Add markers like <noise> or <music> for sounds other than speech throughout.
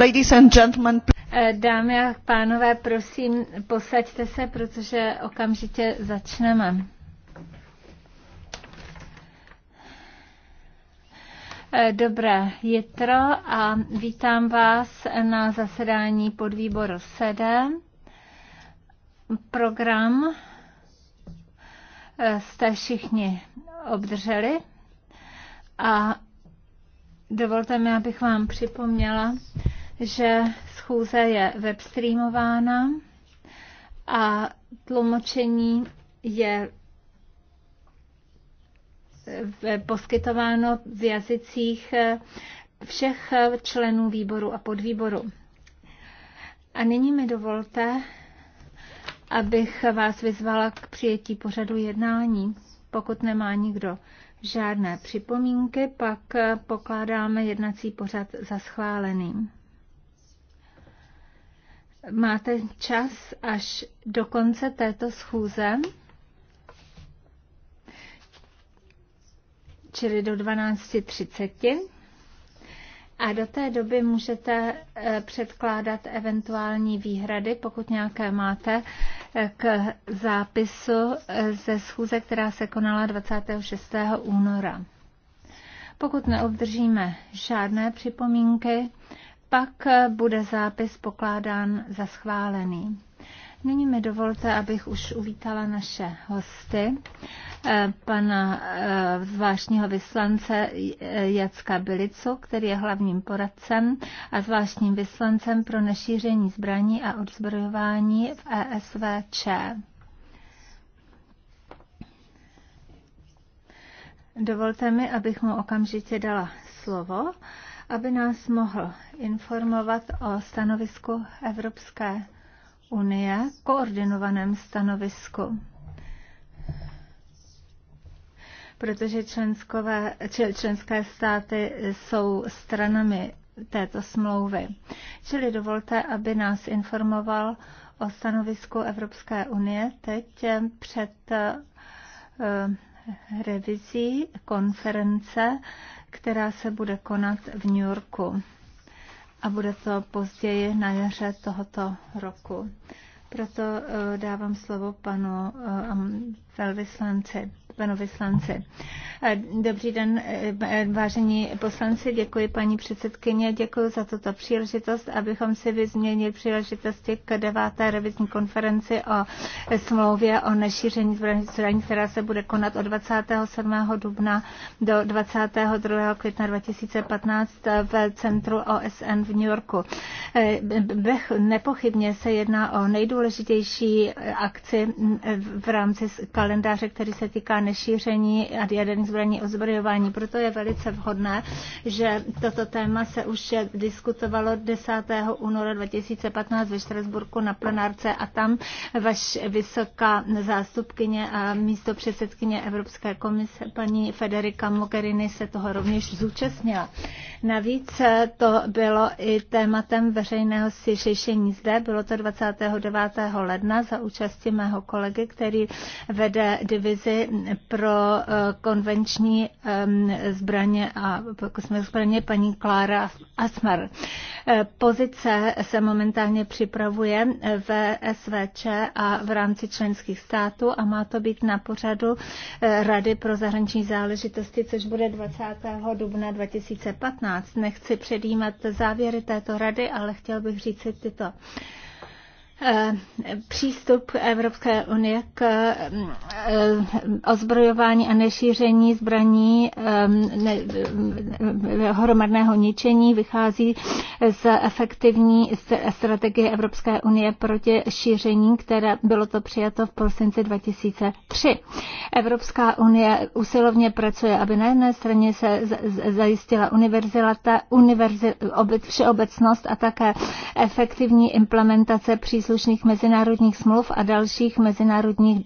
Ladies and gentlemen, eh, Dámy a pánové, prosím, posaďte se, protože okamžitě začneme. Eh, dobré jitro a vítám vás na zasedání podvýboru 7. Program eh, jste všichni obdrželi a Dovolte mi, abych vám připomněla, že schůze je webstreamována a tlumočení je eh, poskytováno v jazycích eh, všech členů výboru a podvýboru. A nyní mi dovolte, abych vás vyzvala k přijetí pořadu jednání, pokud nemá nikdo žádné připomínky, pak pokládáme jednací pořad za schválený. Máte čas až do konce této schůze, čili do 12.30. A do té doby můžete eh, předkládat eventuální výhrady, pokud nějaké máte, eh, k zápisu eh, ze schůze, která se konala 26. února. Pokud neobdržíme žádné připomínky, pak bude zápis pokládán za schválený. Nyní mi dovolte, abych už uvítala naše hosty, eh, pana eh, zvláštního vyslance eh, Jacka Bilicu, který je hlavním poradcem a zvláštním vyslancem pro nešíření zbraní a odzbrojování v ESVČ. Dovolte mi, abych mu okamžitě dala slovo, aby nás mohl informovat o stanovisku Evropské unie koordinovaném stanovisku. Protože členskové, členské státy jsou stranami této smlouvy. Čili dovolte, aby nás informoval o stanovisku Evropské unie teď před eh, revizí konference, která se bude konat v New Yorku a bude to později na jaře tohoto roku. Proto eh, dávám slovo panu eh, velvyslance, pane vyslanci. Eh, dobrý den, eh, eh, vážení poslanci, děkuji paní předsedkyně, děkuji za tuto příležitost, abychom si vyzměnili příležitosti k deváté revizní konferenci o smlouvě o nešíření zbraní, která se bude konat od 27. dubna do 22. května 2015 v centru OSN v New Yorku. Nepochybně se jedná o nejdůležitější akci mm, v rámci kalendáře, který se týká nešíření a jaderných zbraní ozbrojování. Proto je velice vhodné, že toto téma se už diskutovalo 10. února 2015 ve Štrasburku na plenárce a tam vaš vysoká zástupkyně a místo předsedkyně Evropské komise paní Federika Mogherini se toho rovněž zúčastnila. Navíc to bylo i tématem veřejného slyšení zde, bylo to 29. ledna za účasti mého kolegy, který vedl vede divizi pro eh, konvenční zbraně a jsme zbraně paní Klára Asmar. Eh, pozice se momentálně připravuje ve SVČ a v rámci členských států a má to být na pořadu eh, Rady pro zahraniční záležitosti, což bude 20. dubna 2015. Nechci předjímat závěry této rady, ale chtěl bych říct si tyto Eh, přístup Evropské unie k eh, ozbrojování a nešíření zbraní eh, hromadného ničení vychází z efektivní strategie Evropské unie proti šíření, které bylo to přijato v prosinci 2003. Evropská unie usilovně pracuje, aby na jedné straně se zajistila univerzilata, univerzi, všeobecnost a také efektivní implementace příslušných příslušných mezinárodních smluv a dalších mezinárodních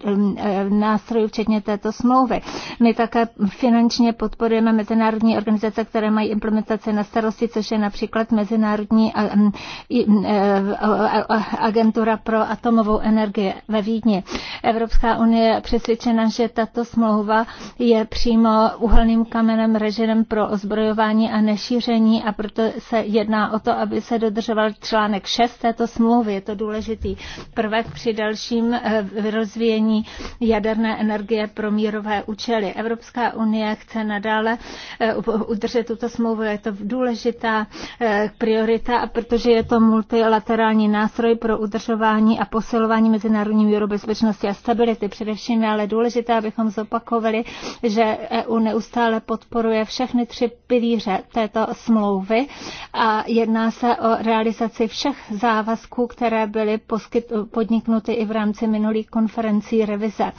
nástrojů, včetně této smlouvy. My také finančně podporujeme mezinárodní organizace, které mají implementace na starosti, což je například Mezinárodní e, agentura pro atomovou energii ve Vídni. Evropská unie je přesvědčena, že tato smlouva je přímo uhelným kamenem režimem pro ozbrojování a nešíření a proto se jedná o to, aby se dodržoval článek 6 této smlouvy. Je to důležité důležitý prvek při dalším eh, rozvíjení jaderné energie pro mírové účely. Evropská unie chce nadále eh, udržet tuto smlouvu. Je to důležitá eh, priorita, protože je to multilaterální nástroj pro udržování a posilování mezinárodní míru bezpečnosti a stability. Především je ale důležité, abychom zopakovali, že EU neustále podporuje všechny tři pilíře této smlouvy a jedná se o realizaci všech závazků, které byly poskyt, podniknuty i v rámci minulých konferencí revize.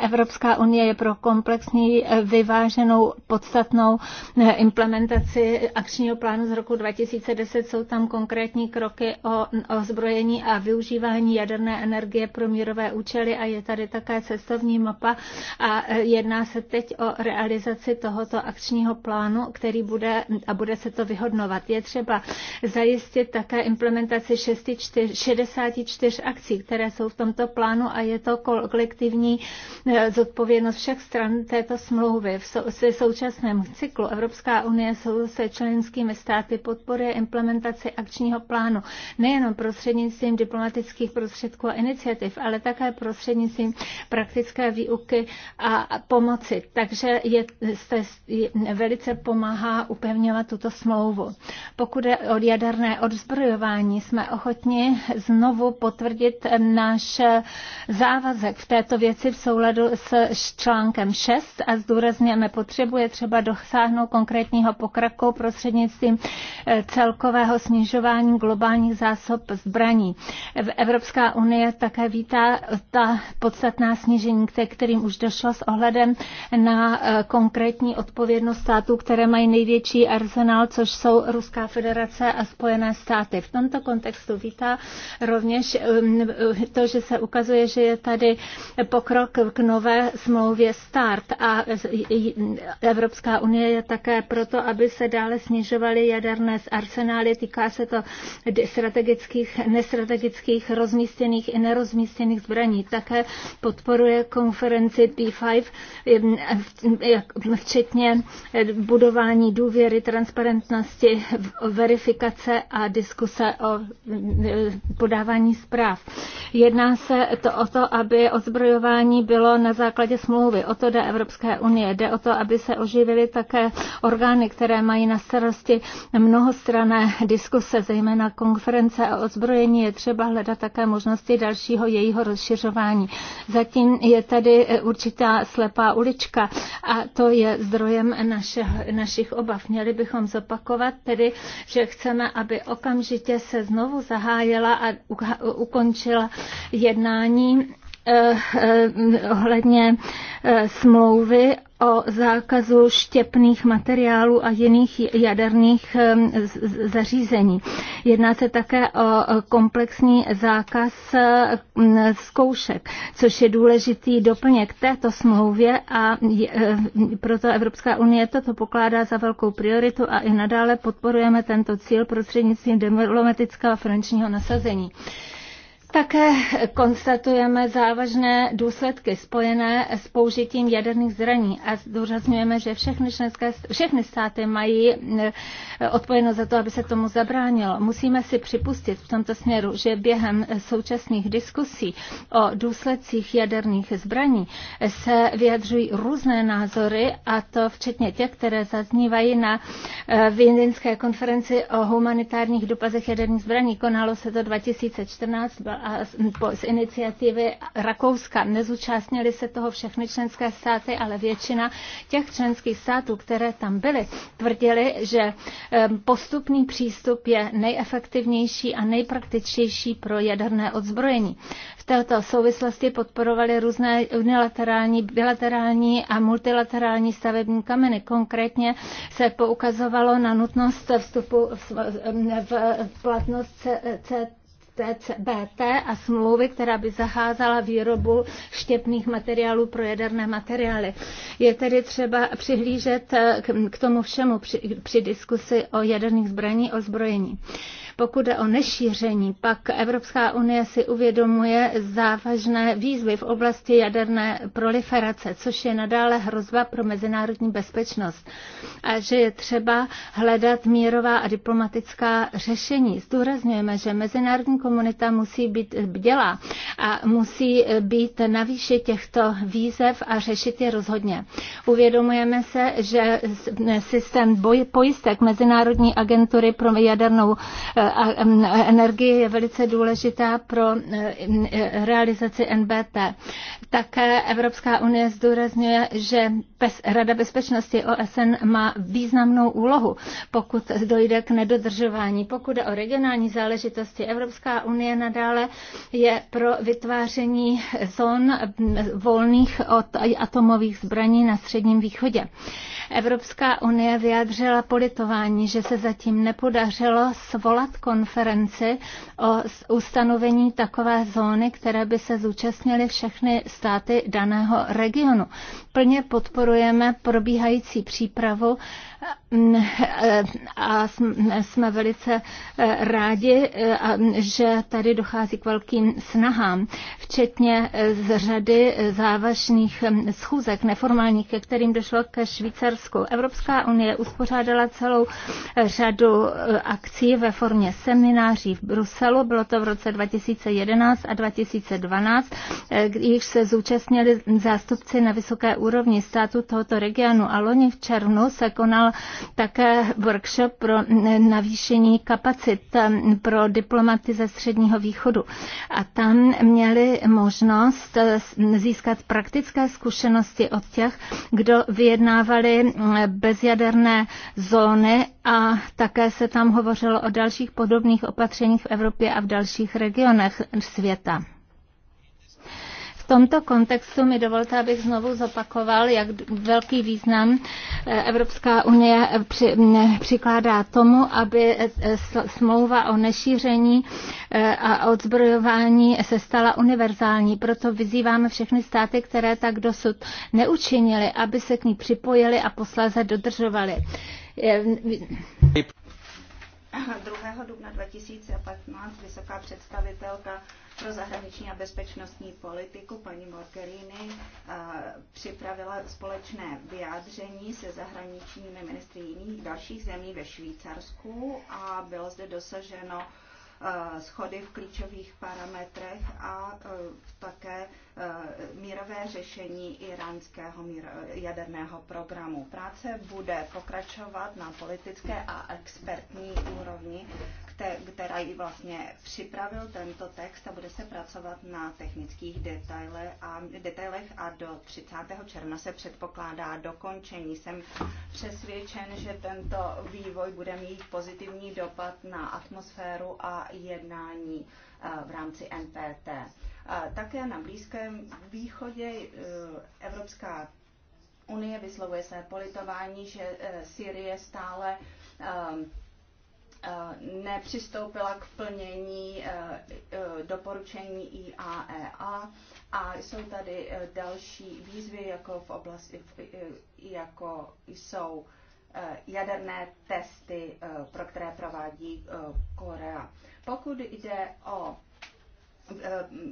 Evropská unie je pro komplexní vyváženou podstatnou eh, implementaci akčního plánu z roku 2010. Jsou tam konkrétní kroky o, ozbrojení a využívání jaderné energie pro mírové účely a je tady také cestovní mapa a eh, jedná se teď o realizaci tohoto akčního plánu, který bude a bude se to vyhodnovat. Je třeba zajistit také implementaci 60 54 akcí, které jsou v tomto plánu a je to kolektivní eh, zodpovědnost všech stran této smlouvy. V současném cyklu Evropská unie jsou se členskými státy podporuje implementaci akčního plánu nejenom prostřednictvím diplomatických prostředků a iniciativ, ale také prostřednictvím praktické výuky a pomoci. Takže je, velice pomáhá upevňovat tuto smlouvu. Pokud je od jaderné odzbrojování, jsme ochotni znovu znovu potvrdit náš závazek v této věci v souladu s článkem 6 a zdůrazněme potřebuje třeba dosáhnout konkrétního pokraku prostřednictvím eh, celkového snižování globálních zásob zbraní. Evropská unie také vítá ta podstatná snížení, kterým už došlo s ohledem na eh, konkrétní odpovědnost států, které mají největší arzenál, což jsou Ruská federace a Spojené státy. V tomto kontextu vítá rovně rovněž um, to, že se ukazuje, že je tady pokrok k nové smlouvě START a Evropská unie je také proto, aby se dále snižovaly jaderné arsenály. Týká se to strategických, nestrategických, rozmístěných i nerozmístěných zbraní. Také podporuje konferenci P5, včetně budování důvěry, transparentnosti, verifikace a diskuse o podávání zveřejňování zpráv. Jedná se to o to, aby ozbrojování bylo na základě smlouvy. O to jde Evropské unie. Jde o to, aby se oživily také orgány, které mají na starosti mnohostrané diskuse, zejména konference o ozbrojení. Je třeba hledat také možnosti dalšího jejího rozšiřování. Zatím je tady určitá slepá ulička a to je zdrojem naše, našich obav. Měli bychom zopakovat tedy, že chceme, aby okamžitě se znovu zahájila a ukončila jednání. Eh, eh, ohledně eh, smlouvy o zákazu štěpných materiálů a jiných jaderných zařízení. Jedná se také o komplexní zákaz zkoušek, což je důležitý doplněk této smlouvě a proto Evropská unie toto pokládá za velkou prioritu a i nadále podporujeme tento cíl prostřednictvím diplomatického a finančního nasazení. Také konstatujeme závažné důsledky spojené s použitím jaderných zraní a zdůrazňujeme, že všechny, členské, všechny státy mají eh, odpovědnost za to, aby se tomu zabránilo. Musíme si připustit v tomto směru, že během současných diskusí o důsledcích jaderných zbraní se vyjadřují různé názory a to včetně těch, které zaznívají na eh, Vindinské konferenci o humanitárních dopadech jaderných zbraní. Konalo se to 2014 a z iniciativy Rakouska. Nezúčastnili se toho všechny členské státy, ale většina těch členských států, které tam byly, tvrdili, že postupný přístup je nejefektivnější a nejpraktičtější pro jaderné odzbrojení. V této souvislosti podporovali různé unilaterální, bilaterální a multilaterální stavební kameny. Konkrétně se poukazovalo na nutnost vstupu v, v platnost CT TCBT a smlouvy, která by zaházala výrobu štěpných materiálů pro jaderné materiály. Je tedy třeba přihlížet k tomu všemu při, při diskusi o jaderných zbraní, o zbrojení. Pokud jde o nešíření, pak Evropská unie si uvědomuje závažné výzvy v oblasti jaderné proliferace, což je nadále hrozba pro mezinárodní bezpečnost a že je třeba hledat mírová a diplomatická řešení. Zdůrazňujeme, že mezinárodní komunita musí být bdělá a musí být na výši těchto výzev a řešit je rozhodně. Uvědomujeme se, že systém boj, pojistek Mezinárodní agentury pro jadernou eh, energie je velice důležitá pro realizaci NBT. Také Evropská unie zdůrazňuje, že Rada bezpečnosti OSN má významnou úlohu, pokud dojde k nedodržování. Pokud je o regionální záležitosti, Evropská unie nadále je pro vytváření zón volných od atomových zbraní na Středním východě. Evropská unie vyjádřila politování, že se zatím nepodařilo svolat konferenci o ustanovení takové zóny, které by se zúčastnily všechny státy daného regionu plně podporujeme probíhající přípravu a jsme velice rádi, že tady dochází k velkým snahám, včetně z řady závažných schůzek neformálních, ke kterým došlo ke Švýcarsku. Evropská unie uspořádala celou řadu akcí ve formě semináří v Bruselu, bylo to v roce 2011 a 2012, když se zúčastnili zástupci na vysoké úrovni úrovni státu tohoto regionu a loni v červnu se konal také workshop pro navýšení kapacit ehm, pro diplomaty ze Středního východu. A tam měli možnost eh, získat praktické zkušenosti od těch, kdo vyjednávali eh, bezjaderné zóny a také se tam hovořilo o dalších podobných opatřeních v Evropě a v dalších regionech světa tomto kontextu mi dovolte, abych znovu zopakoval, jak velký význam eh, Evropská unie eh, při, přikládá tomu, aby eh, smlouva o nešíření a odzbrojování se stala univerzální. Proto vyzýváme všechny státy, které tak dosud neučinili, aby se k ní připojili a posléze dodržovali. 2. dubna 2015 vysoká představitelka pro zahraniční a bezpečnostní politiku paní Morgerini eh, připravila společné vyjádření se zahraničními ministry jiných dalších zemí ve Švýcarsku a bylo zde dosaženo eh, schody v klíčových parametrech a eh, také mírové řešení iránského jaderného programu. Práce bude pokračovat na politické a expertní úrovni který vlastně připravil tento text a bude se pracovat na technických detailech a, detailech a do 30. června se předpokládá dokončení. Jsem přesvědčen, že tento vývoj bude mít pozitivní dopad na atmosféru a jednání eh, v rámci NPT. Eh, také na Blízkém východě eh, Evropská unie vyslovuje své politování, že Syrie stále Eh, nepřistoupila k plnění eh, eh, doporučení IAEA e a jsou tady další výzvy, jako, v oblasti, jako jsou jaderné testy, pro které provádí Korea. Pokud jde o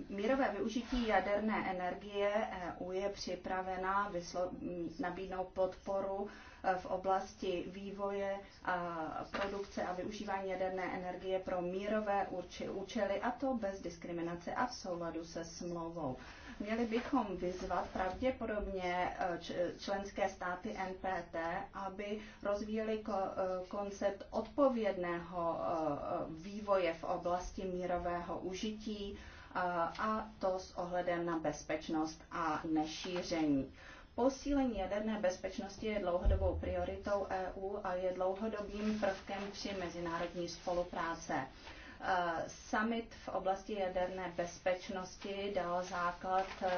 mírové využití jaderné energie, EU je připravena nabídnout podporu v oblasti vývoje a produkce a využívání jaderné energie pro mírové účely a to bez diskriminace a v souladu se smlouvou. Měli bychom vyzvat pravděpodobně eh, členské státy NPT, aby rozvíjeli eh, koncept odpovědného eh, vývoje v oblasti mírového užití a to s ohledem na bezpečnost a nešíření. Posílení jaderné bezpečnosti je dlouhodobou prioritou EU a je dlouhodobým prvkem při mezinárodní spolupráce. Eh, summit v oblasti jaderné bezpečnosti dal základ eh,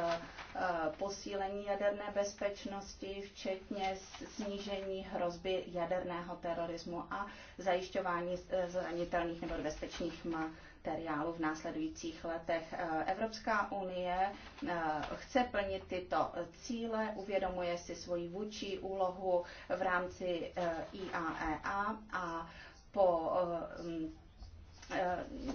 eh, posílení jaderné bezpečnosti, včetně snížení hrozby jaderného terorismu a zajišťování zranitelných nebo bezpečných materiálu v následujících letech. Eh, Evropská unie eh, chce plnit tyto cíle, uvědomuje si svoji vůči úlohu v rámci eh, IAEA e a po mm,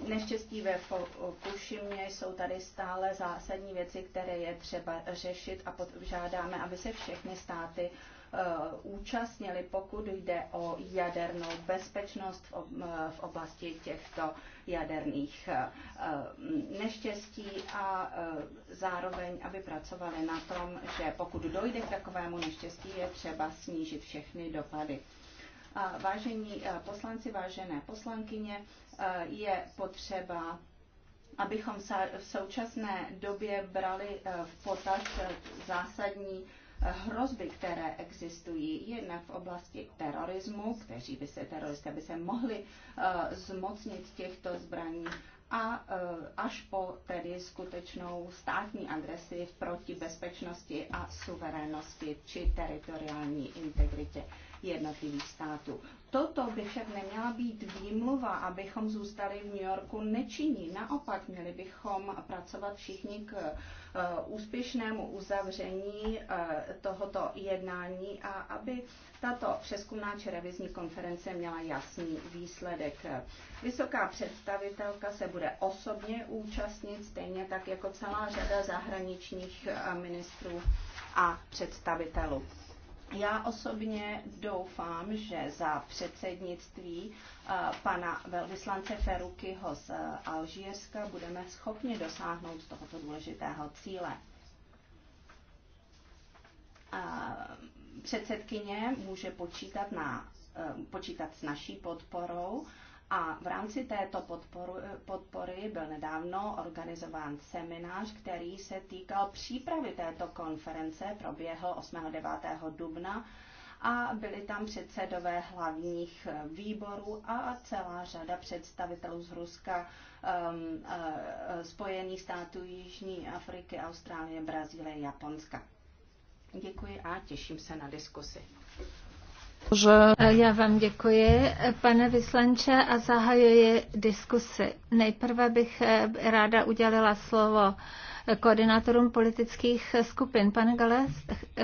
neštěstí ve Fukušimě jsou tady stále zásadní věci, které je třeba řešit a žádáme, aby se všechny státy Eh, účastnili, pokud jde o jadernou bezpečnost v eh, oblasti těchto jaderných eh, neštěstí a zároveň, aby pracovali na tom, že pokud dojde k takovému neštěstí, je třeba snížit všechny dopady. Vážení poslanci, vážené poslankyně, je potřeba abychom v současné době brali v potaz zásadní hrozby, které existují jednak v oblasti terorismu, kteří by se, teroristé by se mohli eh, zmocnit těchto zbraní a eh, až po tedy skutečnou státní agresi proti bezpečnosti a suverénnosti či teritoriální integritě jednotlivých států. Toto by však neměla být výmluva, abychom zůstali v New Yorku nečinní. Naopak, měli bychom pracovat všichni k Eh, úspěšnému uzavření eh, tohoto jednání a aby tato přeskumná či revizní konference měla jasný výsledek. Vysoká představitelka se bude osobně účastnit, stejně tak jako celá řada zahraničních eh, ministrů a představitelů. Já osobně doufám, že za předsednictví eh, pana velvyslance Ferukyho z eh, Alžírska budeme schopni dosáhnout tohoto důležitého cíle. Eh, předsedkyně může počítat, na, počítat s naší podporou a v rámci této podporu, eh, podpory byl nedávno organizován seminář, který se týkal přípravy této konference, proběhl 8. a 9. dubna a byli tam předsedové hlavních eh, výborů a celá řada představitelů z Ruska, um, uh, Spojených států Jižní Afriky, Austrálie, Brazílie, Japonska. Děkuji a těším se na diskusi. Že... E, já vám děkuji, pane vyslanče, a zahajuji diskusy. Nejprve bych e, ráda udělila slovo koordinátorům politických skupin. Pane Gale,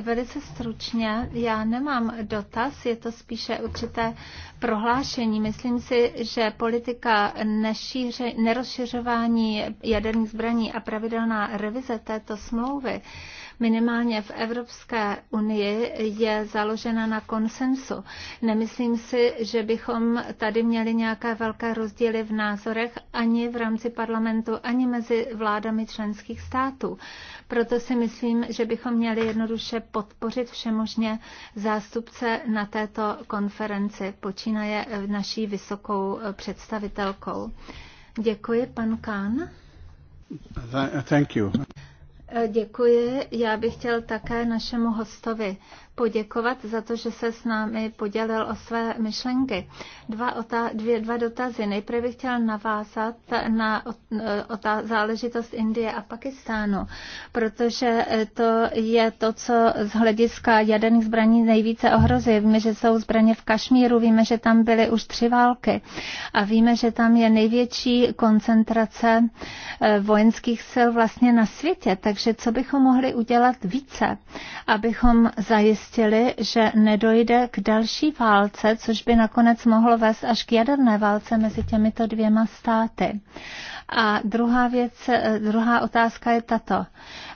velice stručně, já nemám dotaz, je to spíše určité prohlášení. Myslím si, že politika nešíře, nerozšiřování jaderných zbraní a pravidelná revize této smlouvy minimálně v Evropské unii je založena na konsensu. Nemyslím si, že bychom tady měli nějaké velké rozdíly v názorech ani v rámci parlamentu, ani mezi vládami členských států. Proto si myslím, že bychom měli jednoduše podpořit všemožně zástupce na této konferenci, počínaje naší vysokou představitelkou. Děkuji, pan Kán. Thank you. Děkuji. Já bych chtěl také našemu hostovi poděkovat za to, že se s námi podělil o své myšlenky. Dva, otá, dvě, dva dotazy. Nejprve bych chtěl navázat na otá, záležitost Indie a Pakistánu, protože to je to, co z hlediska jaderných zbraní nejvíce ohrozuje. Víme, že jsou zbraně v Kašmíru, víme, že tam byly už tři války a víme, že tam je největší koncentrace eh, vojenských sil vlastně na světě. Takže co bychom mohli udělat více, abychom zajistili, zajistili, že nedojde k další válce, což by nakonec mohlo vést až k jaderné válce mezi těmito dvěma státy. A druhá věc, eh, druhá otázka je tato.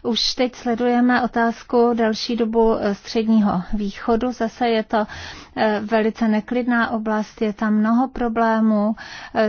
Už teď sledujeme otázku další dobu eh, středního východu. Zase je to eh, velice neklidná oblast, je tam mnoho problémů.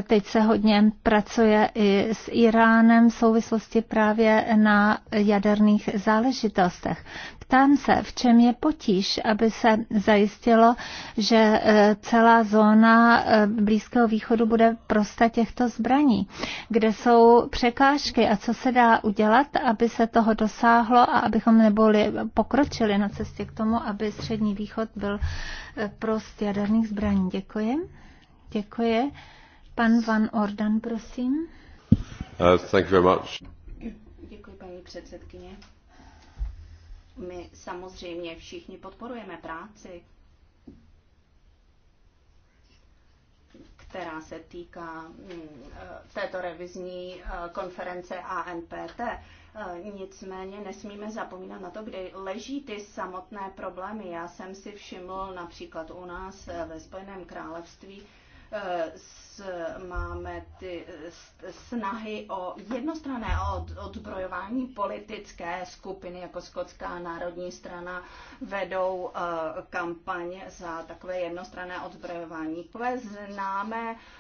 Teď se hodně pracuje i s Iránem v souvislosti právě na jaderných záležitostech. Ptám se, v čem je potíž, aby se zajistilo, že eh, celá zóna eh, Blízkého východu bude prosta těchto zbraní. Kde jsou překážky a co se dá udělat, aby se toho dosáhlo a abychom neboli pokročili na cestě k tomu, aby Střední východ byl eh, prost jaderných zbraní. Děkuji. Děkuji. Pan Van Orden, prosím. Uh, thank you very much. Děkuji, paní předsedkyně. My samozřejmě všichni podporujeme práci, která se týká mm, eh, této revizní eh, konference ANPT. Eh, nicméně nesmíme zapomínat na to, kde leží ty samotné problémy. Já jsem si všiml například u nás ve Spojeném království, Eh, máme ty eh, snahy o jednostranné odbrojování politické skupiny, jako Skotská národní strana, vedou eh, kampaň za takové jednostranné odbrojování. Takové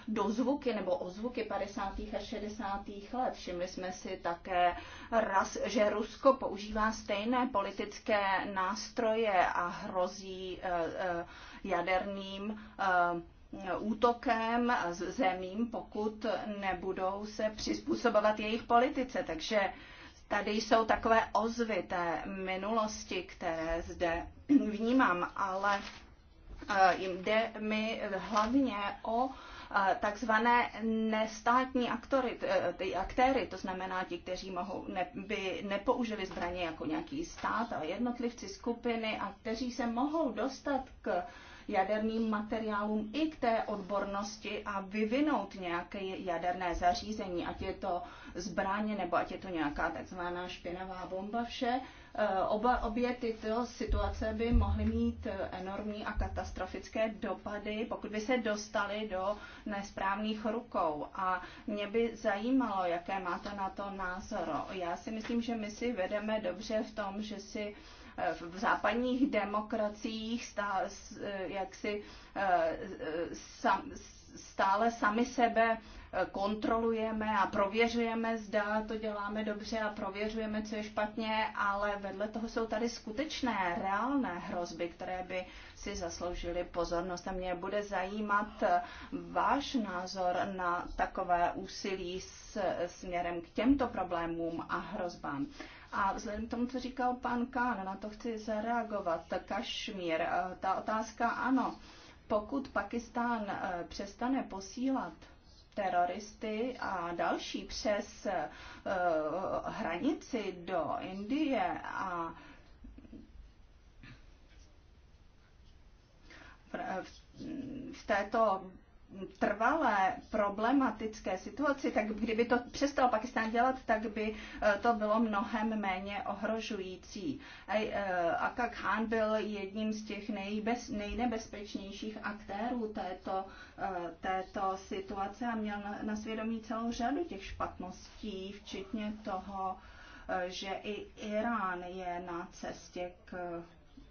do dozvuky nebo ozvuky 50. a 60. let. Všimli jsme si také, raz, že Rusko používá stejné politické nástroje a hrozí jaderným útokem zemím, pokud nebudou se přizpůsobovat jejich politice. Takže tady jsou takové ozvy té minulosti, které zde vnímám, ale eh, jde mi hlavně o eh, takzvané nestátní aktory, eh, ty aktéry, to znamená ti, kteří mohou, ne, by nepoužili zbraně jako nějaký stát, ale jednotlivci, skupiny a kteří se mohou dostat k jaderným materiálům i k té odbornosti a vyvinout nějaké jaderné zařízení, ať je to zbraně nebo ať je to nějaká takzvaná špinavá bomba, vše. Eh, oba, obě tyto situace by mohly mít eh, enormní a katastrofické dopady, pokud by se dostaly do nesprávných rukou. A mě by zajímalo, jaké máte na to názor. Já si myslím, že my si vedeme dobře v tom, že si v západních demokraciích stále, jaksi eh, stále sami sebe kontrolujeme a prověřujeme, zda to děláme dobře a prověřujeme, co je špatně, ale vedle toho jsou tady skutečné, reálné hrozby, které by si zasloužily pozornost. A mě bude zajímat eh, váš názor na takové úsilí s, směrem k těmto problémům a hrozbám. A vzhledem k tomu, co říkal pan Kán, na to chci zareagovat. Kašmír, eh, ta otázka ano. Pokud Pakistán eh, přestane posílat teroristy a další přes eh, hranici do Indie a v této trvalé problematické situaci, tak kdyby to přestal Pakistán dělat, tak by eh, to bylo mnohem méně ohrožující. Eh, Aka Khan byl jedním z těch nejbez, nejnebezpečnějších aktérů této, eh, této situace a měl na svědomí celou řadu těch špatností, včetně toho, že i Irán je na cestě k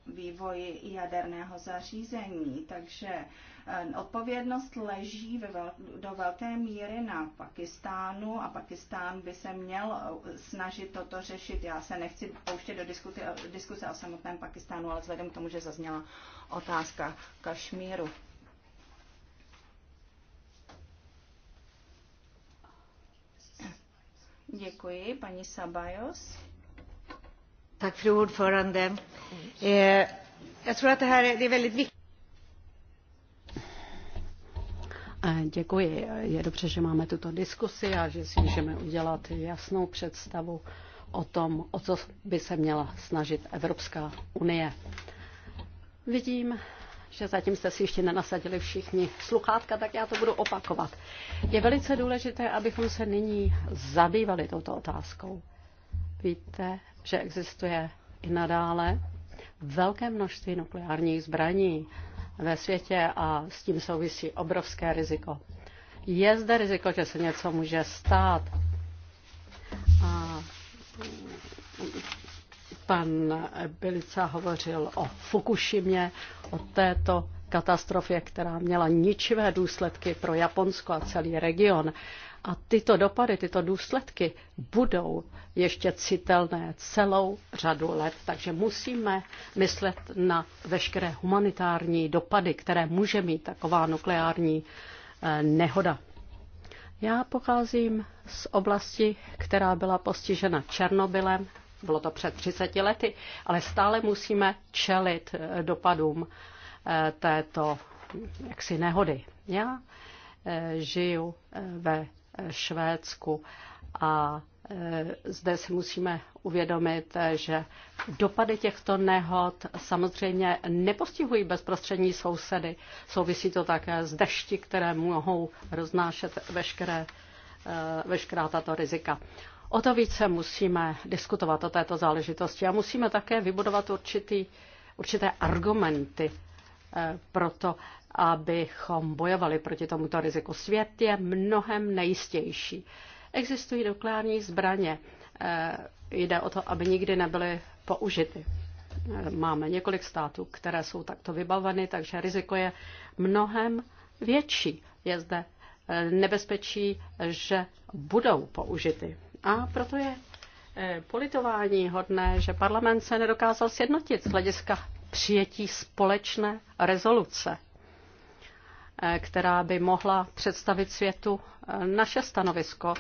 vývoji jaderného zařízení. Takže Eh, odpovědnost leží ve vel, do velké míry na Pakistánu a Pakistán by se měl eh, snažit toto řešit. Já se nechci pouštět do diskuty, eh, diskuse o samotném Pakistánu, ale vzhledem k tomu, že zazněla otázka Kašmíru. Děkuji, paní Sabajos. Tak, fru ordförande. Eh, jag tror att det här är väldigt viktigt. Děkuji. Je dobře, že máme tuto diskusi a že si můžeme udělat jasnou představu o tom, o co by se měla snažit Evropská unie. Vidím, že zatím jste si ještě nenasadili všichni sluchátka, tak já to budu opakovat. Je velice důležité, abychom se nyní zabývali touto otázkou. Víte, že existuje i nadále velké množství nukleárních zbraní ve světě a s tím souvisí obrovské riziko. Je zde riziko, že se něco může stát. A pan Bilica hovořil o Fukushimě, o této katastrofě, která měla ničivé důsledky pro Japonsko a celý region. A tyto dopady, tyto důsledky budou ještě citelné celou řadu let, takže musíme myslet na veškeré humanitární dopady, které může mít taková nukleární eh, nehoda. Já pocházím z oblasti, která byla postižena Černobylem, bylo to před 30 lety, ale stále musíme čelit eh, dopadům eh, této jaksi nehody. Já žiju ve Švédsku. A e, zde si musíme uvědomit, že dopady těchto nehod samozřejmě nepostihují bezprostřední sousedy. Souvisí to také s dešti, které mohou roznášet veškeré, e, veškerá tato rizika. O to více musíme diskutovat o této záležitosti a musíme také vybudovat určitý, určité argumenty proto, abychom bojovali proti tomuto riziku. Svět je mnohem nejistější. Existují nukleární zbraně. Eh, jde o to, aby nikdy nebyly použity. Eh, máme několik států, které jsou takto vybaveny, takže riziko je mnohem větší. Je zde eh, nebezpečí, že budou použity. A proto je politování hodné, že parlament se nedokázal sjednotit z hlediska přijetí společné rezoluce, eh, která by mohla představit světu eh, naše stanovisko,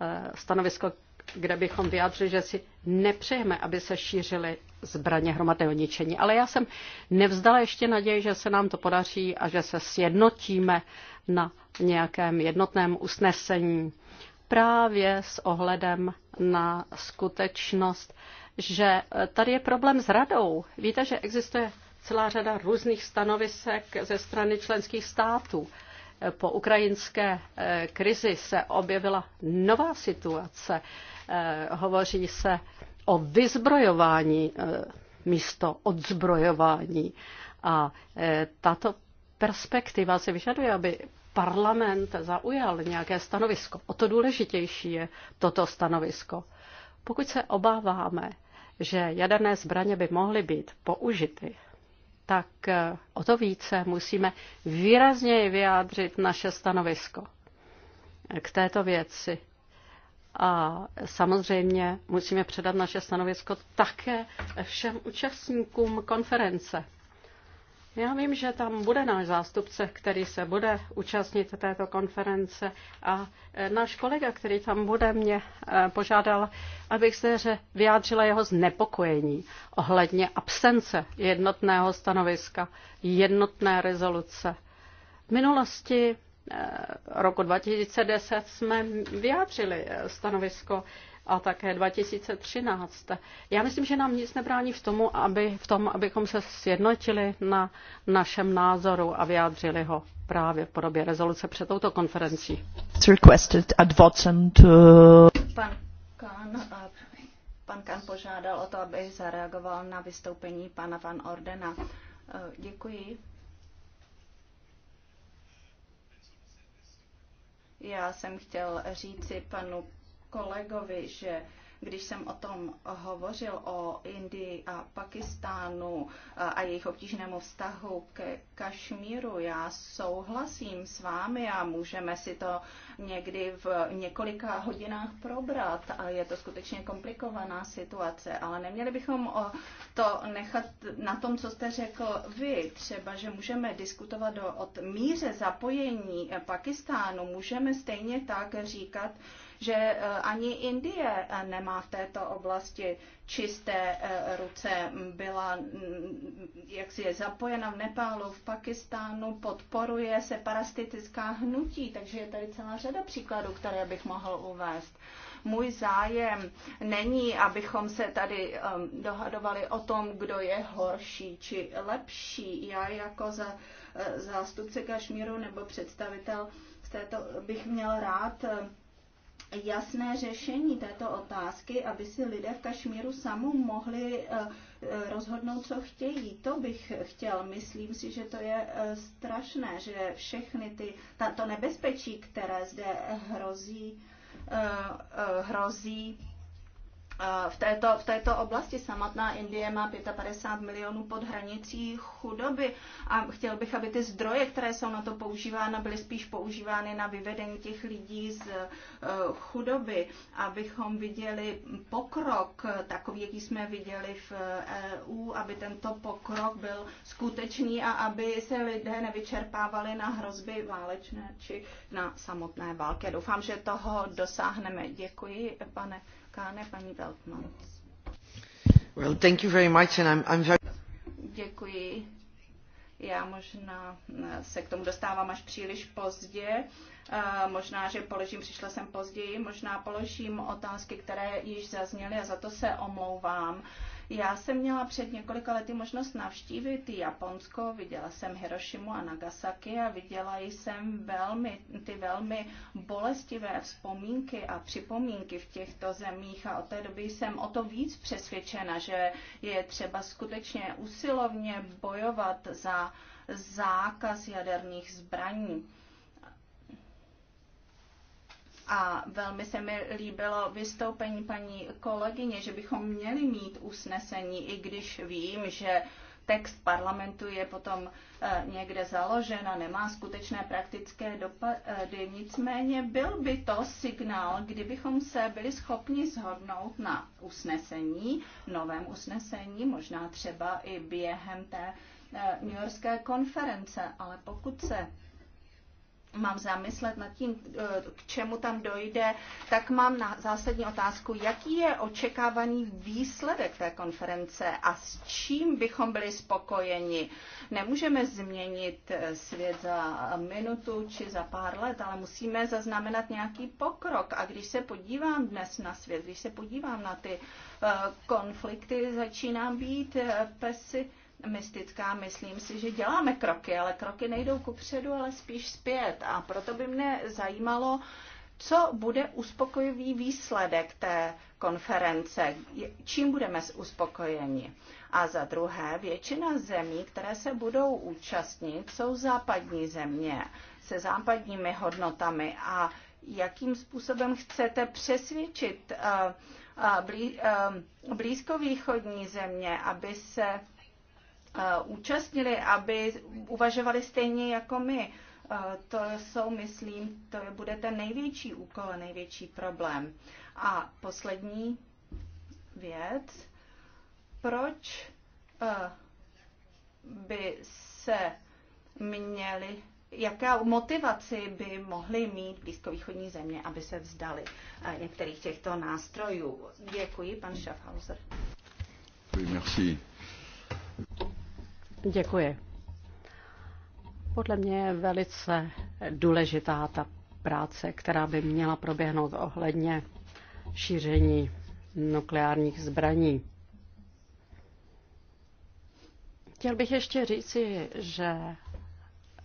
eh, stanovisko, kde bychom vyjádřili, že si nepřejeme, aby se šířily zbraně hromadného ničení. Ale já jsem nevzdala ještě naději, že se nám to podaří a že se sjednotíme na nějakém jednotném usnesení právě s ohledem na skutečnost, že e, tady je problém s radou. Víte, že existuje celá řada různých stanovisek ze strany členských států. E, po ukrajinské e, krizi se objevila nová situace. Hovoří se o vyzbrojování místo odzbrojování. A tato perspektiva se vyžaduje, aby parlament zaujal nějaké stanovisko. O to důležitější je toto stanovisko. Pokud se obáváme, že jaderné zbraně by mohly být použity, tak eh, o to více musíme výrazněji vyjádřit naše stanovisko k této věci. A samozřejmě musíme předat naše stanovisko také všem účastníkům konference. Já vím, že tam bude náš zástupce, který se bude účastnit této konference a e, náš kolega, který tam bude, mě e, požádal, abych se vyjádřila jeho znepokojení ohledně absence jednotného stanoviska, jednotné rezoluce. V minulosti e, roku 2010 jsme vyjádřili stanovisko a také 2013. Já myslím, že nám nic nebrání v, tomu, aby, v tom, abychom se sjednotili na našem názoru a vyjádřili ho právě v podobě rezoluce před touto konferencí. Pan Kahn, pan Kahn požádal o to, aby zareagoval na vystoupení pana Van Ordena. E, děkuji. Já jsem chtěl říci panu kolegovi, že když jsem o tom hovořil, o Indii a Pakistánu a jejich obtížnému vztahu ke Kašmíru, já souhlasím s vámi a můžeme si to někdy v několika hodinách probrat. A je to skutečně komplikovaná situace, ale neměli bychom to nechat na tom, co jste řekl vy. Třeba, že můžeme diskutovat o míře zapojení e, Pakistánu, můžeme stejně tak říkat, že eh, ani Indie eh, nemá v této oblasti čisté eh, ruce. Byla, mm, jak si je zapojena v Nepálu, v Pakistánu, podporuje separatistická hnutí, takže je tady celá řada příkladů, které bych mohl uvést můj zájem není, abychom se tady um, dohadovali o tom, kdo je horší či lepší. Já jako za, zástupce Kašmíru nebo představitel z této bych měl rád ehm, jasné řešení této otázky, aby si lidé v Kašmíru samu mohli eh, eh, rozhodnout, co chtějí. To bych chtěl. Myslím si, že to je eh, strašné, že všechny ty, to nebezpečí, které zde hrozí, hrozí v této, v této oblasti samotná Indie má 55 milionů pod hranicí chudoby a chtěl bych, aby ty zdroje, které jsou na to používány, byly spíš používány na vyvedení těch lidí z eh, chudoby, abychom viděli pokrok takový, jaký jsme viděli v EU, eh, e aby tento pokrok byl skutečný a aby se lidé nevyčerpávali na hrozby válečné či na samotné války. Doufám, že toho dosáhneme. Děkuji, pane Káne, paní Veltman. Well, thank you very much and I'm, I'm very... Děkuji. Já možná mm, se k tomu dostávám až příliš pozdě. Eh, možná, že položím, přišla jsem později, možná položím otázky, které již zazněly a za to se omlouvám. Já jsem měla před několika lety možnost navštívit Japonsko, viděla jsem Hirošimu a Nagasaki a viděla jsem velmi, ty velmi bolestivé vzpomínky a připomínky v těchto zemích a od té doby jsem o to víc přesvědčena, že je třeba skutečně usilovně bojovat za zákaz jaderných zbraní. A velmi se mi líbilo vystoupení paní kolegyně, že bychom měli mít usnesení, i když vím, že text parlamentu je potom eh, někde založen a nemá skutečné praktické dopady. Nicméně byl by to signál, kdybychom se byli schopni zhodnout na usnesení, novém usnesení, možná třeba i během té eh, New Yorkské konference, ale pokud se mám zamyslet nad tím, eh, k čemu tam dojde, tak mám na zásadní otázku, jaký je očekávaný výsledek té konference a s čím bychom byli spokojeni. Nemůžeme změnit eh, svět za minutu či za pár let, ale musíme zaznamenat nějaký pokrok. A když se podívám dnes na svět, když se podívám na ty eh, konflikty, začínám být pesy mystická. Myslím si, že děláme kroky, ale kroky nejdou kupředu, ale spíš zpět. A proto by mě zajímalo, co bude uspokojivý výsledek té konference, čím budeme uspokojeni. A za druhé, většina zemí, které se budou účastnit, jsou západní země se západními hodnotami a jakým způsobem chcete přesvědčit eh, eh, eh, blízkovýchodní země, aby se Eh, účastnili, aby uvažovali stejně jako my. Eh, to jsou, myslím, to bude ten největší úkol a největší problém. A poslední věc, proč eh, by se měli, jaká motivaci by mohly mít blízkovýchodní země, aby se vzdali některých těchto nástrojů. Děkuji, pan Schaffhauser. Oui, merci. Děkuji. Podle mě je velice důležitá ta práce, která by měla proběhnout ohledně šíření nukleárních zbraní. Chtěl bych ještě říci, že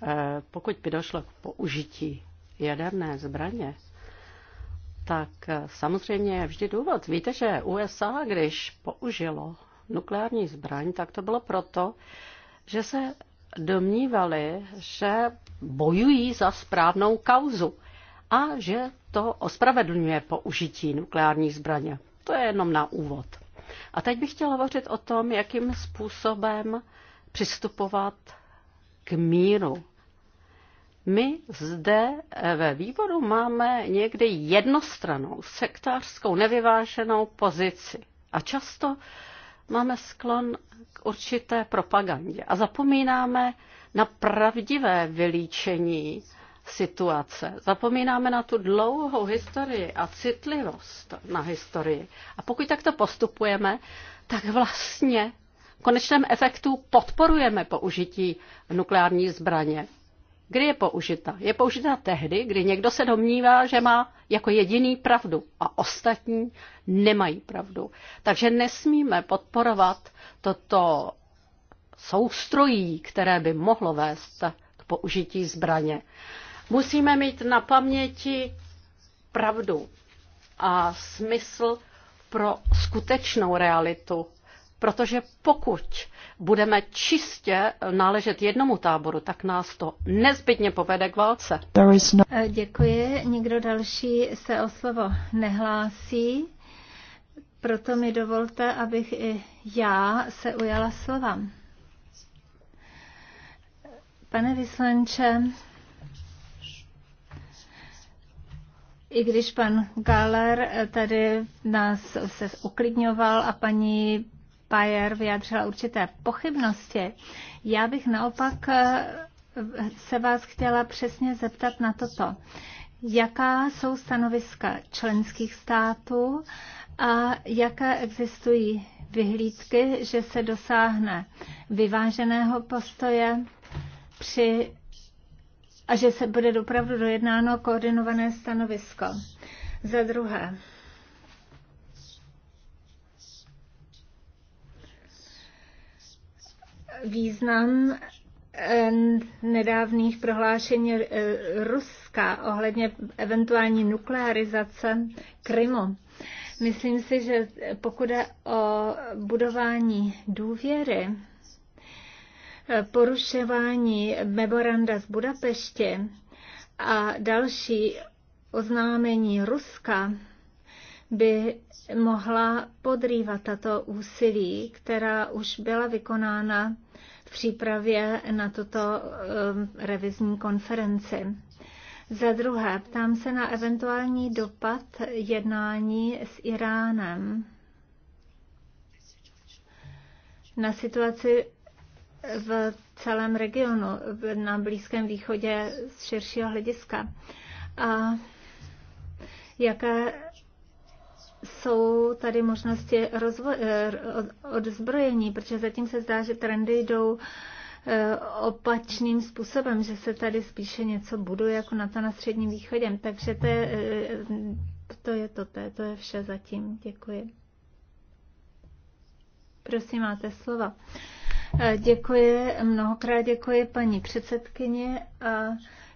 eh, pokud by došlo k použití jaderné zbraně, tak eh, samozřejmě je vždy důvod. Víte, že USA, když použilo nukleární zbraň, tak to bylo proto, že se domnívali, že bojují za správnou kauzu a že to ospravedlňuje použití nukleární zbraně. To je jenom na úvod. A teď bych chtěla hovořit o tom, jakým způsobem přistupovat k míru. My zde eh, ve výboru máme někdy jednostranou, sektářskou, nevyváženou pozici. A často máme sklon k určité propagandě a zapomínáme na pravdivé vylíčení situace. Zapomínáme na tu dlouhou historii a citlivost na historii. A pokud takto postupujeme, tak vlastně v konečném efektu podporujeme použití nukleární zbraně. Kdy je použita? Je použita tehdy, kdy někdo se domnívá, že má jako jediný pravdu a ostatní nemají pravdu. Takže nesmíme podporovat toto soustrojí, které by mohlo vést k použití zbraně. Musíme mít na paměti pravdu a smysl pro skutečnou realitu, protože pokud budeme čistě náležet jednomu táboru, tak nás to nezbytně povede k válce. No... Eh, děkuji. Nikdo další se o slovo nehlásí. Proto mi dovolte, abych i já se ujala slova. Pane vyslanče, i když pan Galer tady nás se uklidňoval a paní Pajer vyjádřila určité pochybnosti. Já bych naopak eh, se vás chtěla přesně zeptat na toto. Jaká jsou stanoviska členských států a jaké existují vyhlídky, že se dosáhne vyváženého postoje při a že se bude opravdu dojednáno koordinované stanovisko. Za druhé, význam eh, nedávných prohlášení eh, Ruska ohledně eventuální nuklearizace Krymu. Myslím si, že pokud je o budování důvěry, eh, porušování memoranda z Budapešti a další oznámení Ruska, by mohla podrývat tato úsilí, která už byla vykonána v přípravě na tuto um, revizní konferenci. Za druhé, ptám se na eventuální dopad jednání s Iránem na situaci v celém regionu, na Blízkém východě z širšího hlediska. A jaké jsou tady možnosti eh, odzbrojení, protože zatím se zdá, že trendy jdou eh, opačným způsobem, že se tady spíše něco buduje jako na to na středním východě. Takže to je eh, to, je to, to je, to je vše zatím. Děkuji. Prosím, máte slova. Děkuji, mnohokrát děkuji paní předsedkyně a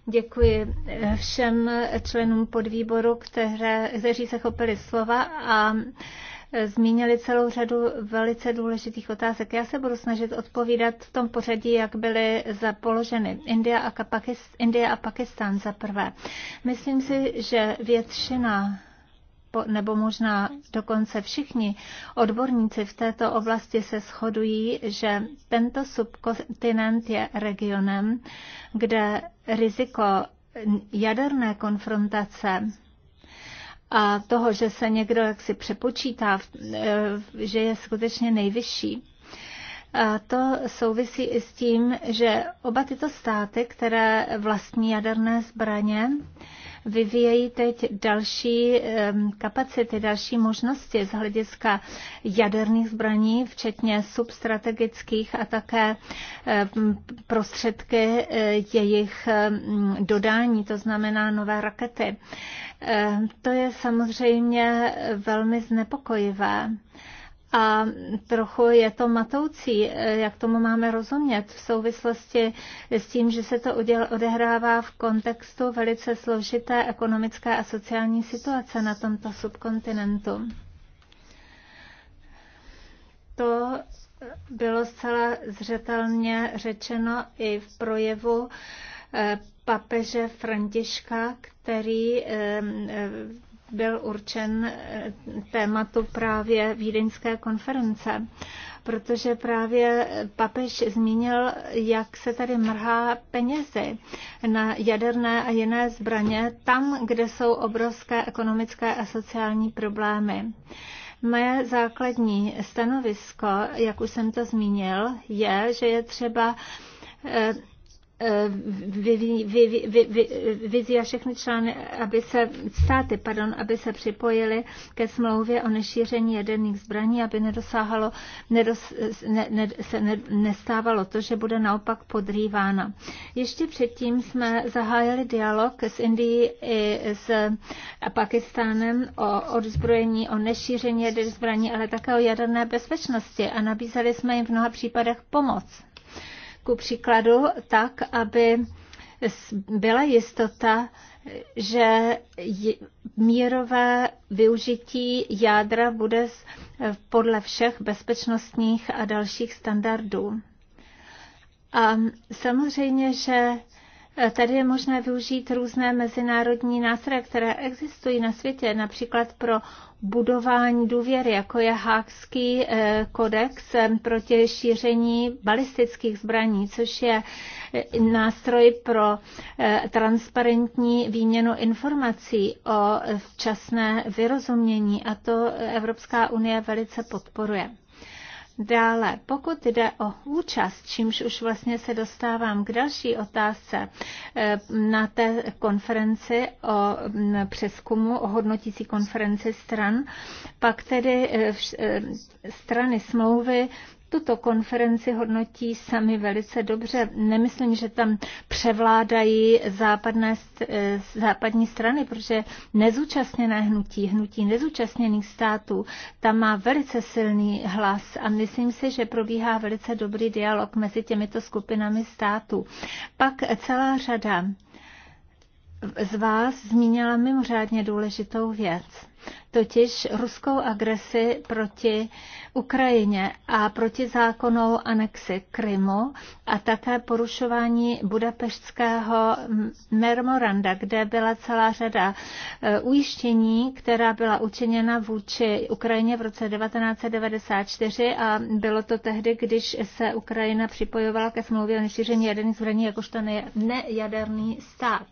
Děkuji eh, všem členům podvýboru, které, kteří se chopili slova a eh, zmínili celou řadu velice důležitých otázek. Já se budu snažit odpovídat v tom pořadí, jak byly položeny India a, Pakist, India a Pakistán za prvé. Myslím si, že většina nebo možná dokonce všichni odborníci v této oblasti se shodují, že tento subkontinent je regionem, kde riziko jaderné konfrontace a toho, že se někdo jaksi přepočítá, eh, že je skutečně nejvyšší. A to souvisí i s tím, že oba tyto státy, které vlastní jaderné zbraně, vyvíjejí teď další kapacity, další možnosti z hlediska jaderných zbraní, včetně substrategických a také prostředky e, jejich dodání, to znamená nové rakety. To je samozřejmě velmi znepokojivé a trochu je to matoucí, eh, jak tomu máme rozumět v souvislosti s tím, že se to odehrává v kontextu velice složité ekonomické a sociální situace na tomto subkontinentu. To bylo zcela zřetelně řečeno i v projevu eh, papeže Františka, který eh, byl určen eh, tématu právě Vídeňské konference, protože právě papež zmínil, jak se tady mrhá penězi na jaderné a jiné zbraně tam, kde jsou obrovské ekonomické a sociální problémy. Moje základní stanovisko, jak už jsem to zmínil, je, že je třeba eh, Vizí vy, vy, vy, a všechny členy, aby se státy, pardon, aby se připojili ke smlouvě o nešíření jaderných zbraní, aby nedosáhalo, nedos, ne, ne, se ne, nestávalo to, že bude naopak podrývána. Ještě předtím jsme zahájili dialog s Indií i s Pakistánem o odzbrojení, o nešíření jaderných zbraní, ale také o jaderné bezpečnosti a nabízeli jsme jim v mnoha případech pomoc ku příkladu tak, aby byla jistota, že mírové využití jádra bude podle všech bezpečnostních a dalších standardů. A samozřejmě, že Tady je možné využít různé mezinárodní nástroje, které existují na světě, například pro budování důvěry, jako je Hákský eh, kodex eh, proti šíření balistických zbraní, což je eh, nástroj pro transparentní výměnu informací o včasné vyrozumění a to Evropská unie velice podporuje. Dále, pokud jde o účast, čímž už vlastně se dostávám k další otázce eh, na té konferenci o mm, přeskumu, o hodnotící konferenci stran, pak tedy eh, eh, strany smlouvy tuto konferenci hodnotí sami velice dobře. Nemyslím, že tam převládají západné, eh, západní strany, protože nezúčastněné hnutí, hnutí nezúčastněných států, tam má velice silný hlas a myslím si, že probíhá velice dobrý dialog mezi těmito skupinami států. Pak celá řada z vás zmínila mimořádně důležitou věc, totiž ruskou agresi proti Ukrajině a proti zákonou anexi Krymu a také porušování budapeštského memoranda, kde byla celá řada e, ujištění, která byla učiněna vůči Ukrajině v roce 1994 a bylo to tehdy, když se Ukrajina připojovala ke smlouvě o nešíření jaderných zbraní jakožto nejaderný stát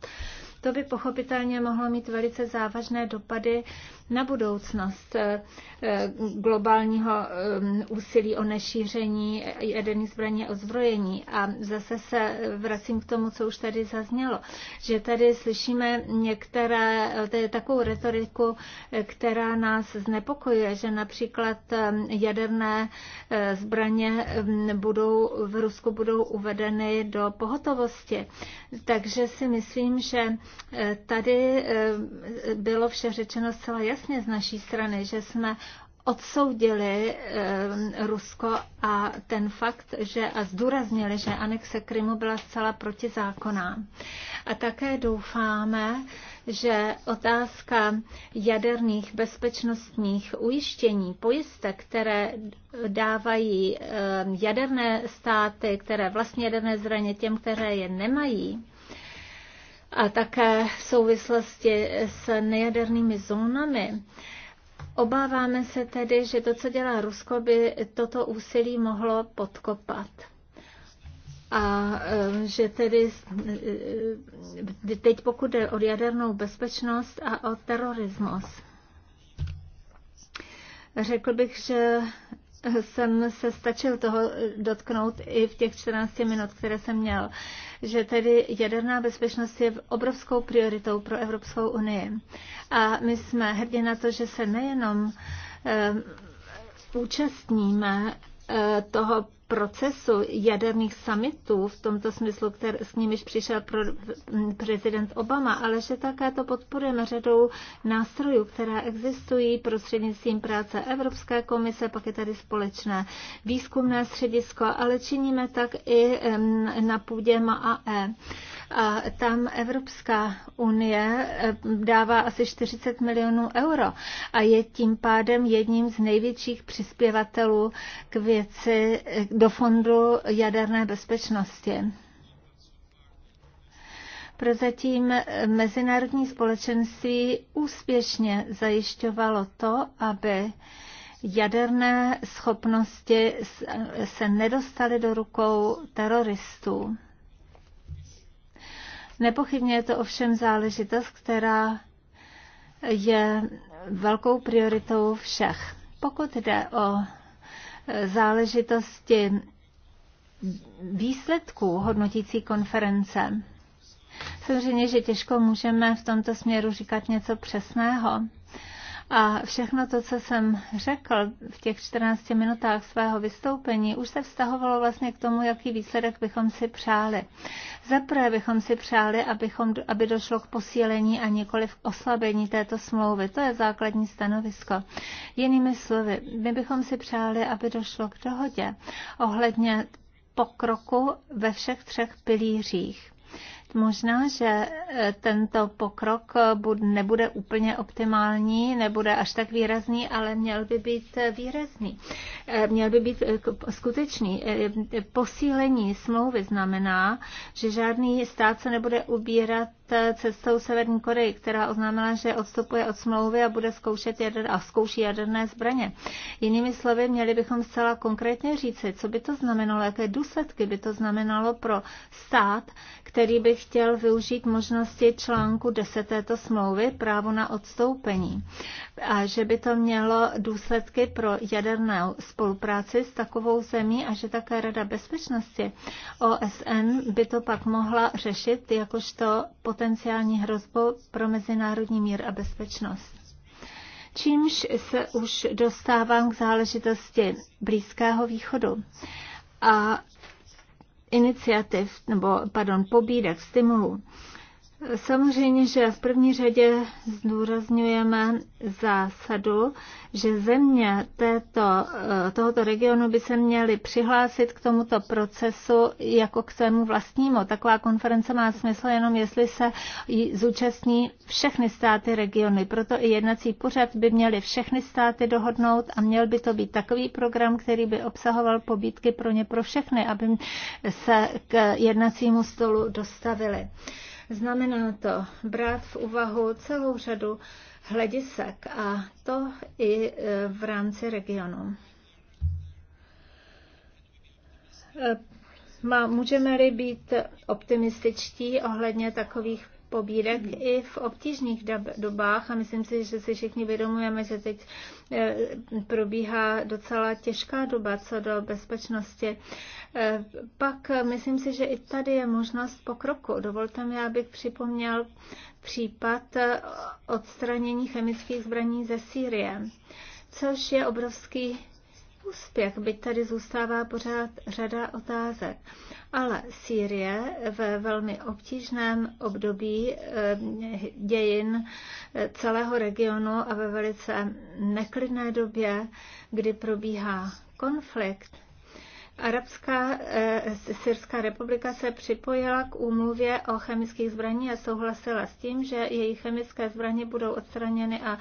to by pochopitelně mohlo mít velice závažné dopady na budoucnost eh, eh, globálního eh, úsilí o nešíření jaderní zbraně a ozbrojení. A zase se vracím k tomu, co už tady zaznělo, že tady slyšíme některé, tady takovou retoriku, která nás znepokojuje, že například jaderné zbraně mm, budou, v Rusku budou uvedeny do pohotovosti. Takže si myslím, že Eh, tady eh, bylo vše řečeno zcela jasně z naší strany, že jsme odsoudili eh, Rusko a ten fakt, že a zdůraznili, že anexe Krymu byla zcela protizákonná. A také doufáme, že otázka jaderných bezpečnostních ujištění, pojistek, které dávají jaderné státy, které vlastně jaderné zraně těm, které je nemají, a také v souvislosti s nejadernými zónami. Obáváme se tedy, že to, co dělá Rusko, by toto úsilí mohlo podkopat. A e, že tedy e, e, teď pokud jde o jadernou bezpečnost a o terorismus. Řekl bych, že jsem se stačil toho dotknout i v těch 14 minut, které jsem měl že tedy jaderná bezpečnost je obrovskou prioritou pro Evropskou unii. A my jsme hrdě na to, že se nejenom eh, účastníme eh, toho procesu jaderných samitů v tomto smyslu, který, s nimiž přišel pro, prezident Obama, ale že také to podporujeme řadou nástrojů, které existují prostřednictvím práce Evropské komise, pak je tady společné výzkumné středisko, ale činíme tak i na půdě MAE. A tam Evropská unie dává asi 40 milionů euro a je tím pádem jedním z největších přispěvatelů k věci do fondu jaderné bezpečnosti. Prozatím mezinárodní společenství úspěšně zajišťovalo to, aby jaderné schopnosti se nedostaly do rukou teroristů. Nepochybně je to ovšem záležitost, která je velkou prioritou všech. Pokud jde o záležitosti výsledků hodnotící konference. Samozřejmě, že těžko můžeme v tomto směru říkat něco přesného, a všechno to, co jsem řekl v těch 14 minutách svého vystoupení, už se vztahovalo vlastně k tomu, jaký výsledek bychom si přáli. Zaprvé bychom si přáli, abychom, aby došlo k posílení a nikoli k oslabení této smlouvy. To je základní stanovisko. Jinými slovy, my bychom si přáli, aby došlo k dohodě ohledně pokroku ve všech třech pilířích Možná, že e, tento pokrok e, nebude úplně optimální, nebude až tak výrazný, ale měl by být e, výrazný. Měl by být skutečný. Posílení smlouvy znamená, že žádný stát se nebude ubírat Eh, cestou Severní Koreji, která oznámila, že odstupuje od smlouvy a bude zkoušet jader, a zkouší jaderné zbraně. Jinými slovy, měli bychom zcela konkrétně říci, co by to znamenalo, jaké důsledky by to znamenalo pro stát, který by chtěl využít možnosti článku 10 této smlouvy právo na odstoupení. A že by to mělo důsledky pro jadernou spolupráci s takovou zemí a že také Rada bezpečnosti OSN by to pak mohla řešit jakožto pod potenciální hrozbou pro mezinárodní mír a bezpečnost. Čímž se už dostávám k záležitosti Blízkého východu a iniciativ, nebo pardon, pobídek, stimulů. Samozřejmě, že v první řadě zdůrazňujeme zásadu, že země této, eh, tohoto regionu by se měly přihlásit k tomuto procesu jako k svému vlastnímu. Taková konference má smysl jenom, jestli se zúčastní všechny státy regiony. Proto i jednací pořad by měly všechny státy dohodnout a měl by to být takový program, který by obsahoval pobídky pro ně pro všechny, aby se k jednacímu stolu dostavili. Znamená to brát v úvahu celou řadu hledisek a to i e, v rámci regionu. E, můžeme-li být optimističtí ohledně takových pobídek i v obtížných dobách a myslím si, že si všichni vědomujeme, že teď eh, probíhá docela těžká doba co do bezpečnosti. Eh, pak eh, myslím si, že i tady je možnost pokroku. Dovolte mi, abych připomněl případ odstranění chemických zbraní ze Sýrie, což je obrovský úspěch, byť tady zůstává pořád řada otázek. Ale Sýrie ve velmi obtížném období eh, dějin eh, celého regionu a ve velice neklidné době, kdy probíhá konflikt, Arabská e, Syrská republika se připojila k úmluvě o chemických zbraní a souhlasila s tím, že její chemické zbraně budou odstraněny a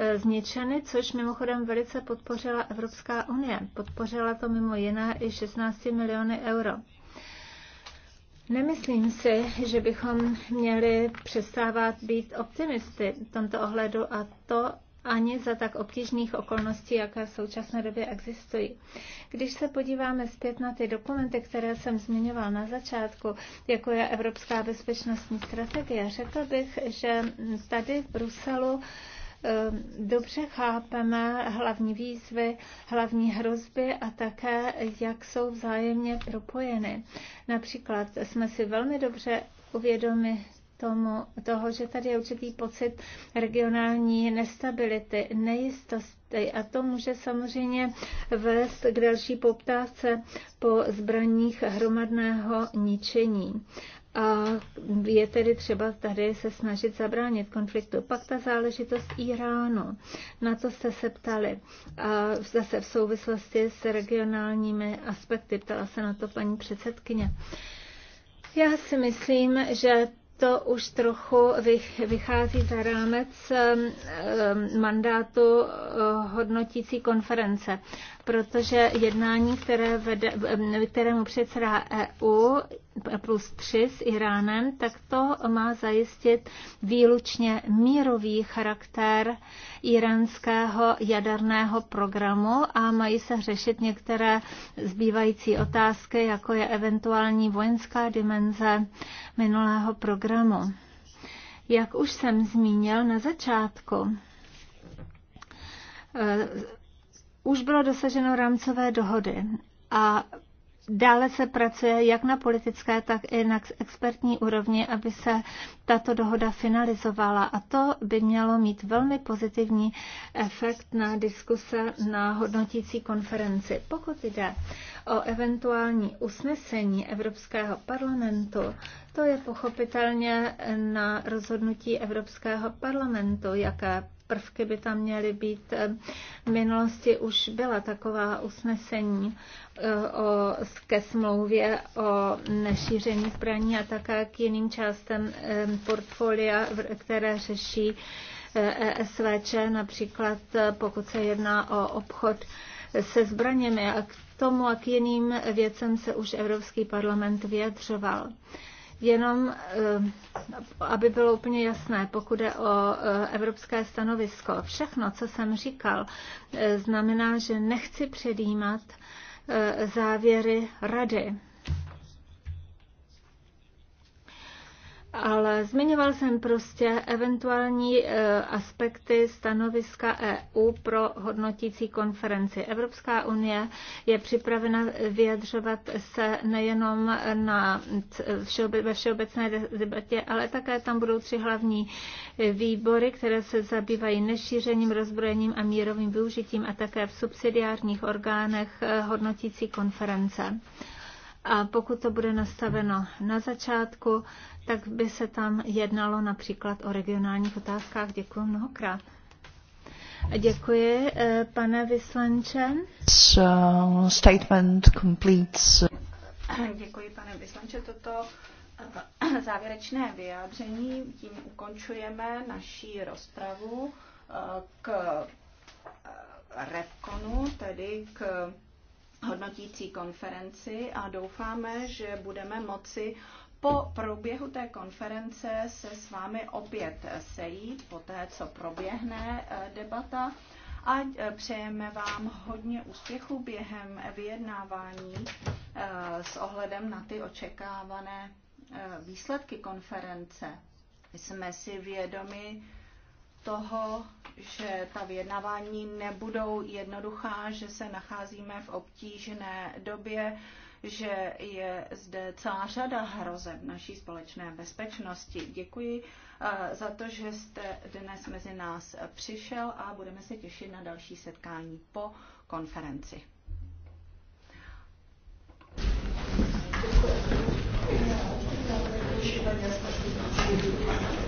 E, zničeny, což mimochodem velice podpořila Evropská unie. Podpořila to mimo jiné i 16 miliony euro. Nemyslím si, že bychom měli přestávat být optimisty v tomto ohledu a to ani za tak obtížných okolností, jaké v současné době existují. Když se podíváme zpět na ty dokumenty, které jsem zmiňoval na začátku, jako je Evropská bezpečnostní strategie, řekl bych, že tady v Bruselu Ehm, dobře chápeme hlavní výzvy, hlavní hrozby a také, jak jsou vzájemně propojeny. Například jsme si velmi dobře uvědomi tomu, toho, že tady je určitý pocit regionální nestability, nejistosti a to může samozřejmě vést k další poptávce po zbraních hromadného ničení. A je tedy třeba tady se snažit zabránit konfliktu. Pak ta záležitost Iránu. Na to jste se ptali. A zase v souvislosti s regionálními aspekty. Ptala se na to paní předsedkyně. Já si myslím, že to už trochu vychází za rámec um, um, mandátu uh, hodnotící konference, protože jednání, které vede, um, kterému předsedá EU, plus 3 s Iránem, tak to má zajistit výlučně mírový charakter iránského jaderného programu a mají se řešit některé zbývající otázky, jako je eventuální vojenská dimenze minulého programu. Jak už jsem zmínil na začátku, eh, už bylo dosaženo rámcové dohody a Dále se pracuje jak na politické, tak i na expertní úrovni, aby se tato dohoda finalizovala. A to by mělo mít velmi pozitivní efekt na diskuse na hodnotící konferenci. Pokud jde o eventuální usnesení Evropského parlamentu, to je pochopitelně na rozhodnutí Evropského parlamentu, jaké prvky by tam měly být. V minulosti už byla taková usnesení eh, o, ke smlouvě o nešíření zbraní a také k jiným částem eh, portfolia, které řeší ESVČ, eh, e například pokud se jedná o obchod se zbraněmi a k tomu a k jiným věcem se už Evropský parlament vyjadřoval. Jenom, eh, aby bylo úplně jasné, pokud je o eh, evropské stanovisko, všechno, co jsem říkal, eh, znamená, že nechci předjímat závěry rady ale zmiňoval jsem prostě eventuální eh, aspekty stanoviska EU pro hodnotící konferenci. Evropská unie je připravena vyjadřovat se nejenom na všeobe, ve všeobecné debatě, ale také tam budou tři hlavní eh, výbory, které se zabývají nešířením, rozbrojením a mírovým využitím a také v subsidiárních orgánech eh, hodnotící konference. A pokud to bude nastaveno na začátku, tak by se tam jednalo například o regionálních otázkách. Děkuji mnohokrát. Děkuji, eh, pane vyslanče. So, statement completes. Děkuji, pane vyslanče. Toto eh, <clears throat> závěrečné vyjádření tím ukončujeme naší rozpravu eh, k Repkonu, tedy k hodnotící konferenci a doufáme, že budeme moci po průběhu té konference se s vámi opět sejít, po té, co proběhne eh, debata a eh, přejeme vám hodně úspěchu během vyjednávání eh, s ohledem na ty očekávané výsledky konference. Jsme si vědomi toho, že ta vyjednávání nebudou jednoduchá, že se nacházíme v obtížné době, že je zde celá řada hrozeb naší společné bezpečnosti. Děkuji eh, za to, že jste dnes mezi nás přišel a budeme se těšit na další setkání po konferenci. Thank you.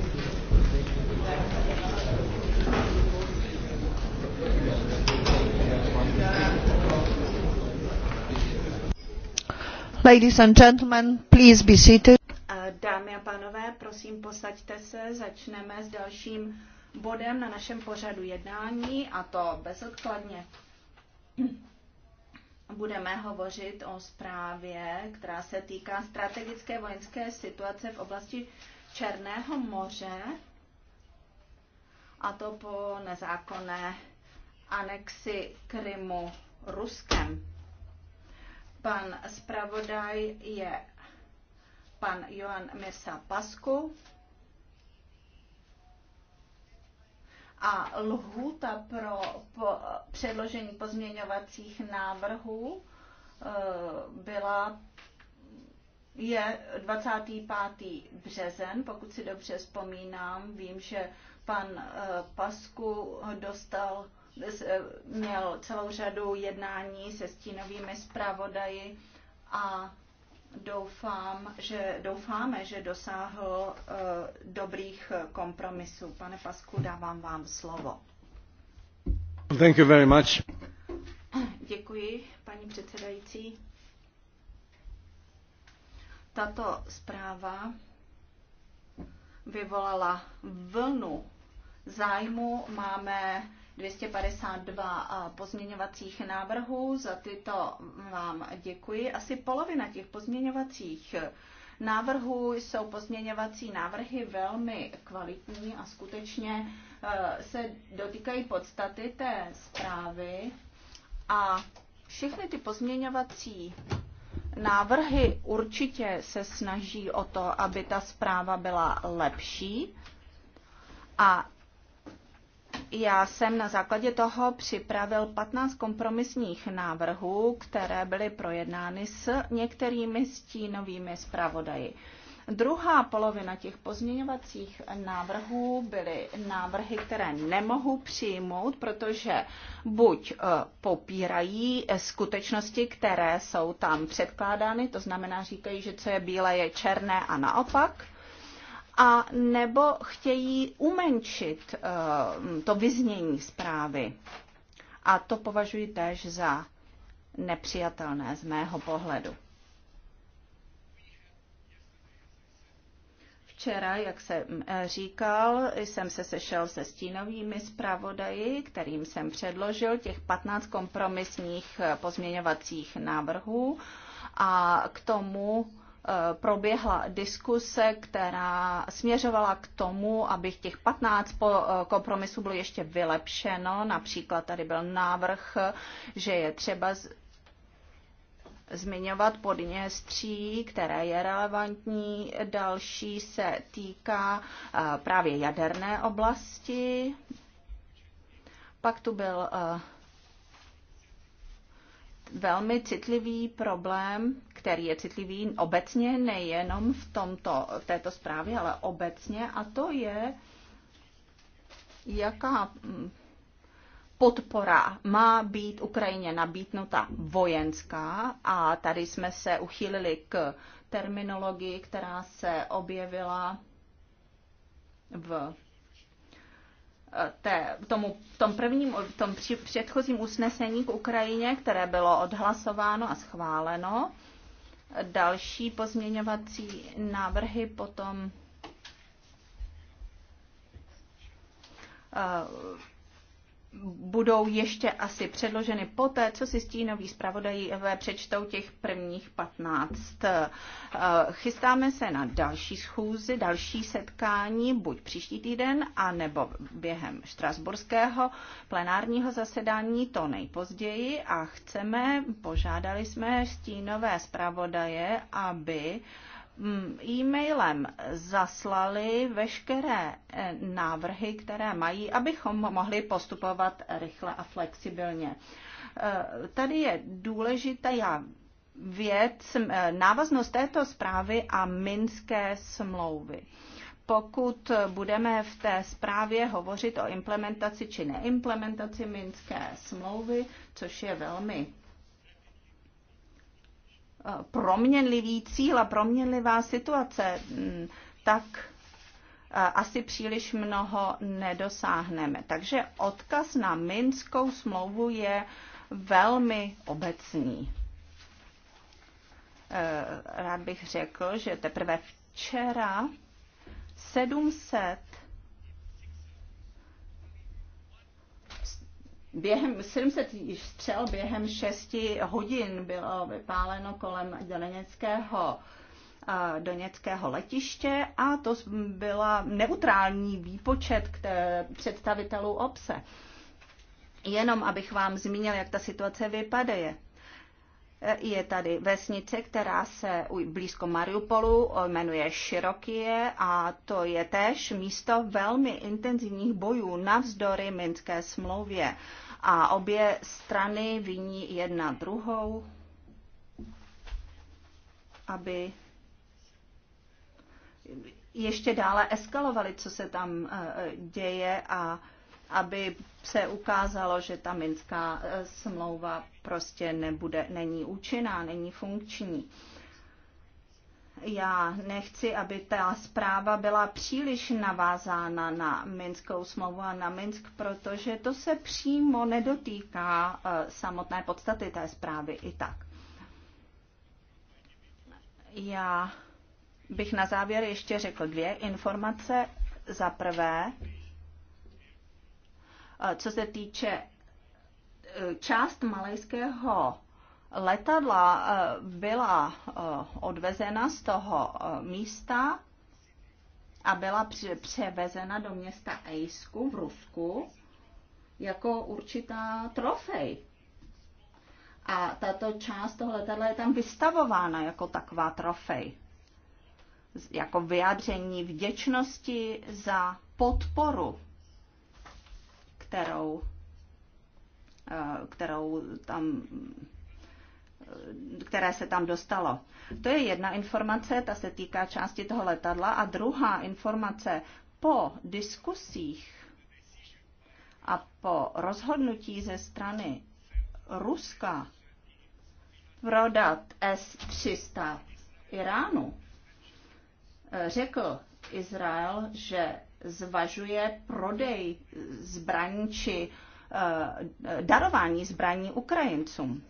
Ladies and gentlemen, please be seated. Dámy a pánové, prosím, posaďte se, začneme s dalším bodem na našem pořadu jednání a to bezodkladně. Budeme hovořit o zprávě, která se týká strategické vojenské situace v oblasti Černého moře a to po nezákonné anexi Krymu Ruskem. Pan zpravodaj je pan Joan Mesa Pasku. A lhůta pro po, předložení pozměňovacích návrhů eh, byla je 25. březen, pokud si dobře vzpomínám. Vím, že pan eh, Pasku dostal Eh, měl celou řadu jednání se stínovými zpravodaji a doufám, že, doufáme, že dosáhl uh, dobrých kompromisů. Pane Pasku, dávám vám slovo. Thank you very much. Děkuji, paní předsedající. Tato zpráva vyvolala vlnu zájmu. Máme 252 eh, pozměňovacích návrhů. Za tyto vám děkuji. Asi polovina těch pozměňovacích eh, návrhů jsou pozměňovací návrhy velmi kvalitní a skutečně eh, se dotýkají podstaty té zprávy. A všechny ty pozměňovací návrhy určitě se snaží o to, aby ta zpráva byla lepší. A já jsem na základě toho připravil 15 kompromisních návrhů, které byly projednány s některými stínovými zpravodaji. Druhá polovina těch pozměňovacích návrhů byly návrhy, které nemohu přijmout, protože buď e, popírají skutečnosti, které jsou tam předkládány, to znamená říkají, že co je bílé, je černé a naopak, a nebo chtějí umenčit eh, to vyznění zprávy. A to považuji též za nepřijatelné z mého pohledu. Včera, jak jsem eh, říkal, jsem se sešel se stínovými zpravodaji, kterým jsem předložil těch 15 kompromisních eh, pozměňovacích návrhů a k tomu Eh, proběhla diskuse, která směřovala k tomu, aby těch 15 eh, kompromisů bylo ještě vylepšeno. Například tady byl návrh, že je třeba zmiňovat Podněstří, které je relevantní. Další se týká eh, právě jaderné oblasti. Pak tu byl velmi citlivý problém, který je citlivý obecně, nejenom v, tomto, v této zprávě, ale obecně, a to je, jaká mm, podpora má být Ukrajině nabídnuta vojenská a tady jsme se uchýlili k terminologii, která se objevila v té, tomu, tom, prvním, tom při, předchozím usnesení k Ukrajině, které bylo odhlasováno a schváleno. Další pozměňovací návrhy potom eh, budou ještě asi předloženy poté, co si stínoví ve přečtou těch prvních 15. Eh, chystáme se na další schůzi, další setkání, buď příští týden, anebo během štrasburského plenárního zasedání, to nejpozději. A chceme, požádali jsme stínové zpravodaje, aby Mm, e-mailem zaslali veškeré eh, návrhy, které mají, abychom mohli postupovat rychle a flexibilně. Eh, tady je důležitá věc, eh, návaznost této zprávy a minské smlouvy. Pokud budeme v té zprávě hovořit o implementaci či neimplementaci minské smlouvy, což je velmi proměnlivý cíl a proměnlivá situace, mm, tak eh, asi příliš mnoho nedosáhneme. Takže odkaz na Minskou smlouvu je velmi obecný. Eh, rád bych řekl, že teprve včera 700 Během 700 střel během 6 hodin bylo vypáleno kolem Doněckého eh, Doněckého letiště a to byla neutrální výpočet k představitelů obce. Jenom abych vám zmínil, jak ta situace vypadá je tady vesnice, která se blízko Mariupolu jmenuje Širokie a to je též místo velmi intenzivních bojů navzdory Minské smlouvě. A obě strany viní jedna druhou, aby ještě dále eskalovali, co se tam eh, děje a aby se ukázalo, že ta minská eh, smlouva prostě nebude, není účinná, není funkční. Já nechci, aby ta zpráva byla příliš navázána na Minskou smlouvu a na Minsk, protože to se přímo nedotýká eh, samotné podstaty té zprávy i tak. Já bych na závěr ještě řekl dvě informace. Za prvé, co se týče e, část malejského letadla e, byla e, odvezena z toho místa a byla převezena do města Ejsku v Rusku jako určitá trofej. A tato část toho letadla je tam vystavována jako taková trofej. Jako vyjádření vděčnosti za podporu kterou, eh, kterou tam eh, které se tam dostalo. To je jedna informace, ta se týká části toho letadla. A druhá informace, po diskusích a po rozhodnutí ze strany Ruska prodat S-300 Iránu, eh, řekl Izrael, že zvažuje prodej zbraní či eh, darování zbraní Ukrajincům.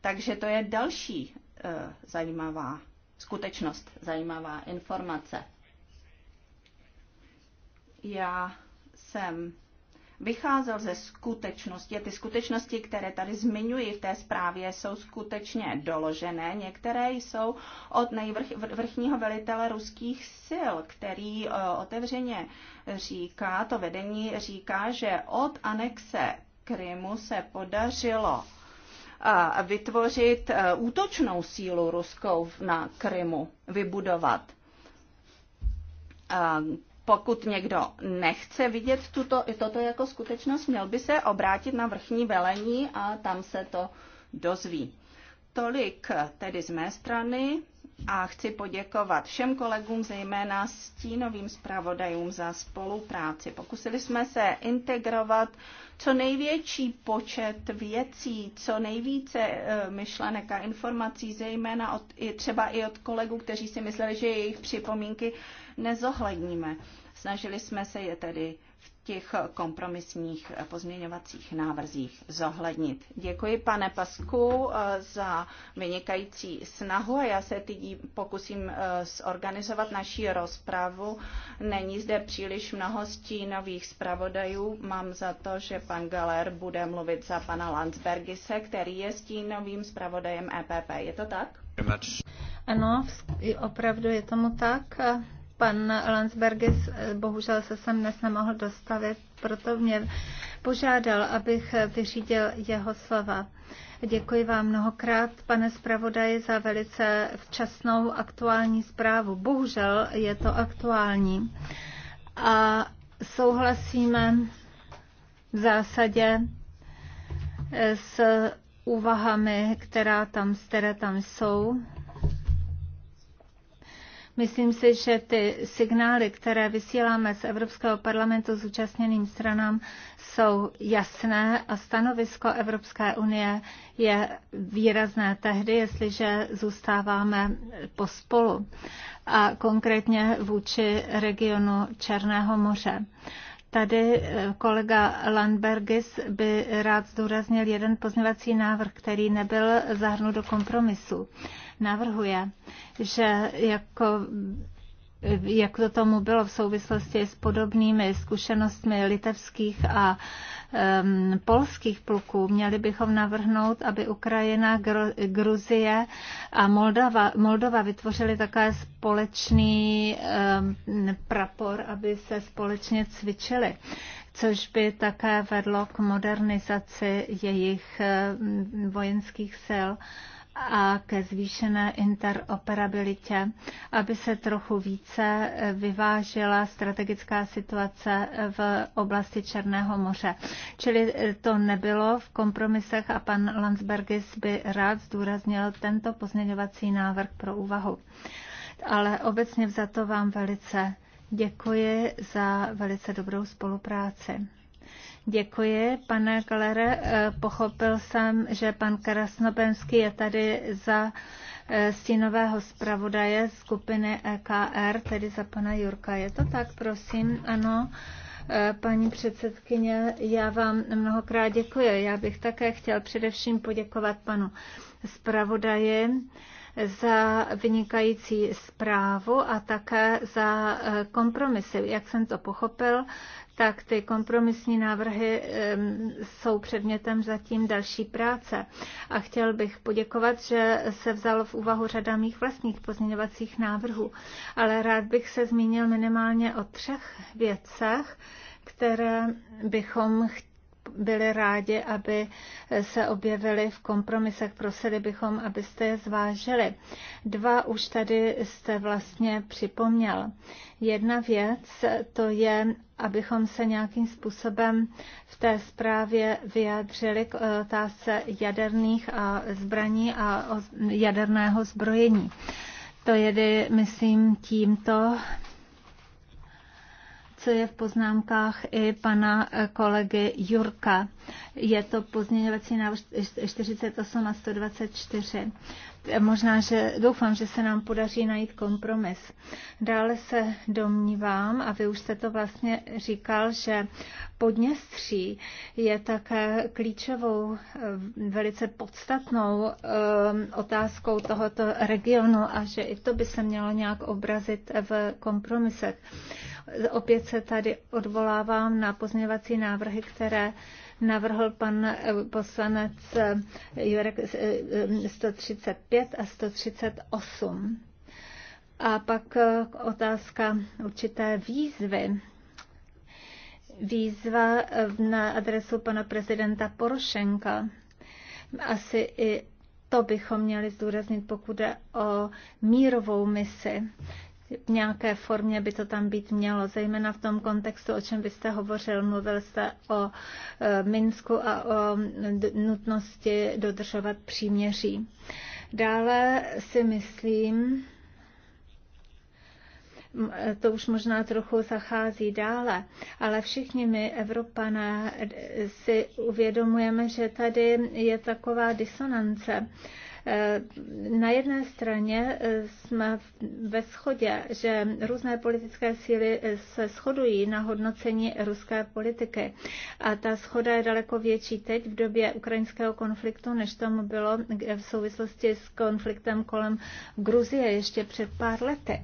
Takže to je další eh, zajímavá skutečnost, zajímavá informace. Já jsem vycházel ze skutečnosti. Ty skutečnosti, které tady zmiňuji v té zprávě, jsou skutečně doložené. Některé jsou od nejvrchního velitele ruských sil, který eh, otevřeně říká, to vedení říká, že od anexe Krymu se podařilo eh, vytvořit eh, útočnou sílu ruskou na Krymu, vybudovat pokud někdo nechce vidět tuto, toto jako skutečnost, měl by se obrátit na vrchní velení a tam se to dozví. Tolik tedy z mé strany a chci poděkovat všem kolegům, zejména stínovým zpravodajům za spolupráci. Pokusili jsme se integrovat co největší počet věcí, co nejvíce eh, myšlenek a informací, zejména od, i třeba i od kolegů, kteří si mysleli, že jejich připomínky nezohledníme. Snažili jsme se je tedy v těch kompromisních pozměňovacích návrzích zohlednit. Děkuji, pane Pasku, eh, za vynikající snahu a já se teď pokusím eh, zorganizovat naší rozpravu. Není zde příliš mnoho stínových zpravodajů. Mám za to, že pan Galer bude mluvit za pana Landsbergise, který je stínovým zpravodajem EPP. Je to tak? Ano, opravdu je tomu tak. Pan Landsbergis eh, bohužel se sem dnes nemohl dostavit, proto mě požádal, abych vyřídil jeho slova. Děkuji vám mnohokrát, pane zpravodaji, za velice včasnou aktuální zprávu. Bohužel je to aktuální. A souhlasíme v zásadě eh, s úvahami, která tam, které tam jsou. Myslím si, že ty signály, které vysíláme z Evropského parlamentu zúčastněným stranám, jsou jasné a stanovisko Evropské unie je výrazné tehdy, jestliže zůstáváme pospolu a konkrétně vůči regionu Černého moře. Tady eh, kolega Landbergis by rád zdůraznil jeden pozměvací návrh, který nebyl zahrnut do kompromisu. Navrhuje, že jako jak to tomu bylo v souvislosti s podobnými zkušenostmi litevských a um, polských pluků. Měli bychom navrhnout, aby Ukrajina, Gru- Gruzie a Moldova, Moldova vytvořili takový společný um, prapor, aby se společně cvičili což by také vedlo k modernizaci jejich vojenských sil a ke zvýšené interoperabilitě, aby se trochu více eh, vyvážila strategická situace eh, v oblasti Černého moře. Čili eh, to nebylo v kompromisech a pan Landsbergis by rád zdůraznil tento pozměňovací návrh pro úvahu. Ale obecně to vám velice děkuji za velice dobrou spolupráci. Děkuji, pane Kalere. Eh, pochopil jsem, že pan Krasnobenský je tady za eh, stínového zpravodaje skupiny EKR, tedy za pana Jurka. Je to tak, prosím? Ano. Eh, paní předsedkyně, já vám mnohokrát děkuji. Já bych také chtěl především poděkovat panu zpravodaji za vynikající zprávu a také za kompromisy. Jak jsem to pochopil, tak ty kompromisní návrhy jsou předmětem zatím další práce. A chtěl bych poděkovat, že se vzalo v úvahu řada mých vlastních pozměňovacích návrhů. Ale rád bych se zmínil minimálně o třech věcech, které bychom chtěli byli rádi, aby se objevili v kompromisech. Prosili bychom, abyste je zvážili. Dva už tady jste vlastně připomněl. Jedna věc to je, abychom se nějakým způsobem v té zprávě vyjádřili k otázce jaderných a zbraní a jaderného zbrojení. To jedy, myslím, tímto co je v poznámkách i pana kolegy Jurka. Je to pozměňovací návrh 48 a 124. Možná, že doufám, že se nám podaří najít kompromis. Dále se domnívám, a vy už jste to vlastně říkal, že Podněstří je také klíčovou, eh, velice podstatnou eh, otázkou tohoto regionu a že i to by se mělo nějak obrazit v kompromisech. Opět se tady odvolávám na pozměňovací návrhy, které navrhl pan eh, poslanec eh, Jurek 135 eh, a 138. A pak otázka určité výzvy výzva na adresu pana prezidenta Porošenka. Asi i to bychom měli zdůraznit, pokud jde o mírovou misi v nějaké formě by to tam být mělo, zejména v tom kontextu, o čem byste hovořil. Mluvil jste o e, Minsku a o nutnosti dodržovat příměří. Dále si myslím, e, to už možná trochu zachází dále, ale všichni my, Evropané, si uvědomujeme, že tady je taková disonance Eh, na jedné straně eh, jsme ve shodě, že různé politické síly eh, se shodují na hodnocení ruské politiky. A ta schoda je daleko větší teď v době ukrajinského konfliktu, než tomu bylo v souvislosti s konfliktem kolem Gruzie ještě před pár lety.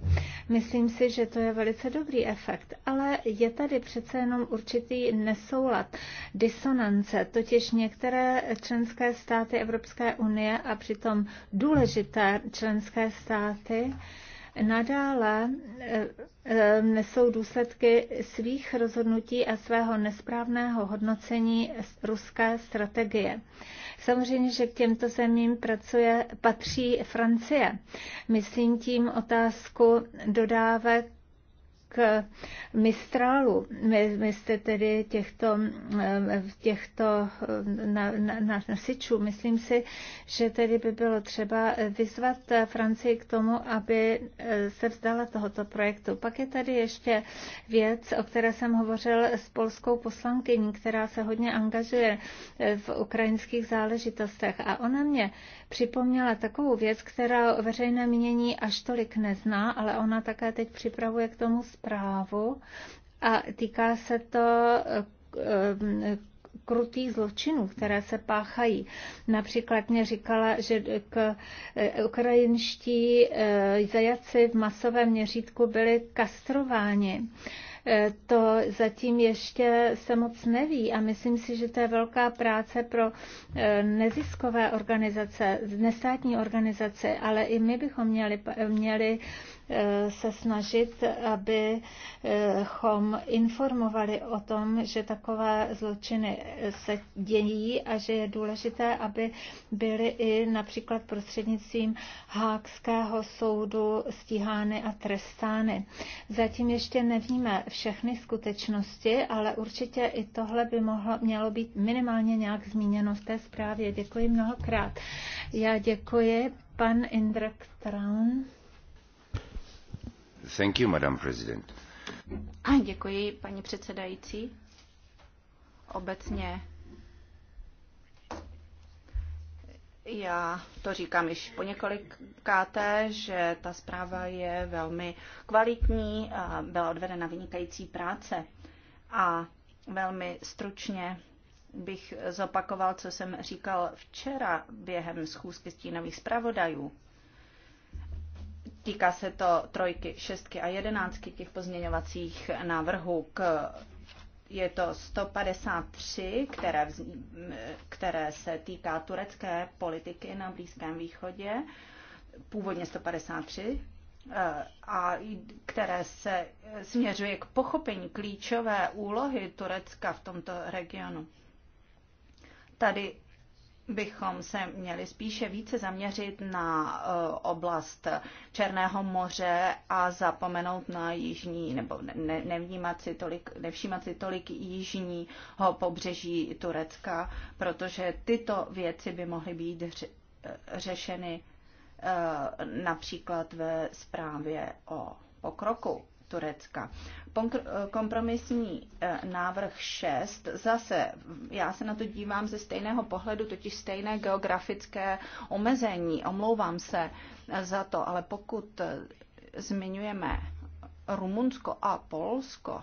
Myslím si, že to je velice dobrý efekt, ale je tady přece jenom určitý nesoulad, disonance, totiž některé členské státy Evropské unie a přitom přitom důležité členské státy nadále nesou eh, eh, důsledky svých rozhodnutí a svého nesprávného hodnocení ruské strategie. Samozřejmě, že k těmto zemím pracuje, patří Francie. Myslím tím otázku dodávek k mistrálu, mistr tedy těchto, eh, těchto nasičů. Eh, na, na Myslím si, že tedy by bylo třeba vyzvat Francii k tomu, aby eh, se vzdala tohoto projektu. Pak je tady ještě věc, o které jsem hovořil s polskou poslankyní, která se hodně angažuje v ukrajinských záležitostech a ona mě připomněla takovou věc, která veřejné mění až tolik nezná, ale ona také teď připravuje k tomu zprávu a týká se to eh, eh, krutých zločinů, které se páchají. Například mě říkala, že k eh, ukrajinští zajaci v masovém měřítku byli kastrováni E, to zatím ještě se moc neví a myslím si, že to je velká práce pro e, neziskové organizace, nestátní organizace, ale i my bychom měli, měli Eh, se snažit, abychom informovali o tom, že takové zločiny se dějí a že je důležité, aby byly i například prostřednictvím Hákského soudu stíhány a trestány. Zatím ještě nevíme všechny skutečnosti, ale určitě i tohle by mohlo, mělo být minimálně nějak zmíněno v té zprávě. Děkuji mnohokrát. Já děkuji. Pan Indrek Traun. Thank you, Madam President. děkuji, paní předsedající. Obecně Já to říkám již po několikáté, že ta zpráva je velmi kvalitní, a byla odvedena vynikající práce. A velmi stručně bych zopakoval, co jsem říkal včera během schůzky stínových zpravodajů. Týká se to trojky, šestky a jedenáctky těch pozměňovacích návrhů k je to 153, které, vz, které se týká turecké politiky na Blízkém východě, původně 153, eh, a které se směřuje k pochopení klíčové úlohy Turecka v tomto regionu. Tady bychom se měli spíše více zaměřit na eh, oblast Černého moře a zapomenout na jižní, nebo ne, nevnímat si tolik, nevšímat si tolik jižního pobřeží Turecka, protože tyto věci by mohly být eh, řešeny eh, například ve zprávě o pokroku. Turecka. Kompromisní e, návrh 6, zase já se na to dívám ze stejného pohledu, totiž stejné geografické omezení, omlouvám se e, za to, ale pokud e, zmiňujeme Rumunsko a Polsko,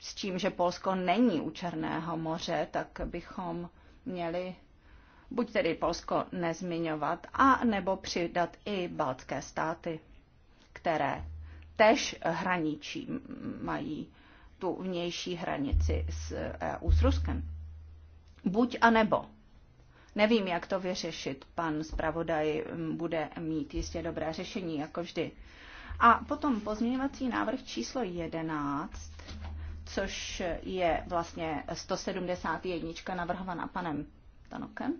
s tím, že Polsko není u Černého moře, tak bychom měli buď tedy Polsko nezmiňovat, a nebo přidat i baltské státy které tež hraničí, mají tu vnější hranici s eh, EU s Ruskem. Buď a nebo. Nevím, jak to vyřešit. Pan zpravodaj bude mít jistě dobré řešení, jako vždy. A potom pozměňovací návrh číslo 11, což je vlastně 171 navrhovaná panem Tanokem.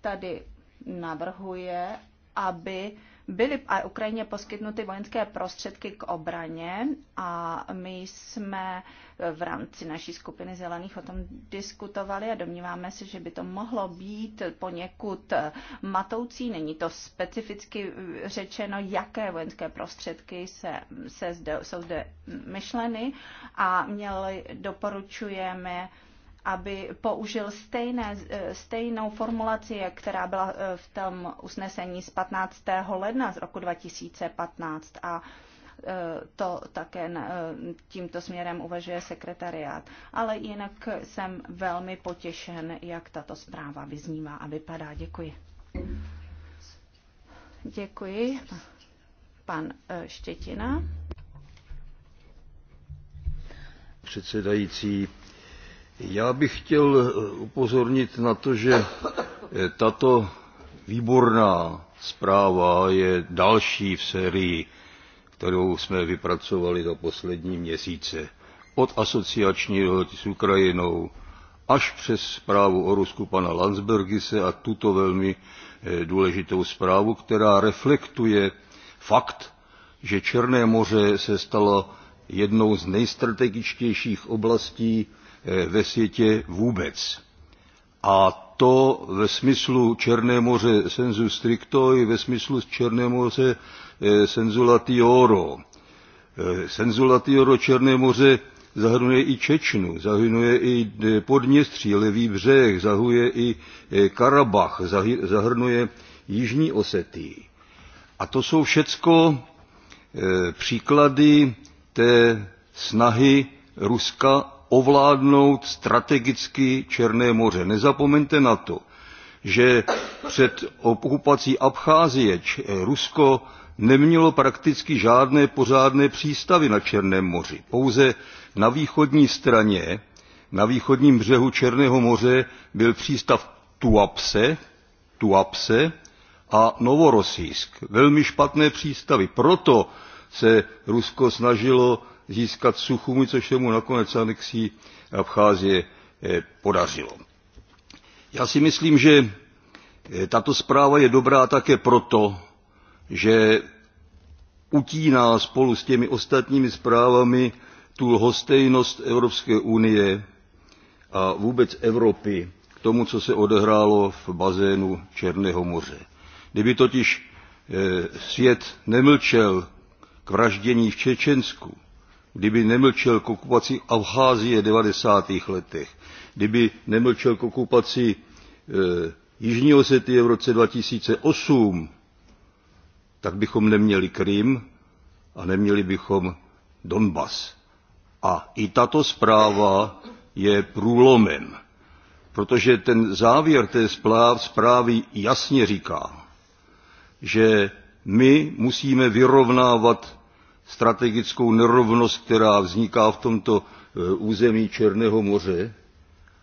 Tady navrhuje, aby byly a Ukrajině poskytnuty vojenské prostředky k obraně a my jsme v rámci naší skupiny zelených o tom diskutovali a domníváme se, že by to mohlo být poněkud matoucí. Není to specificky řečeno, jaké vojenské prostředky se, se zde, jsou zde myšleny a měli, doporučujeme aby použil stejné, eh, stejnou formulaci, která byla eh, v tom usnesení z 15. ledna z roku 2015 a eh, to také tímto směrem uvažuje sekretariát. Ale jinak jsem velmi potěšen, jak tato zpráva vyznívá a vypadá. Děkuji. Děkuji. Pan Štětina. Předsedající, já bych chtěl eh, upozornit na to, že eh, tato výborná zpráva je další v sérii, kterou jsme vypracovali za poslední měsíce. Od asociační dohody s Ukrajinou až přes zprávu o Rusku pana Landsbergise a tuto velmi eh, důležitou zprávu, která reflektuje fakt, že Černé moře se stalo jednou z nejstrategičtějších oblastí Eh, ve světě vůbec. A to ve smyslu Černé moře sensu stricto i ve smyslu Černé moře eh, sensu latioro. Eh, sensu latioro Černé moře zahrnuje i Čečnu, zahrnuje i Podněstří, Levý břeh, zahrnuje i Karabach, zahrnuje Jižní Osety. A to jsou všecko příklady té snahy Ruska ovládnout strategicky Černé moře. Nezapomeňte na to, že před okupací Abcházie eh, Rusko nemělo prakticky žádné pořádné přístavy na Černém moři. Pouze na východní straně, na východním břehu Černého moře byl přístav Tuapse, Tuapse a Novorosijsk. Velmi špatné přístavy. Proto se Rusko snažilo získat Suchumi, což se mu nakonec anexí Abcházie podařilo. Já si myslím, že eh, tato zpráva je dobrá také proto, že utíná spolu s těmi ostatními zprávami tu hostejnost Evropské unie a vůbec Evropy k tomu, co se odehrálo v bazénu Černého moře. Kdyby totiž eh, svět nemlčel k vraždění v Čečensku, kdyby nemlčel k okupaci Abcházie v 90. letech, kdyby nemlčel k okupaci e, Jižní Osetie v roce 2008, tak bychom neměli Krym a neměli bychom Donbas. A i tato zpráva je průlomem, protože ten závěr té zprávy jasně říká, že my musíme vyrovnávat strategickou nerovnost, která vzniká v tomto e, území Černého moře.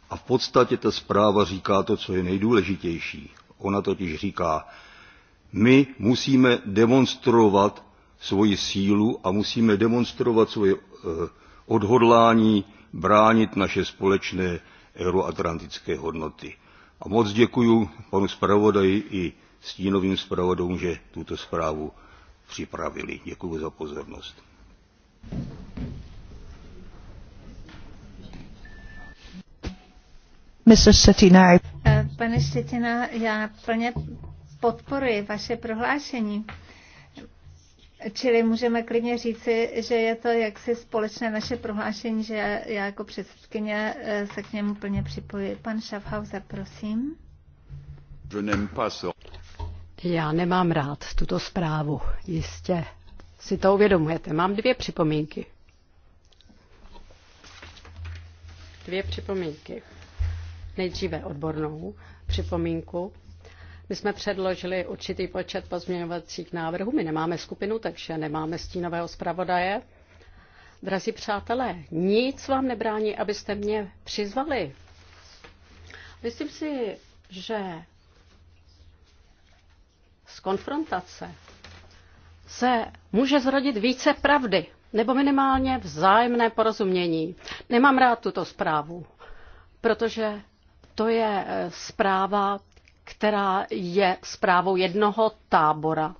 A v podstatě ta zpráva říká to, co je nejdůležitější. Ona totiž říká, my musíme demonstrovat svoji sílu a musíme demonstrovat svoje e, odhodlání bránit naše společné euroatlantické hodnoty. A moc děkuji panu zpravodaji i stínovým zpravodům, že tuto zprávu připravili. Děkuji za pozornost. Eh, pane Štětina, já plně podporuji vaše prohlášení. Čili můžeme klidně říci, že je to jaksi společné naše prohlášení, že já jako předsedkyně eh, se k němu plně připojuji. Pan Schaffhauser, prosím. Je já nemám rád tuto zprávu, jistě si to uvědomujete. Mám dvě připomínky. Dvě připomínky. Nejdříve odbornou připomínku. My jsme předložili určitý počet pozměňovacích návrhů. My nemáme skupinu, takže nemáme stínového zpravodaje. Drazí přátelé, nic vám nebrání, abyste mě přizvali. Myslím si, že z konfrontace se může zrodit více pravdy nebo minimálně vzájemné porozumění. Nemám rád tuto zprávu, protože to je eh, zpráva, která je zprávou jednoho tábora,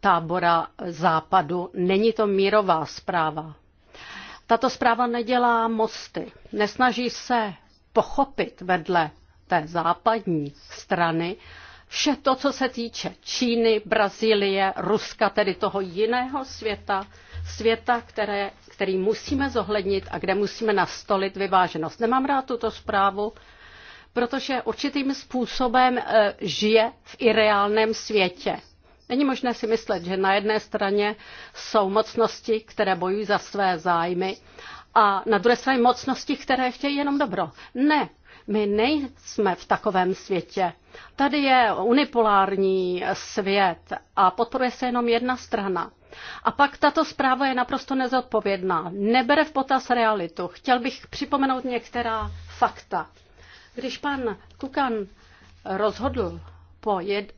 tábora západu. Není to mírová zpráva. Tato zpráva nedělá mosty, nesnaží se pochopit vedle té západní strany, Vše to, co se týče Číny, Brazílie, Ruska, tedy toho jiného světa, světa, které, který musíme zohlednit a kde musíme nastolit vyváženost. Nemám rád tuto zprávu, protože určitým způsobem eh, žije v ireálném světě. Není možné si myslet, že na jedné straně jsou mocnosti, které bojují za své zájmy a na druhé straně mocnosti, které chtějí jenom dobro. Ne, my nejsme v takovém světě. Tady je unipolární svět a podporuje se jenom jedna strana. A pak tato zpráva je naprosto nezodpovědná. Nebere v potaz realitu. Chtěl bych připomenout některá fakta. Když pan Kukan rozhodl po jed...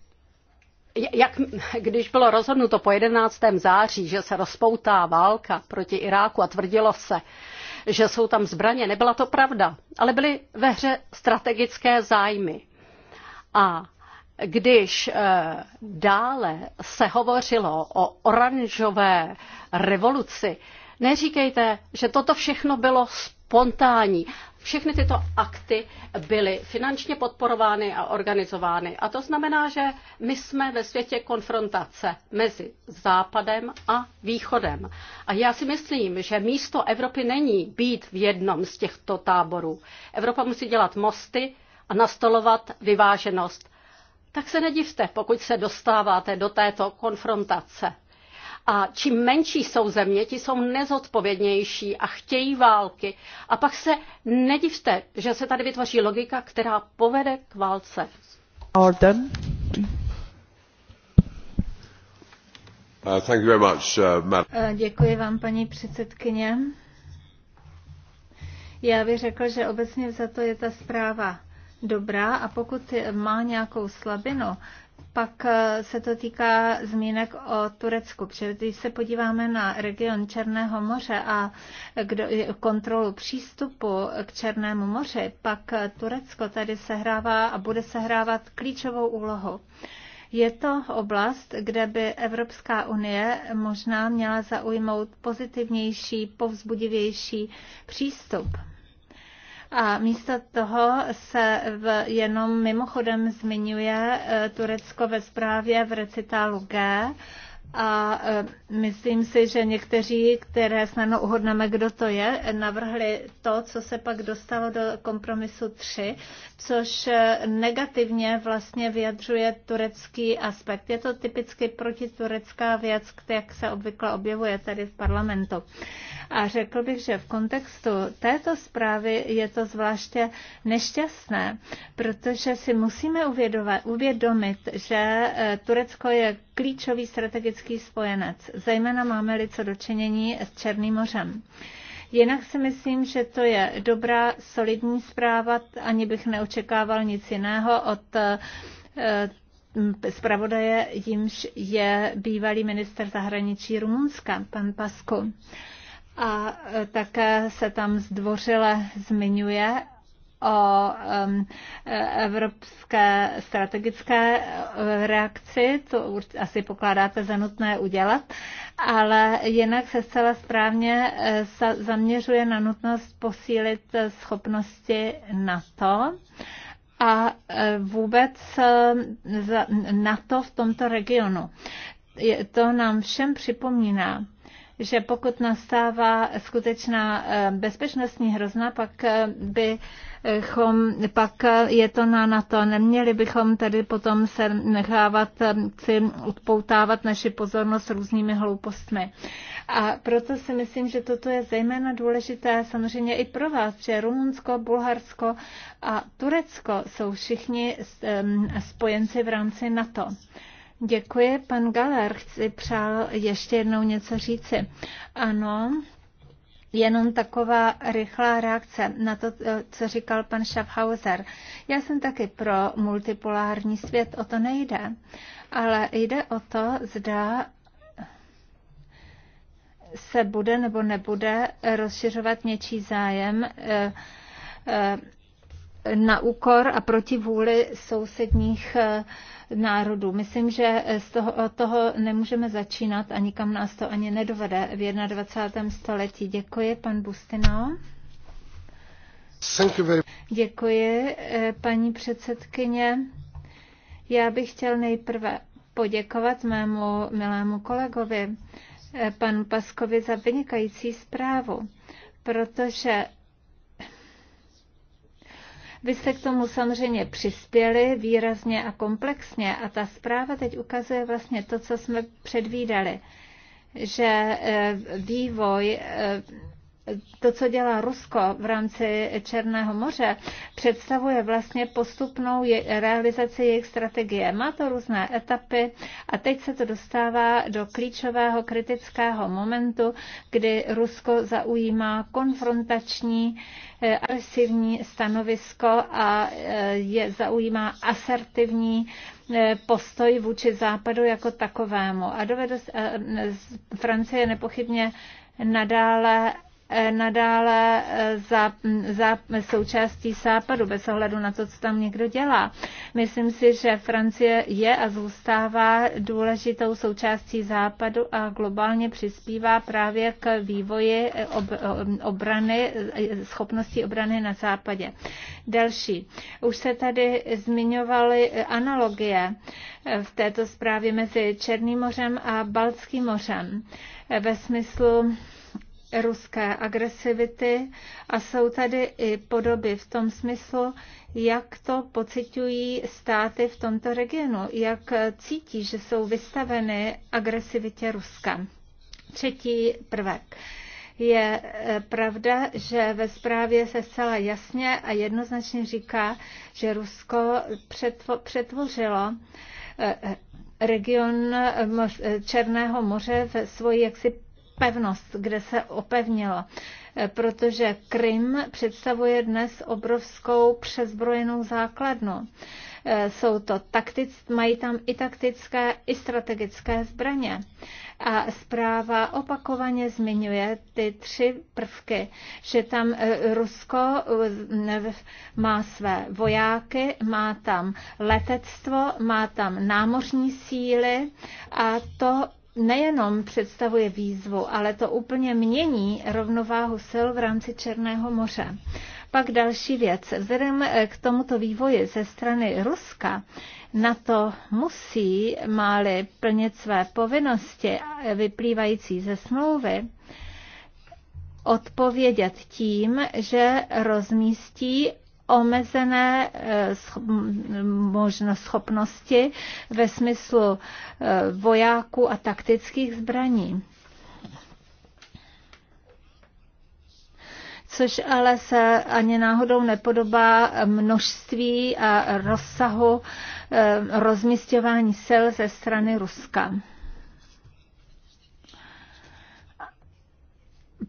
Jak, když bylo rozhodnuto po 11. září, že se rozpoutá válka proti Iráku a tvrdilo se, že jsou tam zbraně. Nebyla to pravda, ale byly ve hře strategické zájmy. A když eh, dále se hovořilo o oranžové revoluci, neříkejte, že toto všechno bylo spontánní. Všechny tyto akty byly finančně podporovány a organizovány. A to znamená, že my jsme ve světě konfrontace mezi Západem a Východem. A já si myslím, že místo Evropy není být v jednom z těchto táborů. Evropa musí dělat mosty a nastolovat vyváženost. Tak se nedivte, pokud se dostáváte do této konfrontace. A čím menší jsou země, ti jsou nezodpovědnější a chtějí války. A pak se nedivte, že se tady vytvoří logika, která povede k válce. Orden. Uh, much, uh, uh, Děkuji vám, paní předsedkyně. Já bych řekl, že obecně za to je ta zpráva dobrá a pokud má nějakou slabinu, pak eh, se to týká zmínek o Turecku, protože když se podíváme na region Černého moře a kdo, kontrolu přístupu k Černému moři, pak eh, Turecko tady sehrává a bude sehrávat klíčovou úlohu. Je to oblast, kde by Evropská unie možná měla zaujmout pozitivnější, povzbudivější přístup a místo toho se v, jenom mimochodem zmiňuje eh, Turecko ve zprávě v recitálu G a e, myslím si, že někteří, které snadno uhodneme, kdo to je, navrhli to, co se pak dostalo do kompromisu 3, což e, negativně vlastně vyjadřuje turecký aspekt. Je to typicky protiturecká věc, jak se obvykle objevuje tady v parlamentu. A řekl bych, že v kontextu této zprávy je to zvláště nešťastné, protože si musíme uvědomit, že e, Turecko je klíčový strategický spojenec, zejména máme-li co dočinění s Černým mořem. Jinak si myslím, že to je dobrá, solidní zpráva, ani bych neočekával nic jiného od eh, zpravodaje, jimž je bývalý minister zahraničí Rumunska, pan Pasku. A eh, také se tam zdvořile zmiňuje o e, evropské strategické e, reakci, to asi pokládáte za nutné udělat, ale jinak se zcela správně e, zaměřuje na nutnost posílit schopnosti NATO a vůbec na to v tomto regionu. To nám všem připomíná, že pokud nastává skutečná bezpečnostní hrozna, pak by pak je to na NATO. Neměli bychom tedy potom se nechávat si odpoutávat naši pozornost různými hloupostmi. A proto si myslím, že toto je zejména důležité samozřejmě i pro vás, že Rumunsko, Bulharsko a Turecko jsou všichni spojenci v rámci NATO. Děkuji, pan Galer, chci přál ještě jednou něco říci. Ano, Jenom taková rychlá reakce na to, eh, co říkal pan Schaffhauser. Já jsem taky pro multipolární svět, o to nejde, ale jde o to, zda se bude nebo nebude rozšiřovat něčí zájem eh, eh, na úkor a proti vůli sousedních národů. Myslím, že z toho, od toho nemůžeme začínat a nikam nás to ani nedovede v 21. století. Děkuji, pan Bustino. Děkuji, eh, paní předsedkyně. Já bych chtěl nejprve poděkovat mému milému kolegovi, eh, panu Paskovi, za vynikající zprávu, protože vy jste k tomu samozřejmě přispěli výrazně a komplexně a ta zpráva teď ukazuje vlastně to, co jsme předvídali že eh, vývoj eh, to, co dělá Rusko v rámci Černého moře, představuje vlastně postupnou je, realizaci jejich strategie. Má to různé etapy a teď se to dostává do klíčového kritického momentu, kdy Rusko zaujímá konfrontační eh, agresivní stanovisko a eh, je zaujímá asertivní eh, postoj vůči západu jako takovému. A dovedu, Francie nepochybně nadále nadále eh, za, za součástí Západu bez ohledu na to, co tam někdo dělá. Myslím si, že Francie je a zůstává důležitou součástí západu a globálně přispívá právě k vývoji eh, ob, eh, obrany, schopnosti obrany na západě. Další. Už se tady zmiňovaly analogie v této zprávě mezi Černým mořem a Baltským mořem ve smyslu ruské agresivity a jsou tady i podoby v tom smyslu, jak to pocitují státy v tomto regionu, jak cítí, že jsou vystaveny agresivitě Ruska. Třetí prvek. Je eh, pravda, že ve zprávě se zcela jasně a jednoznačně říká, že Rusko přetvořilo eh, eh, region Černého moře v svoji jaksi pevnost, kde se opevnilo, eh, protože Krym představuje dnes obrovskou přezbrojenou základnu. Eh, jsou to taktic, mají tam i taktické, i strategické zbraně. A zpráva opakovaně zmiňuje ty tři prvky, že tam eh, Rusko má své vojáky, má tam letectvo, má tam námořní síly a to nejenom představuje výzvu, ale to úplně mění rovnováhu sil v rámci Černého moře. Pak další věc. Vzhledem eh, k tomuto vývoji ze strany Ruska, na to musí, máli plnit své povinnosti eh, vyplývající ze smlouvy, odpovědět tím, že rozmístí omezené eh, možnost schopnosti ve smyslu eh, vojáků a taktických zbraní. což ale se ani náhodou nepodobá množství a rozsahu eh, rozmístěvání sil ze strany Ruska.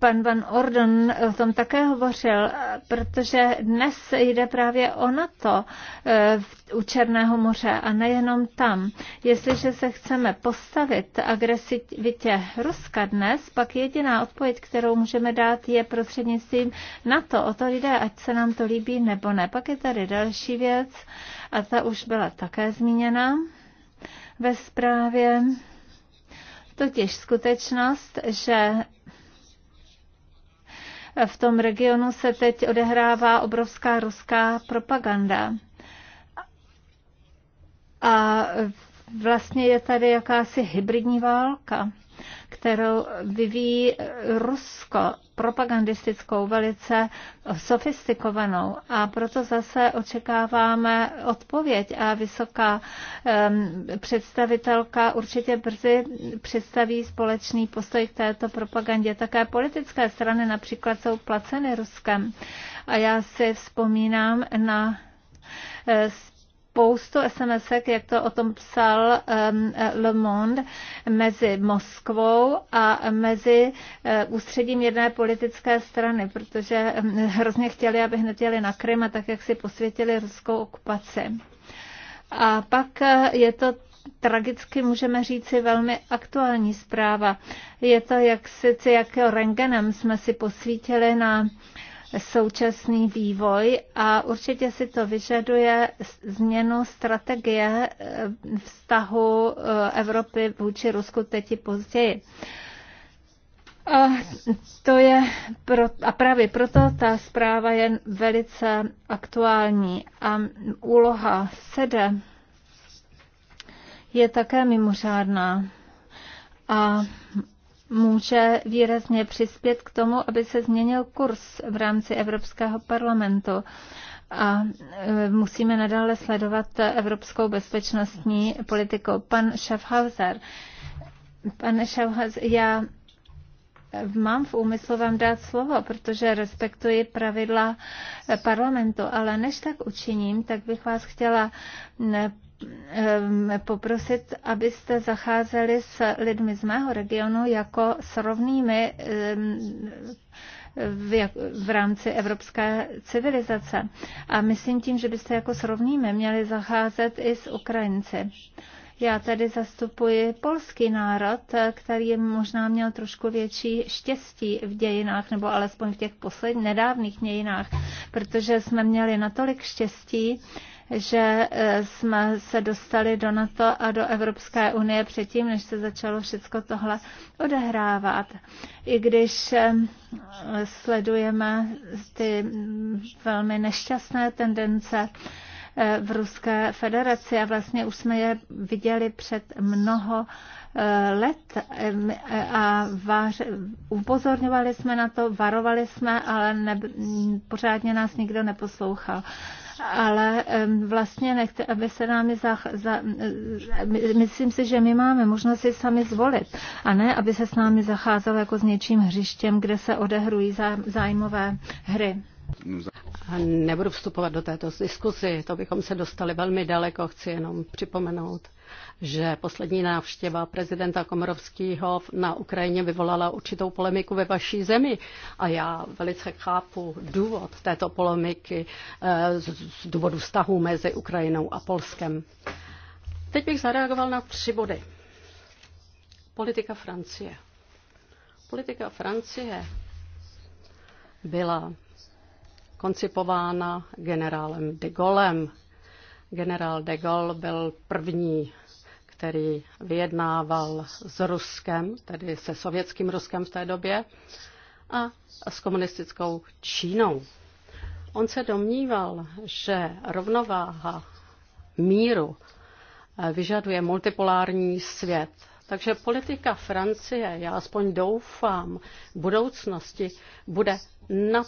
pan Van Orden o tom také hovořil, protože dnes jde právě o NATO eh, u Černého moře a nejenom tam. Jestliže se chceme postavit agresivitě Ruska dnes, pak jediná odpověď, kterou můžeme dát, je prostřednictvím NATO. O to jde, ať se nám to líbí nebo ne. Pak je tady další věc a ta už byla také zmíněna ve zprávě totiž skutečnost, že v tom regionu se teď odehrává obrovská ruská propaganda. A vlastně je tady jakási hybridní válka kterou vyvíjí Rusko, propagandistickou, velice sofistikovanou. A proto zase očekáváme odpověď a vysoká um, představitelka určitě brzy představí společný postoj k této propagandě. Také politické strany například jsou placeny Ruskem. A já si vzpomínám na eh, spoustu sms jak to o tom psal um, Le Monde, mezi Moskvou a mezi uh, ústředím jedné politické strany, protože um, hrozně chtěli, aby hned jeli na Krym a tak, jak si posvětili ruskou okupaci. A pak uh, je to tragicky můžeme říci velmi aktuální zpráva. Je to, jak si, jak rengenem jsme si posvítili na současný vývoj a určitě si to vyžaduje změnu strategie eh, vztahu eh, Evropy vůči Rusku teď i později. A to je pro, a právě proto ta zpráva je velice aktuální a úloha sede je také mimořádná. A může výrazně přispět k tomu, aby se změnil kurz v rámci Evropského parlamentu a e, musíme nadále sledovat evropskou bezpečnostní politiku. Pan Schaffhauser, pan Schaffhauser, já mám v úmyslu vám dát slovo, protože respektuji pravidla parlamentu, ale než tak učiním, tak bych vás chtěla Ehm, poprosit, abyste zacházeli s lidmi z mého regionu jako s rovnými ehm, v, v rámci evropské civilizace. A myslím tím, že byste jako s rovnými měli zacházet i s Ukrajinci. Já tady zastupuji polský národ, který možná měl trošku větší štěstí v dějinách, nebo alespoň v těch posledních nedávných dějinách, protože jsme měli natolik štěstí, že e, jsme se dostali do NATO a do Evropské unie předtím, než se začalo všechno tohle odehrávat. I když e, sledujeme ty velmi nešťastné tendence, e, v Ruské federaci a vlastně už jsme je viděli před mnoho let a vář, upozorňovali jsme na to, varovali jsme, ale ne, pořádně nás nikdo neposlouchal ale vlastně nechte, aby se nám je za, za, myslím si, že my máme možnost si sami zvolit a ne, aby se s námi zacházelo jako s něčím hřištěm, kde se odehrují zájmové hry. Nebudu vstupovat do této diskuzi, to bychom se dostali velmi daleko. Chci jenom připomenout, že poslední návštěva prezidenta Komorovského na Ukrajině vyvolala určitou polemiku ve vaší zemi. A já velice chápu důvod této polemiky eh, z důvodu vztahu mezi Ukrajinou a Polskem. Teď bych zareagoval na tři body. Politika Francie. Politika Francie byla koncipována generálem de Gaulem. Generál de Gaulle byl první, který vyjednával s Ruskem, tedy se sovětským Ruskem v té době, a s komunistickou Čínou. On se domníval, že rovnováha míru eh, vyžaduje multipolární svět. Takže politika Francie, já aspoň doufám, v budoucnosti bude nad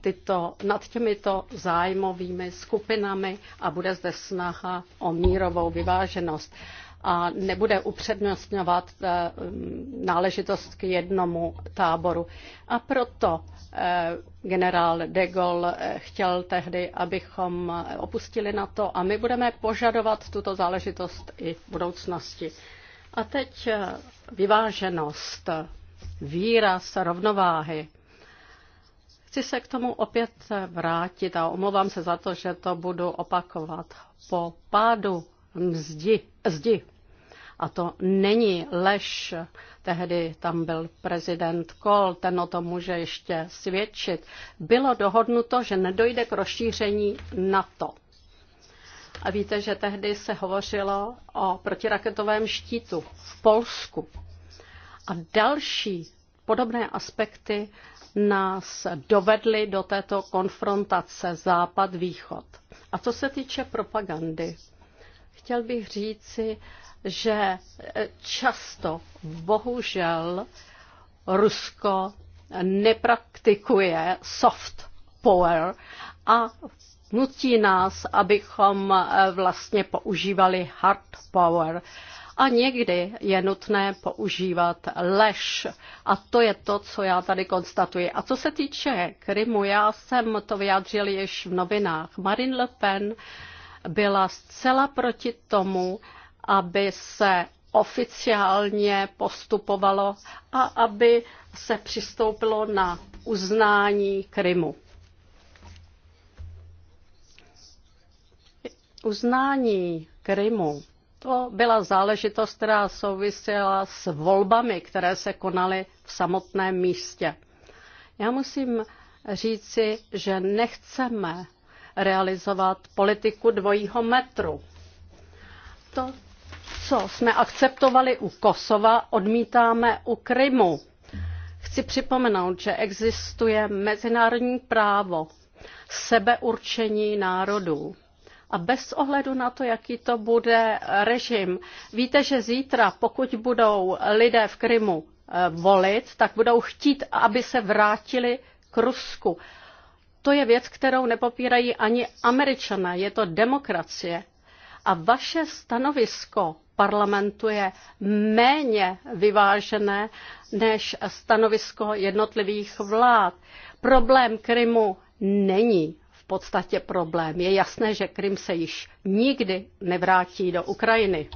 tyto, nad těmito zájmovými skupinami a bude zde snaha o mírovou vyváženost a nebude upřednostňovat eh, náležitost k jednomu táboru. A proto eh, generál de Gaulle eh, chtěl tehdy, abychom opustili na to a my budeme požadovat tuto záležitost i v budoucnosti. A teď vyváženost, výraz rovnováhy Chci se k tomu opět vrátit a omlouvám se za to, že to budu opakovat. Po pádu mzdi, zdi, a to není lež, tehdy tam byl prezident Kohl, ten o tom může ještě svědčit, bylo dohodnuto, že nedojde k rozšíření NATO. A víte, že tehdy se hovořilo o protiraketovém štítu v Polsku. A další podobné aspekty nás dovedly do této konfrontace západ-východ. A co se týče propagandy, chtěl bych říci, že eh, často bohužel Rusko nepraktikuje soft power a nutí nás, abychom eh, vlastně používali hard power a někdy je nutné používat lež. A to je to, co já tady konstatuji. A co se týče Krymu, já jsem to vyjádřil již v novinách. Marine Le Pen byla zcela proti tomu, aby se oficiálně postupovalo a aby se přistoupilo na uznání Krymu. Uznání Krymu to byla záležitost, která souvisela s volbami, které se konaly v samotném místě. Já musím říci, že nechceme realizovat politiku dvojího metru. To, co jsme akceptovali u Kosova, odmítáme u Krymu. Chci připomenout, že existuje mezinárodní právo sebeurčení národů a bez ohledu na to, jaký to bude režim. Víte, že zítra, pokud budou lidé v Krymu eh, volit, tak budou chtít, aby se vrátili k Rusku. To je věc, kterou nepopírají ani američané. Je to demokracie. A vaše stanovisko parlamentu je méně vyvážené než stanovisko jednotlivých vlád. Problém Krymu není podstatě problém. Je jasné, že Krym se již nikdy nevrátí do Ukrajiny.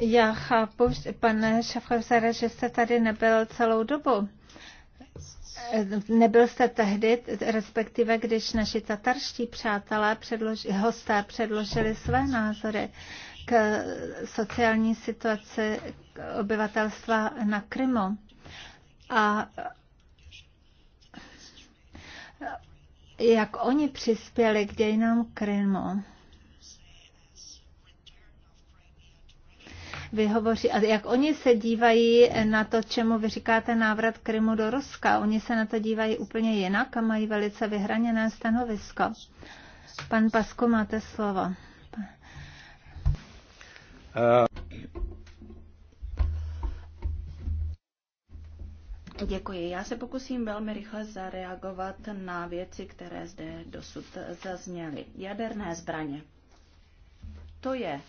Já chápu, pane Šafhausere, že jste tady nebyl celou dobu. Nebyl jste tehdy, respektive když naši tatarští přátelé, předloži, hosté předložili své názory k sociální situaci obyvatelstva na Krymu. A jak oni přispěli k dějinám Krymu. Vyhovoří, a jak oni se dívají na to, čemu vy říkáte návrat Krymu do Ruska. Oni se na to dívají úplně jinak a mají velice vyhraněné stanovisko. Pan Pasko, máte slovo. Uh. Děkuji. Já se pokusím velmi rychle zareagovat na věci, které zde dosud zazněly. Jaderné zbraně. To je.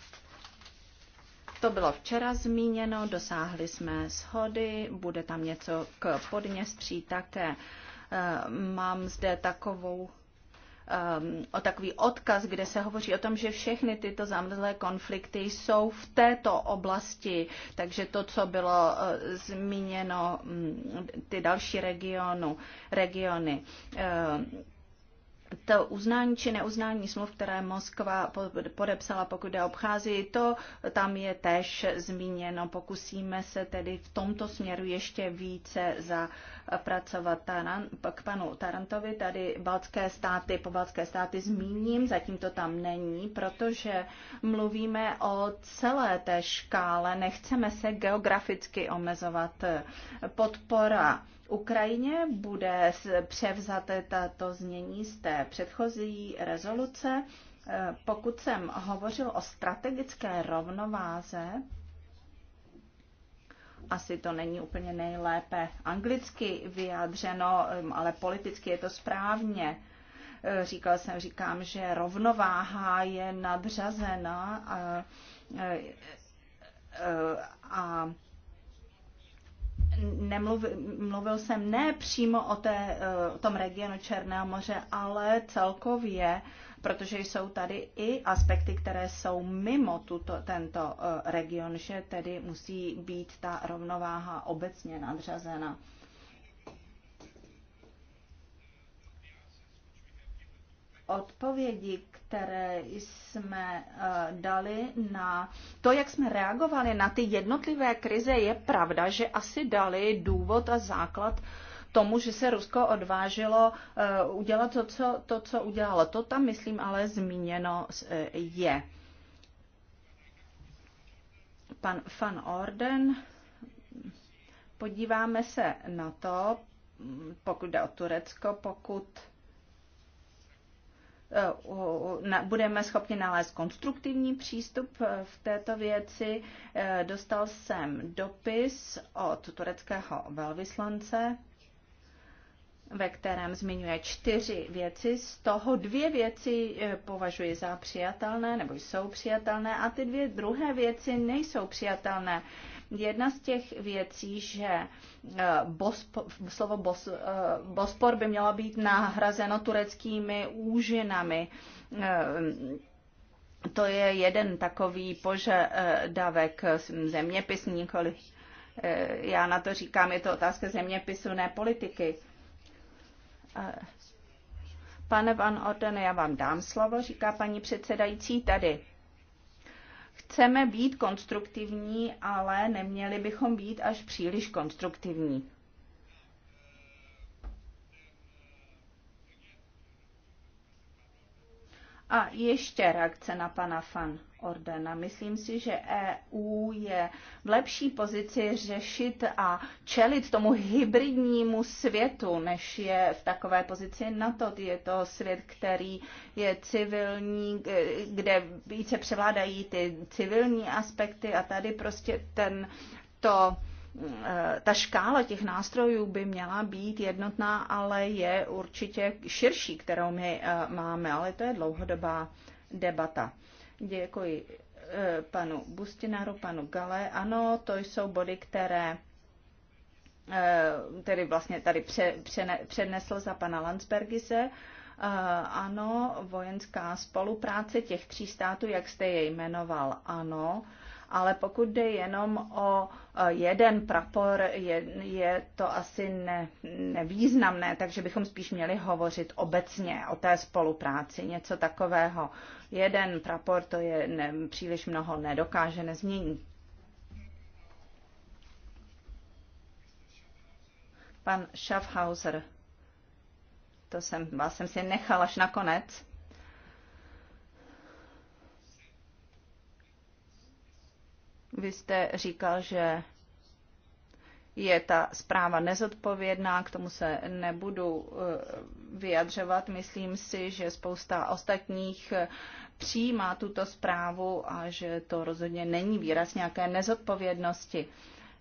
To bylo včera zmíněno, dosáhli jsme shody, bude tam něco k podněstří také. Ehm, mám zde takovou um, o takový odkaz, kde se hovoří o tom, že všechny tyto zamrzlé konflikty jsou v této oblasti, takže to, co bylo uh, zmíněno, um, ty další regionu, regiony. Uh, to uznání či neuznání smluv, které Moskva podepsala, pokud jde obchází, to tam je též zmíněno. Pokusíme se tedy v tomto směru ještě více zapracovat taran, k panu Tarantovi. Tady baltské státy, po baltské státy zmíním, zatím to tam není, protože mluvíme o celé té škále, nechceme se geograficky omezovat. Podpora Ukrajině bude převzaté tato změní z té předchozí rezoluce. E, pokud jsem hovořil o strategické rovnováze, asi to není úplně nejlépe anglicky vyjádřeno, ale politicky je to správně. E, říkal jsem, říkám, že rovnováha je nadřazena a, e, a, a nemluvil mluvil jsem ne přímo o té, eh, o tom regionu Černého moře, ale celkově, protože jsou tady i aspekty, které jsou mimo tuto, tento eh, region, že tedy musí být ta rovnováha obecně nadřazena. Odpovědi, které jsme eh, dali na to, jak jsme reagovali na ty jednotlivé krize, je pravda, že asi dali důvod a základ tomu, že se Rusko odvážilo eh, udělat to, co, to, co udělalo. To tam, myslím, ale zmíněno eh, je. Pan Van Orden, podíváme se na to, mm, pokud jde o Turecko, pokud budeme schopni nalézt konstruktivní přístup eh, v této věci. Eh, dostal jsem dopis od tureckého velvyslance, ve kterém zmiňuje čtyři věci. Z toho dvě věci eh, považuji za přijatelné nebo jsou přijatelné a ty dvě druhé věci nejsou přijatelné. Jedna z těch věcí, že eh, bospo slovo bos, eh, Bospor by mělo být nahrazeno tureckými úžinami, eh, to je jeden takový požadavek zeměpisní, já na to říkám, je to otázka zeměpisu, ne politiky. Pane Van Orden, já vám dám slovo, říká paní předsedající tady. Chceme být konstruktivní, ale neměli bychom být až příliš konstruktivní. A ještě reakce na pana Fan. Ordena. Myslím si, že EU je v lepší pozici řešit a čelit tomu hybridnímu světu, než je v takové pozici NATO. Je to svět, který je civilní, kde více převládají ty civilní aspekty a tady prostě ten to eh, ta škála těch nástrojů by měla být jednotná, ale je určitě širší, kterou my eh, máme, ale to je dlouhodobá debata. Děkuji eh, panu Bustinaru, panu Gale. Ano, to jsou body, které eh, tedy vlastně tady pře, přednesl za pana Landsbergise. Eh, ano, vojenská spolupráce těch tří států, jak jste je jmenoval, ano ale pokud jde jenom o e, jeden prapor, je, je to asi ne, nevýznamné, takže bychom spíš měli hovořit obecně o té spolupráci, něco takového. Jeden prapor to je ne, příliš mnoho, nedokáže, nezmění. Pan Schaffhauser, to jsem, vás jsem si nechal až nakonec. Vy jste říkal, že je ta zpráva nezodpovědná, k tomu se nebudu eh, vyjadřovat. Myslím si, že spousta ostatních eh, přijímá tuto zprávu a že to rozhodně není výraz nějaké nezodpovědnosti.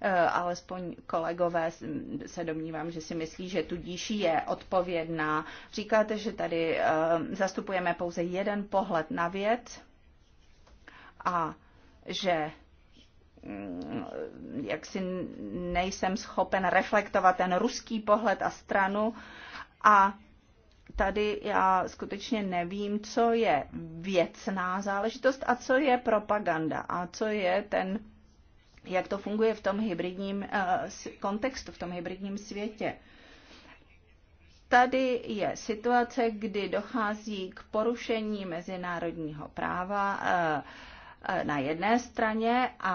Eh, alespoň kolegové se domnívám, že si myslí, že tudíž je odpovědná. Říkáte, že tady zastupujeme pouze jeden pohled na věc a že Mm, jak si nejsem schopen reflektovat ten ruský pohled a stranu a tady já skutečně nevím, co je věcná záležitost a co je propaganda a co je ten, jak to funguje v tom hybridním eh, kontextu, v tom hybridním světě. Tady je situace, kdy dochází k porušení mezinárodního práva, eh, Eh, na jedné straně a,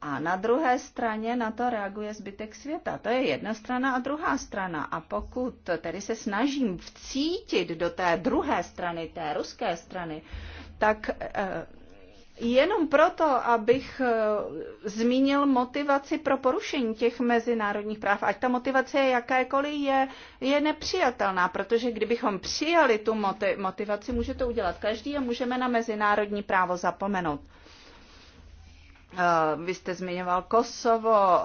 a na druhé straně na to reaguje zbytek světa. To je jedna strana a druhá strana. A pokud tedy se snažím vcítit do té druhé strany, té ruské strany, tak eh, jenom proto, abych eh, zmínil motivaci pro porušení těch mezinárodních práv, ať ta motivace je jakékoliv, je, je nepřijatelná, protože kdybychom přijali tu motivaci, může to udělat každý a můžeme na mezinárodní právo zapomenout. Eh, vy jste zmiňoval Kosovo,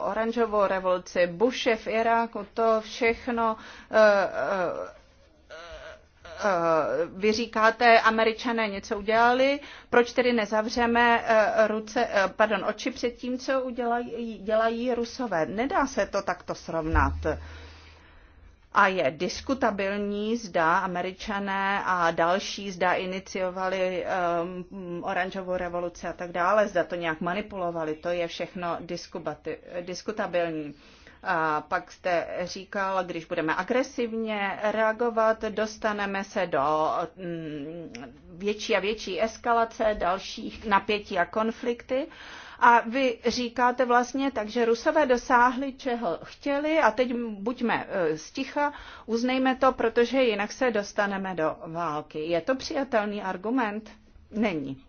oranžovou revoluci, Bushe v Iráku, to všechno eh, eh, vy říkáte, američané něco udělali, proč tedy nezavřeme ruce, pardon, oči před tím, co udělají, dělají rusové. Nedá se to takto srovnat a je diskutabilní, zda američané a další, zda iniciovali um, oranžovou revoluci a tak dále, zda to nějak manipulovali, to je všechno diskutabilní. A pak jste říkal, když budeme agresivně reagovat, dostaneme se do mm, větší a větší eskalace dalších napětí a konflikty. Uh, a vy říkáte vlastně tak, že Rusové dosáhli, čeho chtěli a teď buďme e, sticha, uznejme to, protože jinak se dostaneme do války. Je to přijatelný argument? Není.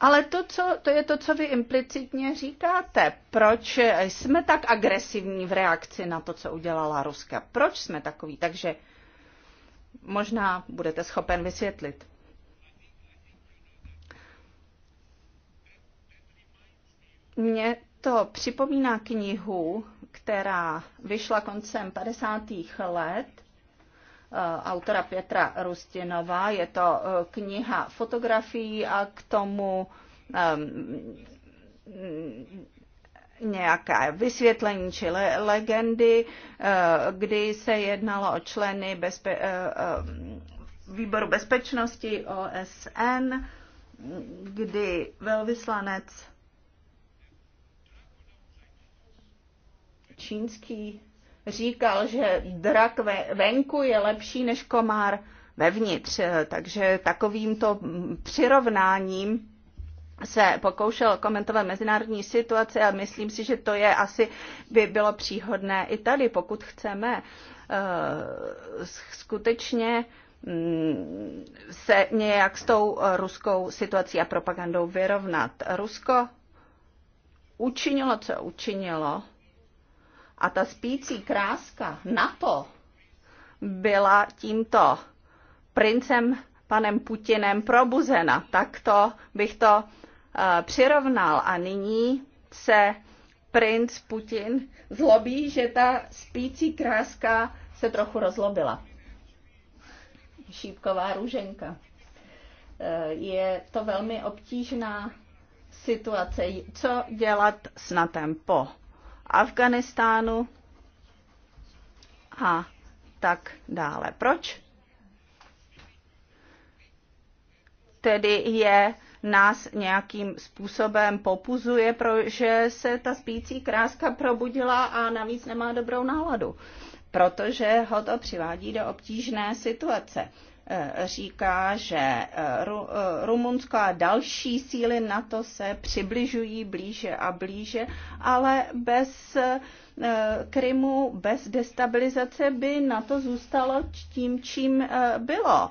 Ale to, co, to je to, co vy implicitně říkáte. Proč jsme tak agresivní v reakci na to, co udělala Ruska? Proč jsme takový? Takže možná budete schopen vysvětlit. Mně to připomíná knihu, která vyšla koncem 50. let eh, autora Petra Rustinova. Je to eh, kniha fotografií a k tomu um, nějaké vysvětlení či le- legendy, eh, kdy se jednalo o členy bezpe- výboru bezpečnosti OSN, kdy velvyslanec čínský říkal, že drak venku je lepší než komár vevnitř. Takže takovýmto přirovnáním se pokoušel komentovat mezinárodní situaci a myslím si, že to je asi by bylo příhodné i tady, pokud chceme uh, skutečně mm, se nějak s tou ruskou situací a propagandou vyrovnat. Rusko učinilo, co učinilo, a ta spící kráska na to byla tímto princem panem Putinem probuzena. Takto bych to uh, přirovnal. A nyní se princ Putin zlobí, že ta spící kráska se trochu rozlobila. Šípková růženka. Eh, je to velmi obtížná situace. Co dělat s NATEM po Afganistánu a tak dále. Proč? Tedy je nás nějakým způsobem popuzuje, protože se ta spící kráska probudila a navíc nemá dobrou náladu, protože ho to přivádí do obtížné situace říká, že eh, eh, Rumunsko a další síly NATO se přibližují blíže a blíže, ale bez eh, Krymu, bez destabilizace by NATO zůstalo tím, čím bylo.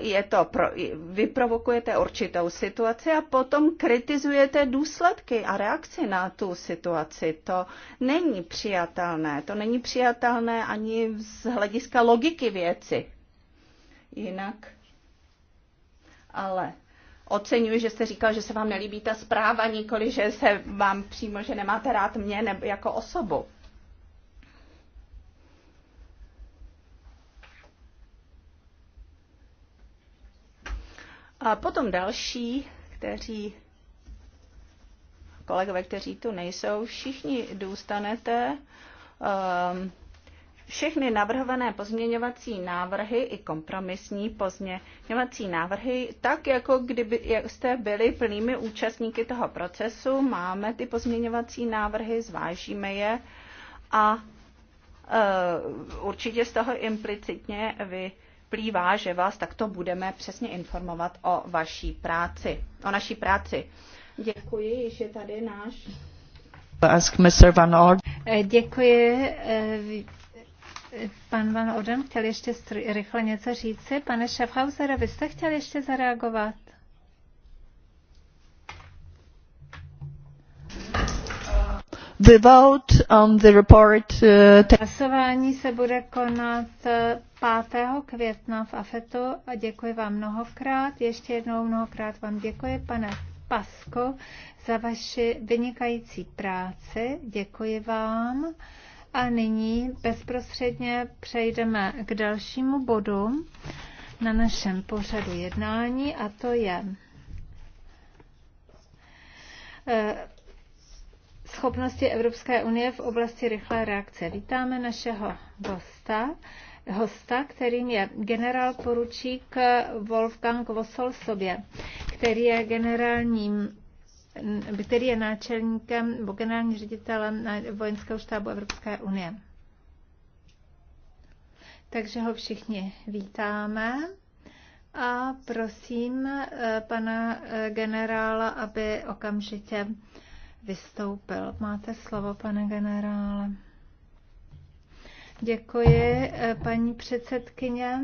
Je to pro, vy provokujete určitou situaci a potom kritizujete důsledky a reakci na tu situaci. To není přijatelné. To není přijatelné ani z hlediska logiky věci jinak. Ale oceňuji, že jste říkal, že se vám nelíbí ta zpráva, nikoli, že se vám přímo, že nemáte rád mě nebo jako osobu. A potom další, kteří kolegové, kteří tu nejsou, všichni důstanete um, ehm, všechny navrhované pozměňovací návrhy i kompromisní pozměňovací návrhy, tak jako kdyby jak jste byli plnými účastníky toho procesu, máme ty pozměňovací návrhy, zvážíme je a e, určitě z toho implicitně vyplývá, že vás takto budeme přesně informovat o vaší práci, o naší práci. Děkuji, že tady náš. Ask Mr. Van e, Děkuji e, Pan Van Oden chtěl ještě rychle něco říci. Pane Schaffhauser, vy jste chtěl ještě zareagovat? The vote on the report, uh, Hlasování se bude konat 5. Uh, května v AFETu a děkuji vám mnohokrát. Ještě jednou mnohokrát vám děkuji, pane Pasko, za vaši vynikající práci. Děkuji vám. A nyní bezprostředně přejdeme k dalšímu bodu na našem pořadu jednání a to je eh, schopnosti Evropské unie v oblasti rychlé reakce. Vítáme našeho hosta, hosta, kterým je generál poručík Wolfgang Vosol sobě, který je generálním který je náčelníkem nebo generálním ředitelem vojenského štábu Evropské unie. Takže ho všichni vítáme a prosím eh, pana eh, generála, aby okamžitě vystoupil. Máte slovo, pane generále. Děkuji, eh, paní předsedkyně.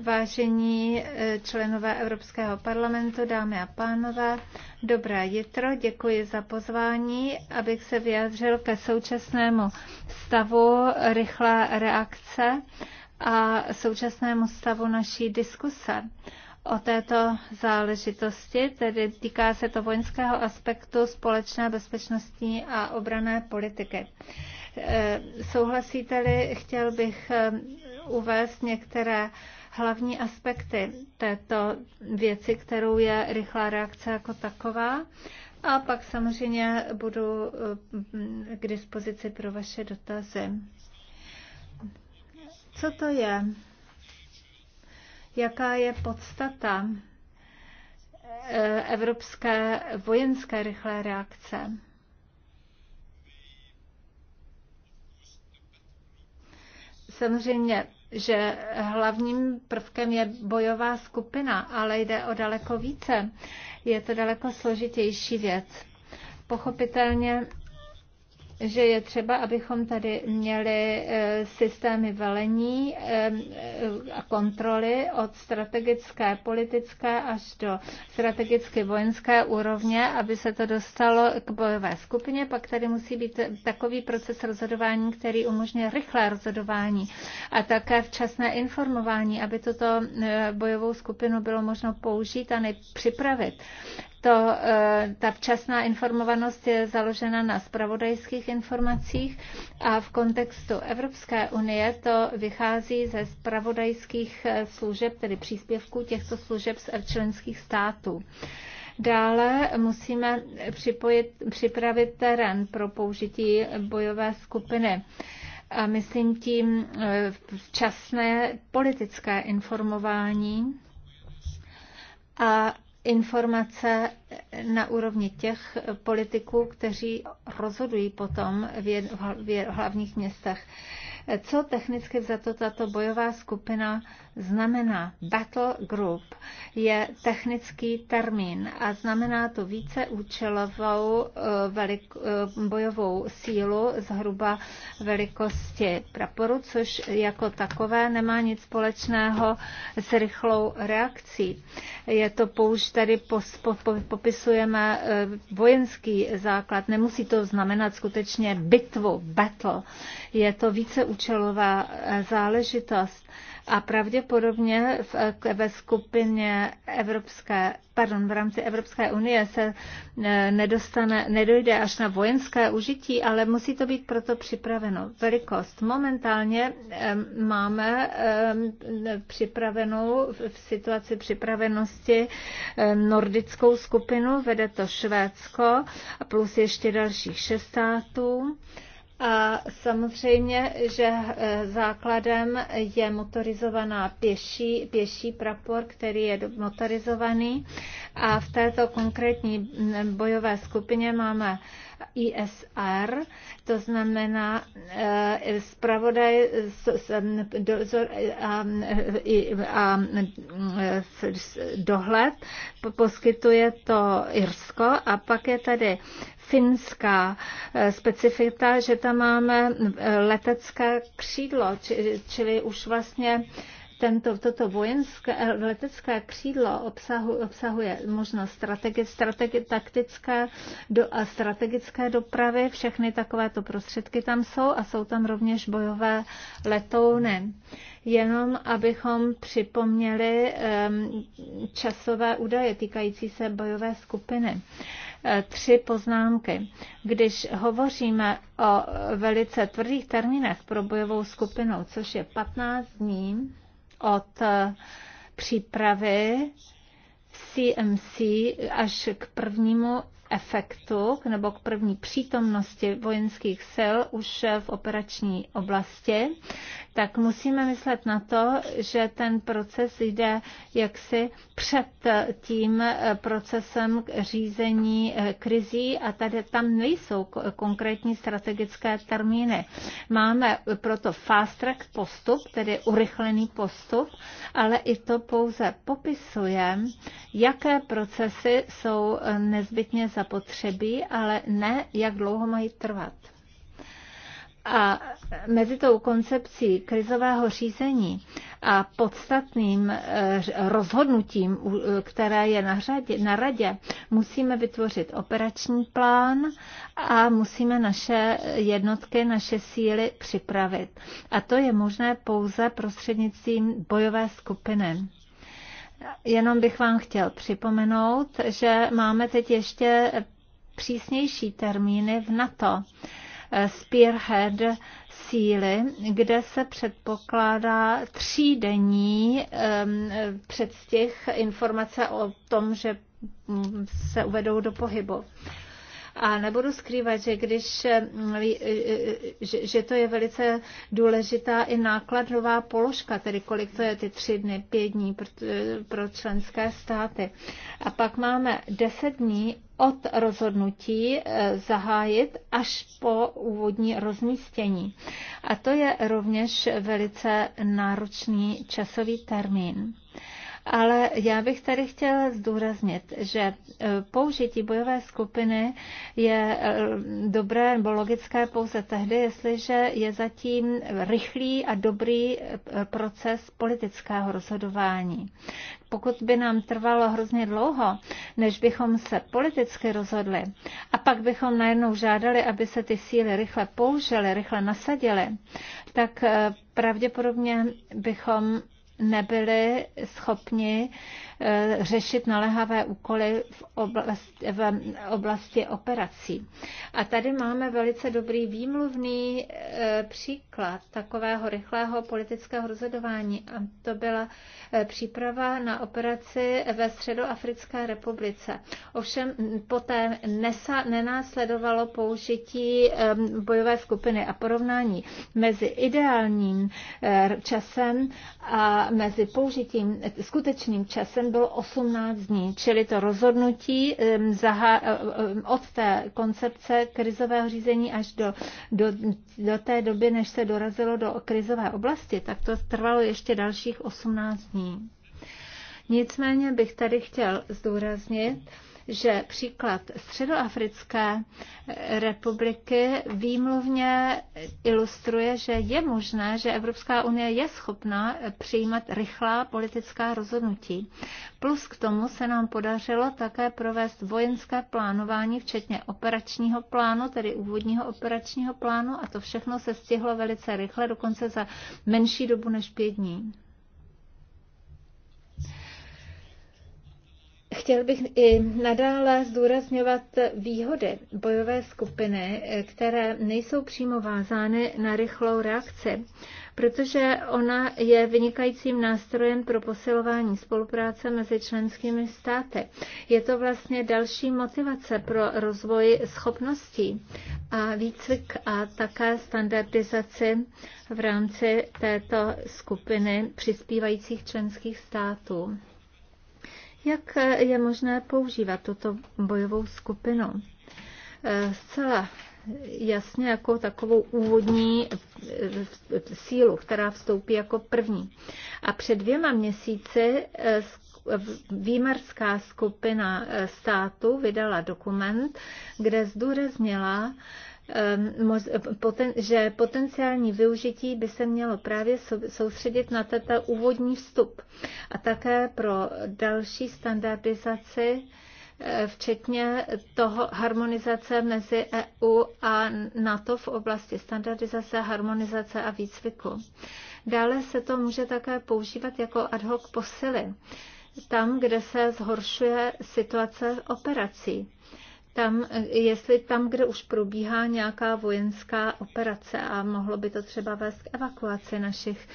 Vážení eh, členové Evropského parlamentu, dámy a pánové, dobré jitro, děkuji za pozvání, abych se vyjádřil ke současnému stavu rychlé reakce a současnému stavu naší diskuse o této záležitosti, tedy týká se to vojenského aspektu společné bezpečnostní a obrané politiky. Eh, souhlasíte-li, chtěl bych eh, uvést některé hlavní aspekty této věci, kterou je rychlá reakce jako taková. A pak samozřejmě budu eh, k dispozici pro vaše dotazy. Co to je? Jaká je podstata eh, evropské vojenské rychlé reakce? Samozřejmě že hlavním prvkem je bojová skupina, ale jde o daleko více. Je to daleko složitější věc. Pochopitelně že je třeba, abychom tady měli e, systémy velení e, e, a kontroly od strategické, politické až do strategicky vojenské úrovně, aby se to dostalo k bojové skupině. Pak tady musí být takový proces rozhodování, který umožňuje rychlé rozhodování a také včasné informování, aby tuto bojovou skupinu bylo možno použít a připravit to, eh, ta včasná informovanost je založena na spravodajských informacích a v kontextu Evropské unie to vychází ze spravodajských eh, služeb, tedy příspěvků těchto služeb z členských států. Dále musíme připojit, připravit terén pro použití bojové skupiny. A myslím tím eh, včasné politické informování a informace na úrovni těch politiků, kteří rozhodují potom v hlavních městech. Co technicky za to tato bojová skupina znamená battle group, je technický termín a znamená to více účelovou eh, velik, eh, bojovou sílu zhruba velikosti praporu, což jako takové nemá nic společného s rychlou reakcí. Je to použ tady pos, po, po, popisujeme eh, vojenský základ, nemusí to znamenat skutečně bitvu, battle. Je to víceúčelová záležitost a pravděpodobně v, eh, ve skupině Evropské, pardon, v rámci Evropské unie se eh, nedostane, nedojde až na vojenské užití, ale musí to být proto připraveno. Velikost. Momentálně máme připravenou v situaci připravenosti nordickou skupinu, vede to Švédsko plus ještě dalších šest států a samozřejmě, že eh, základem je motorizovaná pěší, pěší prapor, který je motorizovaný. A v této konkrétní bojové skupině máme ISR, to znamená zpravodaj a dohled, poskytuje to Irsko a pak je tady finská eh, specifita, že tam máme eh, letecké křídlo, čili už vlastně tento, toto vojenské letecké křídlo obsahu, obsahuje možnost strategi, strategi, taktické do, a strategické dopravy. Všechny takovéto prostředky tam jsou a jsou tam rovněž bojové letouny. Jenom abychom připomněli um, časové údaje týkající se bojové skupiny e, tři poznámky. Když hovoříme o velice tvrdých termínech pro bojovou skupinu, což je 15 dní, od eh, přípravy CMC až k prvnímu efektu nebo k první přítomnosti vojenských sil už v operační oblasti tak musíme myslet na to, že ten proces jde jaksi před tím eh, procesem řízení eh, krizí a tady tam nejsou konkrétní strategické termíny. Máme proto fast track postup, tedy urychlený postup, ale i to pouze popisuje, jaké procesy jsou eh, nezbytně zapotřebí, ale ne, jak dlouho mají trvat. A mezi tou koncepcí krizového řízení a podstatným eh, rozhodnutím, eh, které je na, řadě, na radě, musíme vytvořit operační plán a musíme naše jednotky, naše síly připravit. A to je možné pouze prostřednictvím bojové skupiny. Jenom bych vám chtěl připomenout, že máme teď ještě přísnější termíny v NATO. Spearhead síly, kde se předpokládá třídenní předstih informace o tom, že se uvedou do pohybu. A nebudu skrývat, že když, eh, eh, eh, že to je velice důležitá i nákladová položka, tedy kolik to je ty tři dny, pět dní pro členské státy. A pak máme deset dní od rozhodnutí zahájit až po úvodní rozmístění. A to je rovněž velice náročný časový termín ale já bych tady chtěla zdůraznit, že e, použití bojové skupiny je e, dobré nebo logické pouze tehdy, jestliže je zatím rychlý a dobrý e, proces politického rozhodování. Pokud by nám trvalo hrozně dlouho, než bychom se politicky rozhodli, a pak bychom najednou žádali, aby se ty síly rychle použily, rychle nasadily, tak pravděpodobně bychom nebyli schopni Eh, řešit naléhavé úkoly v oblasti, v oblasti operací. A tady máme velice dobrý výmluvný eh, příklad takového rychlého politického rozhodování. A to byla eh, příprava na operaci ve Středoafrické republice. Ovšem poté nesa, nenásledovalo použití bojové skupiny a porovnání mezi ideálním časem a mezi použitím skutečným časem ten byl 18 dní, čili to rozhodnutí e, e, od té koncepce krizového řízení až do, do, do té doby, než se dorazilo do krizové oblasti, tak to trvalo ještě dalších 18 dní. Nicméně bych tady chtěl zdůraznit, že příklad Středoafrické republiky výmluvně ilustruje, že je možné, že Evropská unie je schopna přijímat rychlá politická rozhodnutí. Plus k tomu se nám podařilo také provést vojenské plánování, včetně operačního plánu, tedy úvodního operačního plánu a to všechno se stihlo velice rychle, dokonce za menší dobu než pět dní. Chtěl bych i nadále zdůrazňovat výhody bojové skupiny, které nejsou přímo vázány na rychlou reakci, protože ona je vynikajícím nástrojem pro posilování spolupráce mezi členskými státy. Je to vlastně další motivace pro rozvoj schopností a výcvik a také standardizaci v rámci této skupiny přispívajících členských států. Jak je možné používat tuto bojovou skupinu? Eh, zcela jasně jako takovou úvodní eh, sílu, která vstoupí jako první. A před dvěma měsíci eh, výmarská skupina státu vydala dokument, kde zdůraznila, Ehm, že potenciální využití by se mělo právě soustředit na tento úvodní vstup a také pro další standardizaci eh, včetně toho harmonizace mezi EU a NATO v oblasti standardizace, harmonizace a výcviku. Dále se to může také používat jako ad hoc posily, tam, kde se zhoršuje situace operací tam, jestli tam, kde už probíhá nějaká vojenská operace a mohlo by to třeba vést k evakuaci našich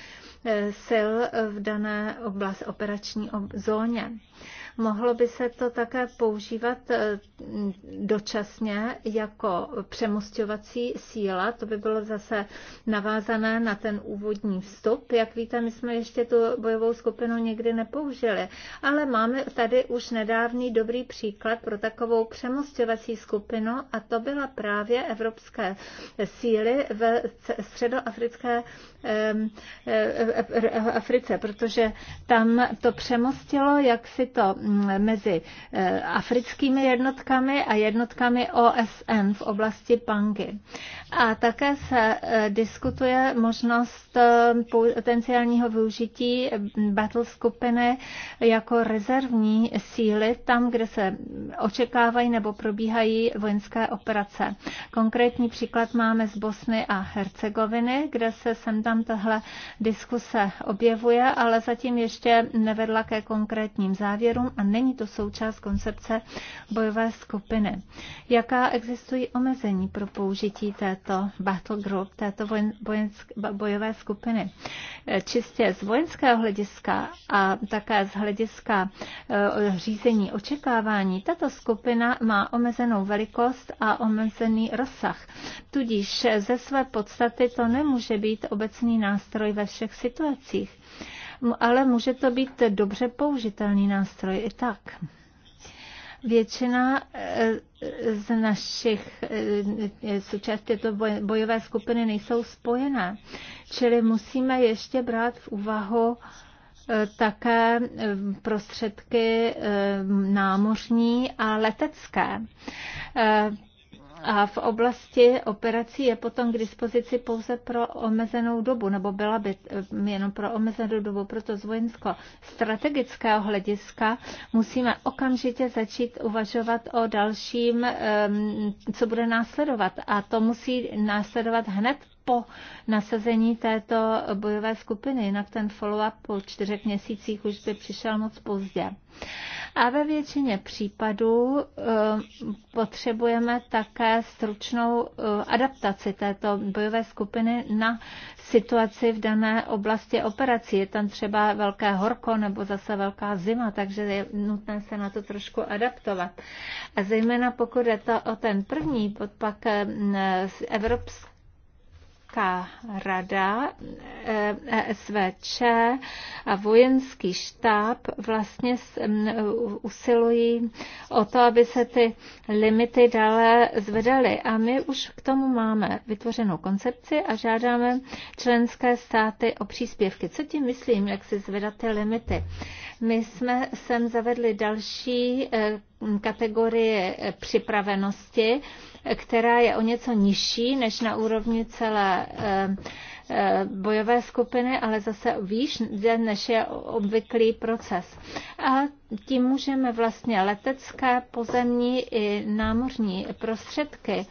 eh, sil v dané oblast, operační zóně. Mohlo by se to také používat eh, dočasně jako přemostovací síla, to by bylo zase navázané na ten úvodní vstup. Jak víte, my jsme ještě tu bojovou skupinu nikdy nepoužili, ale máme tady už nedávný dobrý příklad pro takovou přemostovací skupinu a to byla právě evropské síly ve středoafrické eh, eh, Africe, protože tam to přemostilo jak si to mezi eh, africkými jednotkami a jednotkami OSN v oblasti Pangy. A také se eh, diskutuje možnost eh, potenciálního využití battle skupiny jako rezervní síly tam, kde se očekávají nebo probíhají vojenské operace. Konkrétní příklad máme z Bosny a Hercegoviny, kde se sem tam tahle diskuse objevuje, ale zatím ještě nevedla ke konkrétním závěrům a není to součást koncepce bojové skupiny. Jaká existují omezení pro použití této battle group, této vojensk, bojové skupiny? Čistě z vojenského hlediska a také z hlediska eh, řízení očekávání, tato skupina má omezenou velikost a omezený rozsah. Tudíž ze své podstaty to nemůže být obecný nástroj ve všech situacích ale může to být dobře použitelný nástroj i tak. Většina eh, z našich součástí eh, této bojové skupiny nejsou spojené, čili musíme ještě brát v úvahu eh, také prostředky námořní a letecké a v oblasti operací je potom k dispozici pouze pro omezenou dobu, nebo byla by eh, jenom pro omezenou dobu, proto z vojensko-strategického hlediska musíme okamžitě začít uvažovat o dalším, ehm, co bude následovat. A to musí následovat hned po nasazení této bojové skupiny, jinak ten follow-up po čtyřech měsících už by přišel moc pozdě. A ve většině případů eh, potřebujeme také stručnou eh, adaptaci této bojové skupiny na situaci v dané oblasti operací. Je tam třeba velké horko nebo zase velká zima, takže je nutné se na to trošku adaptovat. A zejména pokud je to o ten první, pak eh, evropský Evropská rada, eh, e SVČ a vojenský štáb vlastně usilují o to, aby se ty limity dále zvedaly. A my už k tomu máme vytvořenou koncepci a žádáme členské státy o příspěvky. Co tím myslím, jak si zvedat ty limity? My jsme sem zavedli další eh, kategorie eh, připravenosti, eh, která je o něco nižší než na úrovni celé Eh, bojové skupiny, ale zase výš, než je obvyklý proces. A tím můžeme vlastně letecké, pozemní i námořní prostředky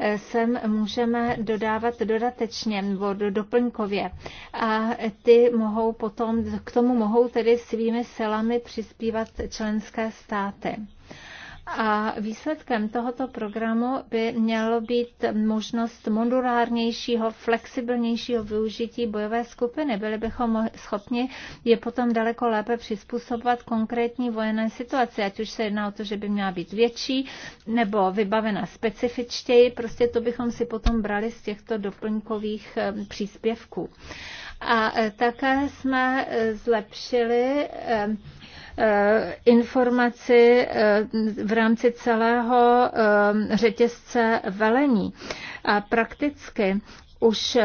eh, sem můžeme dodávat dodatečně nebo doplňkově. A ty mohou potom, k tomu mohou tedy svými silami přispívat členské státy. A výsledkem tohoto programu by mělo být možnost modulárnějšího, flexibilnějšího využití bojové skupiny. Byli bychom schopni je potom daleko lépe přizpůsobovat konkrétní vojenné situaci, ať už se jedná o to, že by měla být větší nebo vybavena specifičtěji. Prostě to bychom si potom brali z těchto doplňkových eh, příspěvků. A eh, také jsme eh, zlepšili Eh, informaci eh, v rámci celého eh, řetězce velení. A prakticky už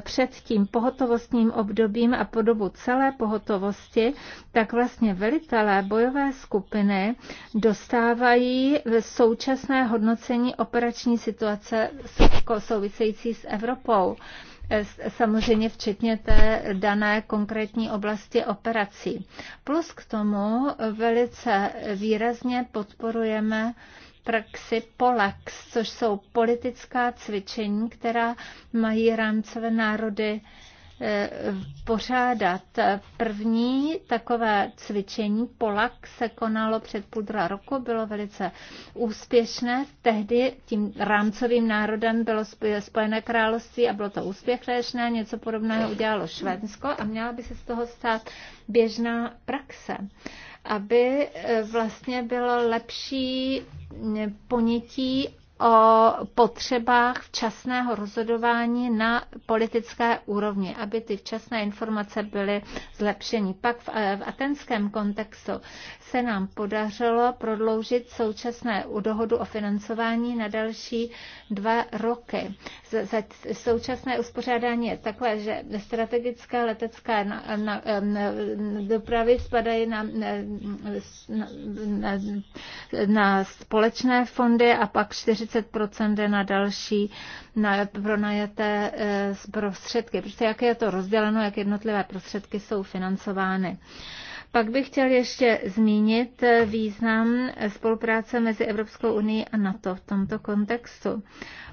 před tím pohotovostním obdobím a po dobu celé pohotovosti, tak vlastně velitelé bojové skupiny dostávají současné hodnocení operační situace související s Evropou samozřejmě včetně té dané konkrétní oblasti operací. Plus k tomu velice výrazně podporujeme praxi polex, což jsou politická cvičení, která mají rámcové národy Eh, pořádat. První takové cvičení Polak se konalo před půl dva roku, bylo velice úspěšné. Tehdy tím rámcovým národem bylo Spojené království a bylo to úspěšné. Něco podobného udělalo Švédsko a měla by se z toho stát běžná praxe aby eh, vlastně bylo lepší eh, ponětí o potřebách včasného rozhodování na politické úrovni, aby ty včasné informace byly zlepšeny. Pak v, v atenském kontextu se nám podařilo prodloužit současné dohodu o financování na další dva roky. Z, z, současné uspořádání je takové, že strategické letecké na, na, na, dopravy spadají na, na, na, na společné fondy a pak 40 30% jde na další na pronajaté eh, prostředky. Prostě jak je to rozděleno, jak jednotlivé prostředky jsou financovány. Pak bych chtěl ještě zmínit eh, význam eh, spolupráce mezi Evropskou unii a NATO v tomto kontextu,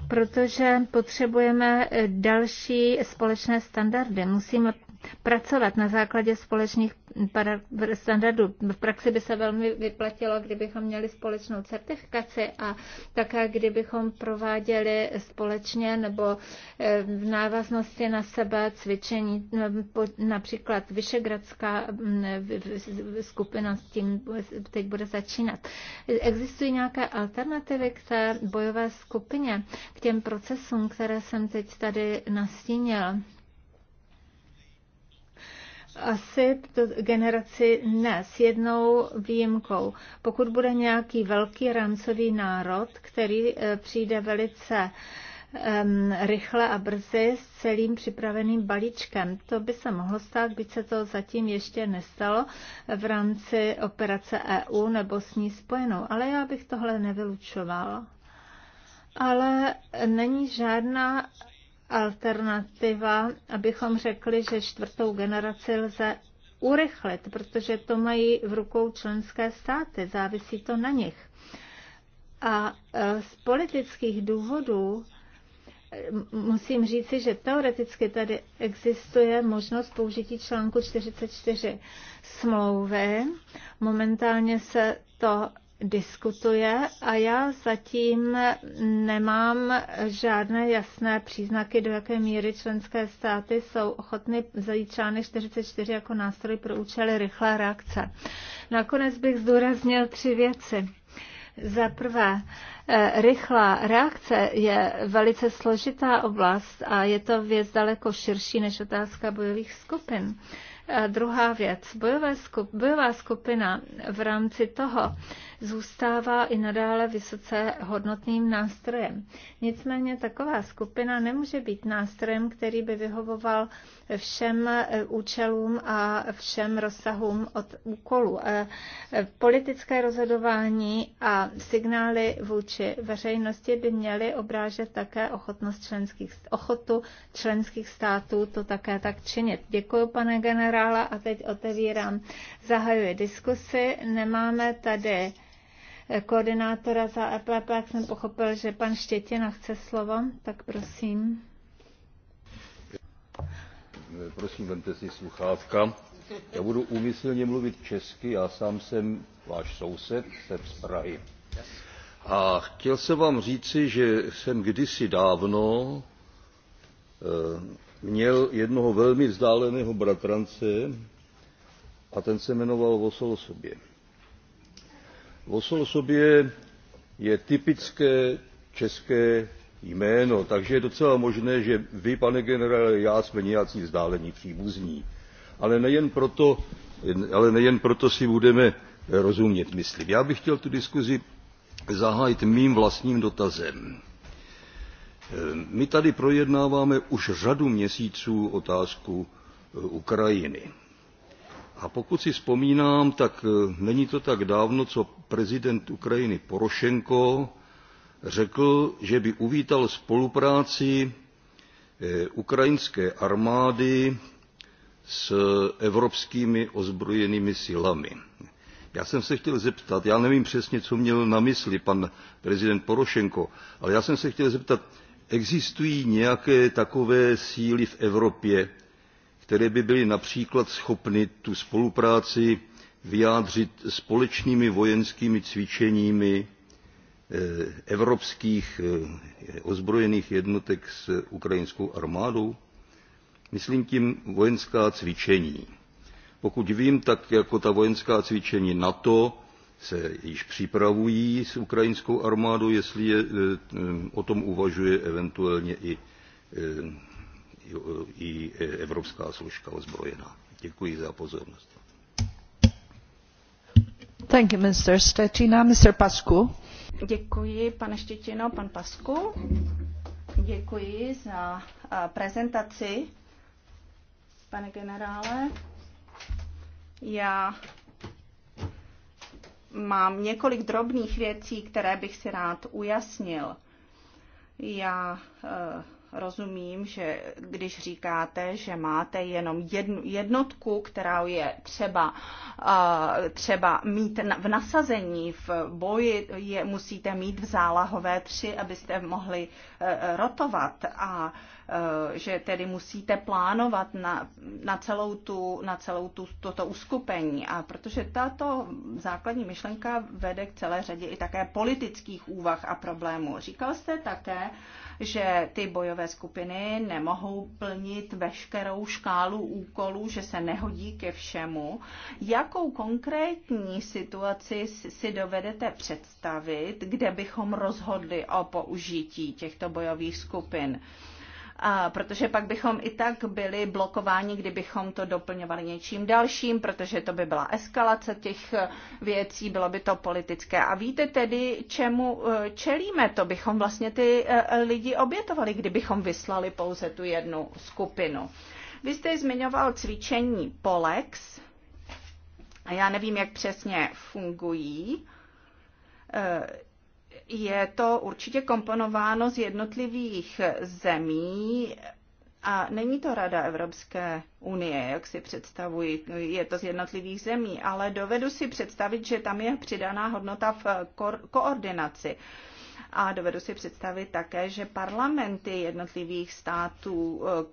protože potřebujeme další společné standardy. Musíme pracovat na základě společných standardů. V praxi by se velmi vyplatilo, kdybychom měli společnou certifikaci a také kdybychom prováděli společně nebo eh, v návaznosti na sebe cvičení, eh, například Vyšegradská mm, eh, skupina s tím teď bude začínat. Existují nějaké alternativy k té bojové skupině, k těm procesům, které jsem teď tady nastínila? asi to generaci ne, s jednou výjimkou. Pokud bude nějaký velký rancový národ, který eh, přijde velice um, rychle a brzy s celým připraveným balíčkem. To by se mohlo stát, byť se to zatím ještě nestalo v rámci operace EU nebo s ní spojenou, ale já bych tohle nevylučovala. Ale není žádná alternativa, abychom řekli, že čtvrtou generaci lze urychlit, protože to mají v rukou členské státy, závisí to na nich. A e, z politických důvodů musím říci, že teoreticky tady existuje možnost použití článku 44 smlouvy. Momentálně se to diskutuje a já zatím nemám žádné jasné příznaky, do jaké míry členské státy jsou ochotny zajít článek 44 jako nástroj pro účely rychlé reakce. Nakonec bych zdůraznil tři věci. Za prvé, eh, rychlá reakce je velice složitá oblast a je to věc daleko širší než otázka bojových skupin. A eh, druhá věc, bojové skup, bojová skupina v rámci toho, zůstává i nadále vysoce hodnotným nástrojem. Nicméně taková skupina nemůže být nástrojem, který by vyhovoval všem eh, účelům a všem rozsahům od úkolů. Eh, politické rozhodování a signály vůči veřejnosti by měly obrážet také ochotnost členských, ochotu členských států to také tak činit. Děkuji, pane generála, a teď otevírám. Zahajuji diskusy. Nemáme tady koordinátora za RPP, e jak jsem pochopil, že pan Štětina chce slovo, tak prosím. Prosím, vemte si sluchátka. Já budu úmyslně mluvit česky, já sám jsem váš soused, jsem z Prahy. A chtěl jsem vám říci, že jsem kdysi dávno eh, měl jednoho velmi vzdáleného bratrance a ten se jmenoval Vosol sobě v je typické české jméno takže je docela možné že vy pane generále já jsme nějací vzdálení příbuzní ale nejen proto, ale nejen proto si budeme rozumět myslím. já bych chtěl tu diskuzi zahájit mým vlastním dotazem. my tady projednáváme už řadu měsíců otázku ukrajiny a pokud si vzpomínám, tak e, není to tak dávno, co prezident Ukrajiny Porošenko řekl, že by uvítal spolupráci e, ukrajinské armády s evropskými ozbrojenými silami. Já jsem se chtěl zeptat, já nevím přesně, co měl na mysli pan prezident Porošenko, ale já jsem se chtěl zeptat, existují nějaké takové síly v Evropě, které by byly například schopny tu spolupráci vyjádřit společnými vojenskými cvičeními eh, evropských eh, ozbrojených jednotek s ukrajinskou armádou? Myslím tím vojenská cvičení. Pokud vím, tak jako ta vojenská cvičení NATO se již připravují s ukrajinskou armádou, jestli je, eh, o tom uvažuje eventuálně i i evropská složka ozbrojená. Děkuji za pozornost. Thank you, Mr. Stetina. Mr. Pasku. Děkuji, pane Štětino, pan Pasku. Děkuji za prezentaci, pane generále. Já mám několik drobných věcí, které bych si rád ujasnil. Já rozumím, že když říkáte, že máte jenom jednu jednotku, která je třeba, eh, třeba mít v nasazení, v boji, je musíte mít v zálahové tři, abyste mohli eh, rotovat a eh, že tedy musíte plánovat na, na celou, tu, na celou tu, toto uskupení. A protože tato základní myšlenka vede k celé řadě i také politických úvah a problémů. Říkal jste také, že ty bojové cílové skupiny nemohou plnit veškerou škálu úkolů, že se nehodí ke všemu. Jakou konkrétní situaci si dovedete představit, kde bychom rozhodli o použití těchto bojových skupin? a protože pak bychom i tak byli blokováni, kdybychom to doplňovali něčím dalším, protože to by byla eskalace těch eh, věcí, bylo by to politické. A víte tedy, čemu eh, čelíme? To bychom vlastně ty eh, lidi obětovali, kdybychom vyslali pouze tu jednu skupinu. Vy jste zmiňoval cvičení Polex. A já nevím, jak přesně fungují je to určitě komponováno z jednotlivých zemí a není to Rada Evropské unie, jak si představuji, je to z jednotlivých zemí, ale dovedu si představit, že tam je přidaná hodnota v koordinaci. A dovedu si představit také, že parlamenty jednotlivých států eh,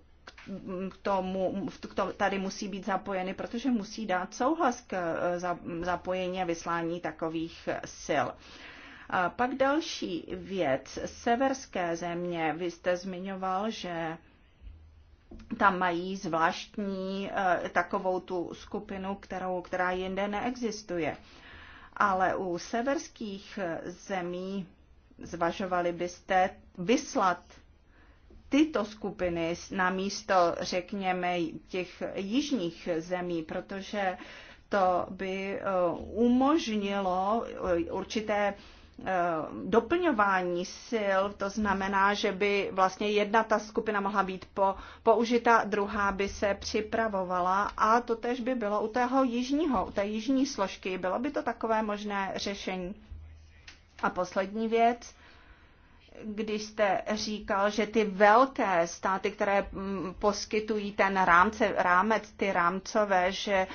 k tomu, k to, tady musí být zapojeny, protože musí dát souhlas k eh, zapojení a vyslání takových sil. A pak další věc, severské země, vy jste zmiňoval, že tam mají zvláštní eh, takovou tu skupinu, kterou, která jinde neexistuje. Ale u severských zemí zvažovali byste vyslat tyto skupiny na místo, řekněme, těch jižních zemí, protože to by eh, umožnilo eh, určité Eh, doplňování sil, to znamená, že by vlastně jedna ta skupina mohla být po, použita, druhá by se připravovala a to tež by bylo u tého jižního, u té jižní složky. Bylo by to takové možné řešení. A poslední věc, když jste říkal, že ty velké státy, které mm, poskytují ten rámce, rámec, ty rámcové, že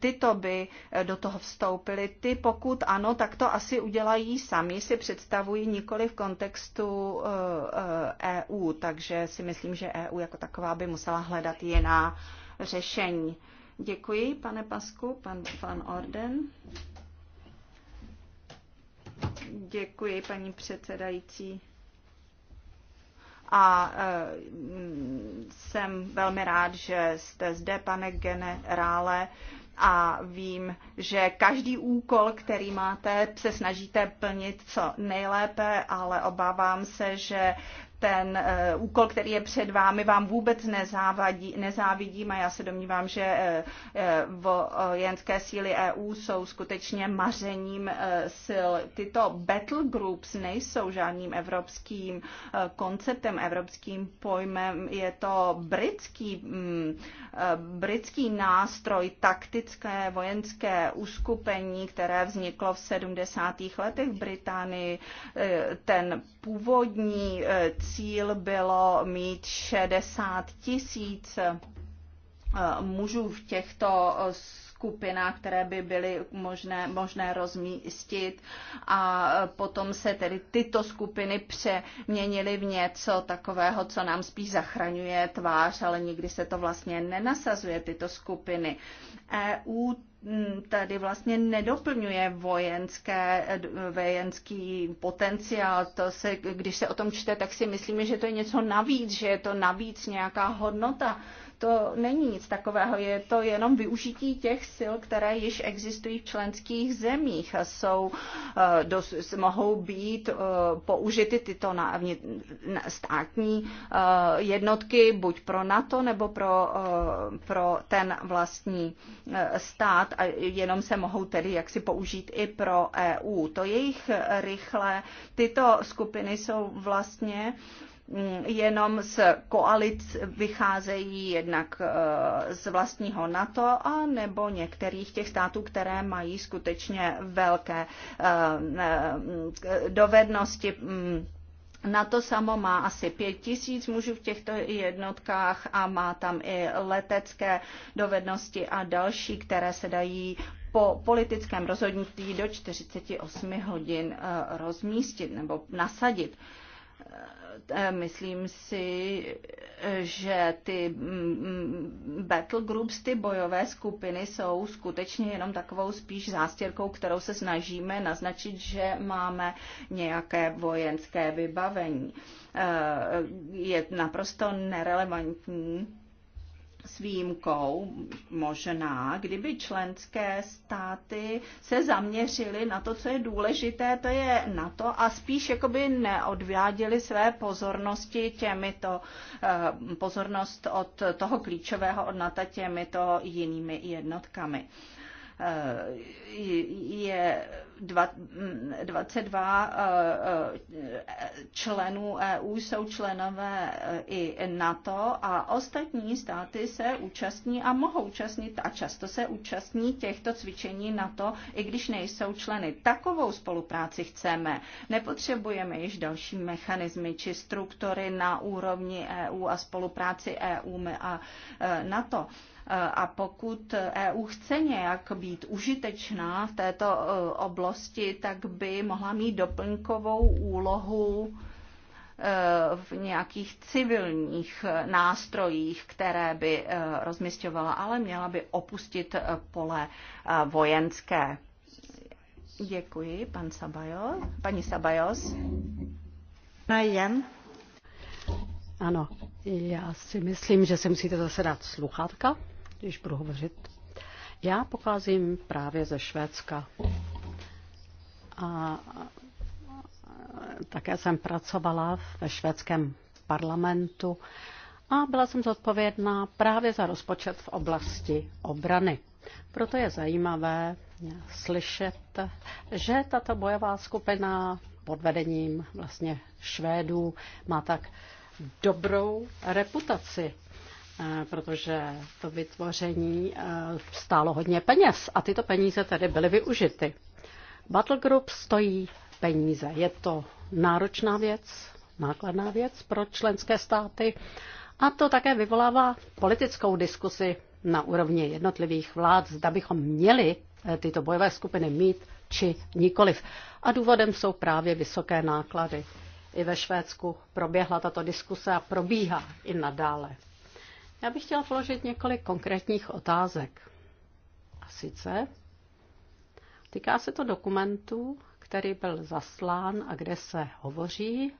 tyto by eh, do toho vstoupily, ty pokud ano, tak to asi udělají sami, si představují nikoli v kontextu EU, eh, eh, e takže si myslím, že EU jako taková by musela hledat jiná řešení. Děkuji, pane Pasku, pan Van Orden. Děkuji, paní předsedající a e, jsem velmi rád, že jste zde, pane generále, a vím, že každý úkol, který máte, se snažíte plnit co nejlépe, ale obávám se, že ten eh, úkol, který je před vámi, vám vůbec nezávadí, nezávidím a já se domnívám, že eh, eh, vojenské síly EU jsou skutečně mařením sil. Tyto battle groups nejsou žádným evropským konceptem, evropským pojmem. Je to britský, mm, britský nástroj taktické vojenské uskupení, které vzniklo v 70. letech v Británii. Ten původní cíl bylo mít 60 tisíc eh, mužů v těchto eh, skupinách, které by byly možné, možné rozmístit a eh, potom se tedy tyto skupiny přeměnily v něco takového, co nám spíš zachraňuje tvář, ale nikdy se to vlastně nenasazuje, tyto skupiny. EU Mm, tady vlastně nedoplňuje vojenské, vojenský potenciál. To se, když se o tom čte, tak si myslíme, že to je něco navíc, že je to navíc nějaká hodnota. To není nic takového, je to jenom využití těch sil, které již existují v členských zemích. Jsou, eh, dos, mohou být eh, použity tyto na, na státní eh, jednotky buď pro NATO nebo pro, pro ten vlastní stát a jenom se mohou tedy jaksi použít i pro EU. To jejich rychle tyto skupiny jsou vlastně jenom z koalic vycházejí jednak e, z vlastního NATO a nebo některých těch států, které mají skutečně velké e, e, dovednosti mm, na to samo má asi pět tisíc mužů v těchto jednotkách a má tam i letecké dovednosti a další, které se dají po politickém rozhodnutí do 48 hodin rozmístit nebo nasadit Eh, myslím si, že ty mm, battle groups, ty bojové skupiny jsou skutečně jenom takovou spíš zástěrkou, kterou se snažíme naznačit, že máme nějaké vojenské vybavení. Eh, je naprosto nerelevantní s výjimkou možná, kdyby členské státy se zaměřily na to, co je důležité, to je na to a spíš jakoby neodváděly své pozornosti těmito, eh, pozornost od toho klíčového odnata těmito jinými jednotkami. Eh, je 22 mm, eh, eh, členů EU jsou členové i NATO a ostatní státy se účastní a mohou účastnit a často se účastní těchto cvičení NATO, i když nejsou členy. Takovou spolupráci chceme. Nepotřebujeme již další mechanismy či struktury na úrovni EU a spolupráci EU a NATO. Eh, a pokud EU chce nějak být užitečná v této eh, oblasti, tak by mohla mít doplňkovou úlohu eh, v nějakých civilních nástrojích, které by rozmysťovala, ale měla by opustit pole vojenské. Děkuji, pan Sabajos. Paní Sabajos. Na jen. Ano, já si myslím, že si musíte zase dát sluchátka když budu hovořit. Já pocházím právě ze Švédska. A také jsem pracovala ve švédském parlamentu a byla jsem zodpovědná právě za rozpočet v oblasti obrany. Proto je zajímavé slyšet, že tato bojová skupina pod vedením vlastně Švédů má tak dobrou reputaci Eh, protože to vytvoření eh, stálo hodně peněz a tyto peníze tedy byly využity. Battle Group stojí peníze. Je to náročná věc, nákladná věc pro členské státy a to také vyvolává politickou diskusi na úrovni jednotlivých vlád, zda bychom měli eh, tyto bojové skupiny mít či nikoliv. A důvodem jsou právě vysoké náklady. I ve Švédsku proběhla tato diskuse a probíhá i nadále. Já bych chtěla položit několik konkrétních otázek. A sice týká se to dokumentu, který byl zaslán a kde se hovoří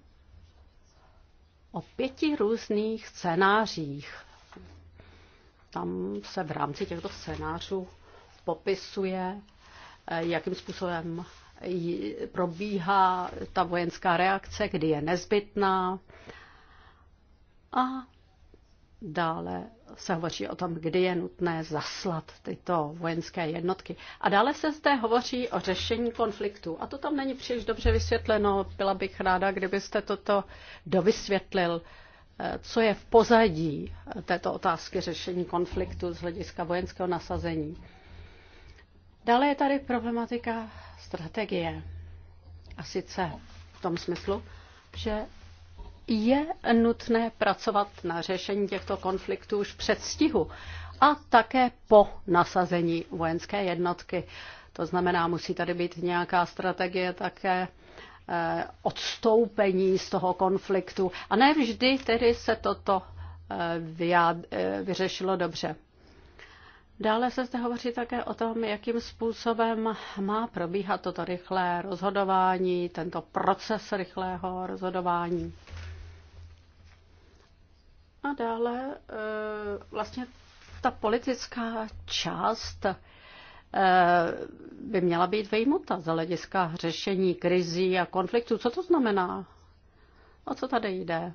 o pěti různých scénářích. Tam se v rámci těchto scénářů popisuje, eh, jakým způsobem probíhá ta vojenská reakce, kdy je nezbytná. A Dále se hovoří o tom, kdy je nutné zaslat tyto vojenské jednotky. A dále se zde hovoří o řešení konfliktu. A to tam není příliš dobře vysvětleno. Byla bych ráda, kdybyste toto dovysvětlil, eh, co je v pozadí této otázky řešení konfliktu z hlediska vojenského nasazení. Dále je tady problematika strategie. A sice v tom smyslu, že je nutné pracovat na řešení těchto konfliktů už před stihu a také po nasazení vojenské jednotky. To znamená, musí tady být nějaká strategie také eh, odstoupení z toho konfliktu. A ne vždy tedy se toto eh, eh, vyřešilo dobře. Dále se zde hovoří také o tom, jakým způsobem má probíhat toto rychlé rozhodování, tento proces rychlého rozhodování. A dále eh, vlastně ta politická část eh, by měla být vejmuta z hlediska řešení krizí a konfliktů. Co to znamená? O co tady jde?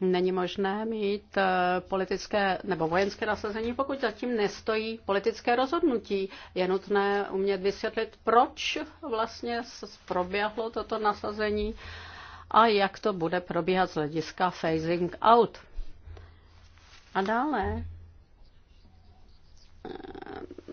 Není možné mít eh, politické nebo vojenské nasazení, pokud zatím nestojí politické rozhodnutí. Je nutné umět vysvětlit, proč vlastně proběhlo toto nasazení a jak to bude probíhat z hlediska phasing out. A dále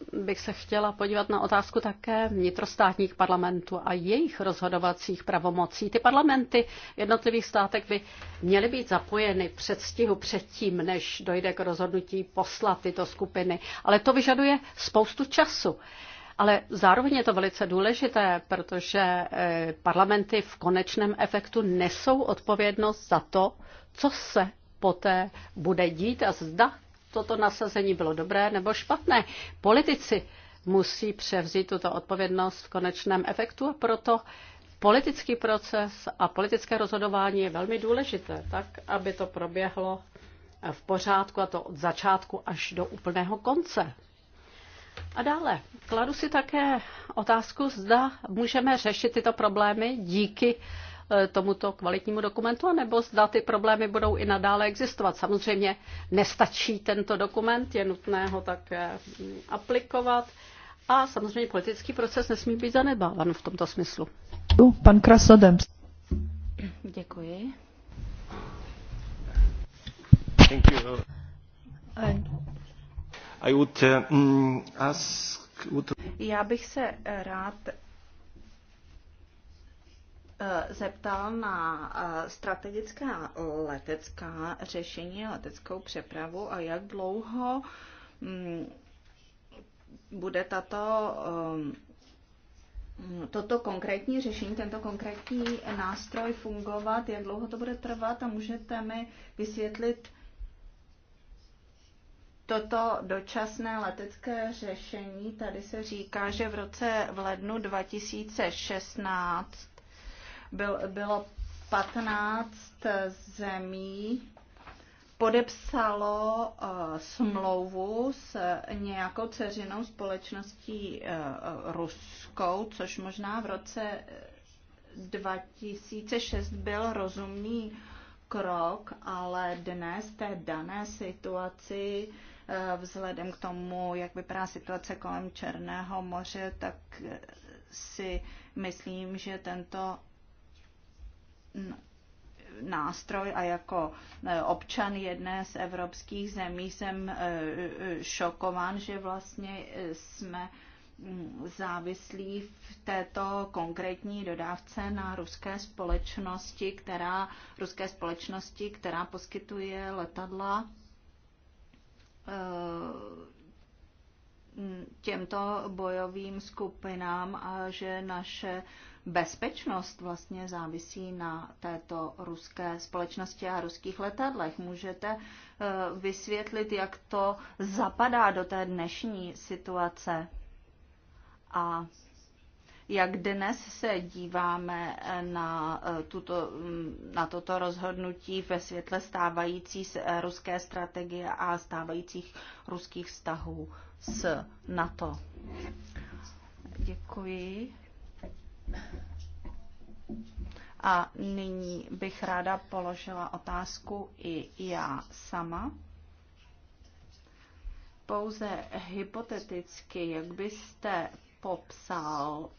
eh, bych se chtěla podívat na otázku také vnitrostátních parlamentů a jejich rozhodovacích pravomocí. Ty parlamenty jednotlivých státek by měly být zapojeny před stihu předtím, než dojde k rozhodnutí poslat tyto skupiny. Ale to vyžaduje spoustu času ale zároveň je to velice důležité, protože eh, parlamenty v konečném efektu nesou odpovědnost za to, co se poté bude dít a zda toto nasazení bylo dobré nebo špatné. Politici musí převzít tuto odpovědnost v konečném efektu a proto politický proces a politické rozhodování je velmi důležité, tak aby to proběhlo v pořádku a to od začátku až do úplného konce. A dále, kladu si také otázku, zda můžeme řešit tyto problémy díky eh, tomuto kvalitnímu dokumentu, nebo zda ty problémy budou i nadále existovat. Samozřejmě nestačí tento dokument, je nutné ho také mm, aplikovat a samozřejmě politický proces nesmí být zanedbávan v tomto smyslu. Pan Krasnodem. Děkuji. Thank you. Uh, mm, Já bych se rád uh, zeptal na uh, strategická letecká řešení, leteckou přepravu a jak dlouho mm, bude tato um, toto konkrétní řešení, tento konkrétní nástroj fungovat, jak dlouho to bude trvat a můžete mi vysvětlit toto dočasné letecké řešení, tady se říká, že v roce v lednu 2016 byl, bylo 15 zemí podepsalo uh, smlouvu s nějakou ceřinou společností uh, ruskou, což možná v roce 2006 byl rozumný krok, ale dnes té dané situaci uh, Eh, vzhledem k tomu, jak vypadá situace kolem Černého moře, tak eh, si myslím, že tento mm, nástroj a jako eh, občan jedné z evropských zemí jsem šokován, že vlastně jsme mm, závislí v této konkrétní dodávce na ruské společnosti, která, ruské společnosti, která poskytuje letadla Eh, těmto bojovým skupinám a že naše bezpečnost vlastně závisí na této ruské společnosti a ruských letadlech. Můžete eh, vysvětlit, jak to zapadá do té dnešní situace a jak dnes se díváme na, eh, tuto, mm, na toto rozhodnutí ve světle stávající eh, ruské strategie a stávajících ruských vztahů s NATO. Děkuji. A nyní bych ráda položila otázku i já sama. Pouze hypoteticky, jak byste popsal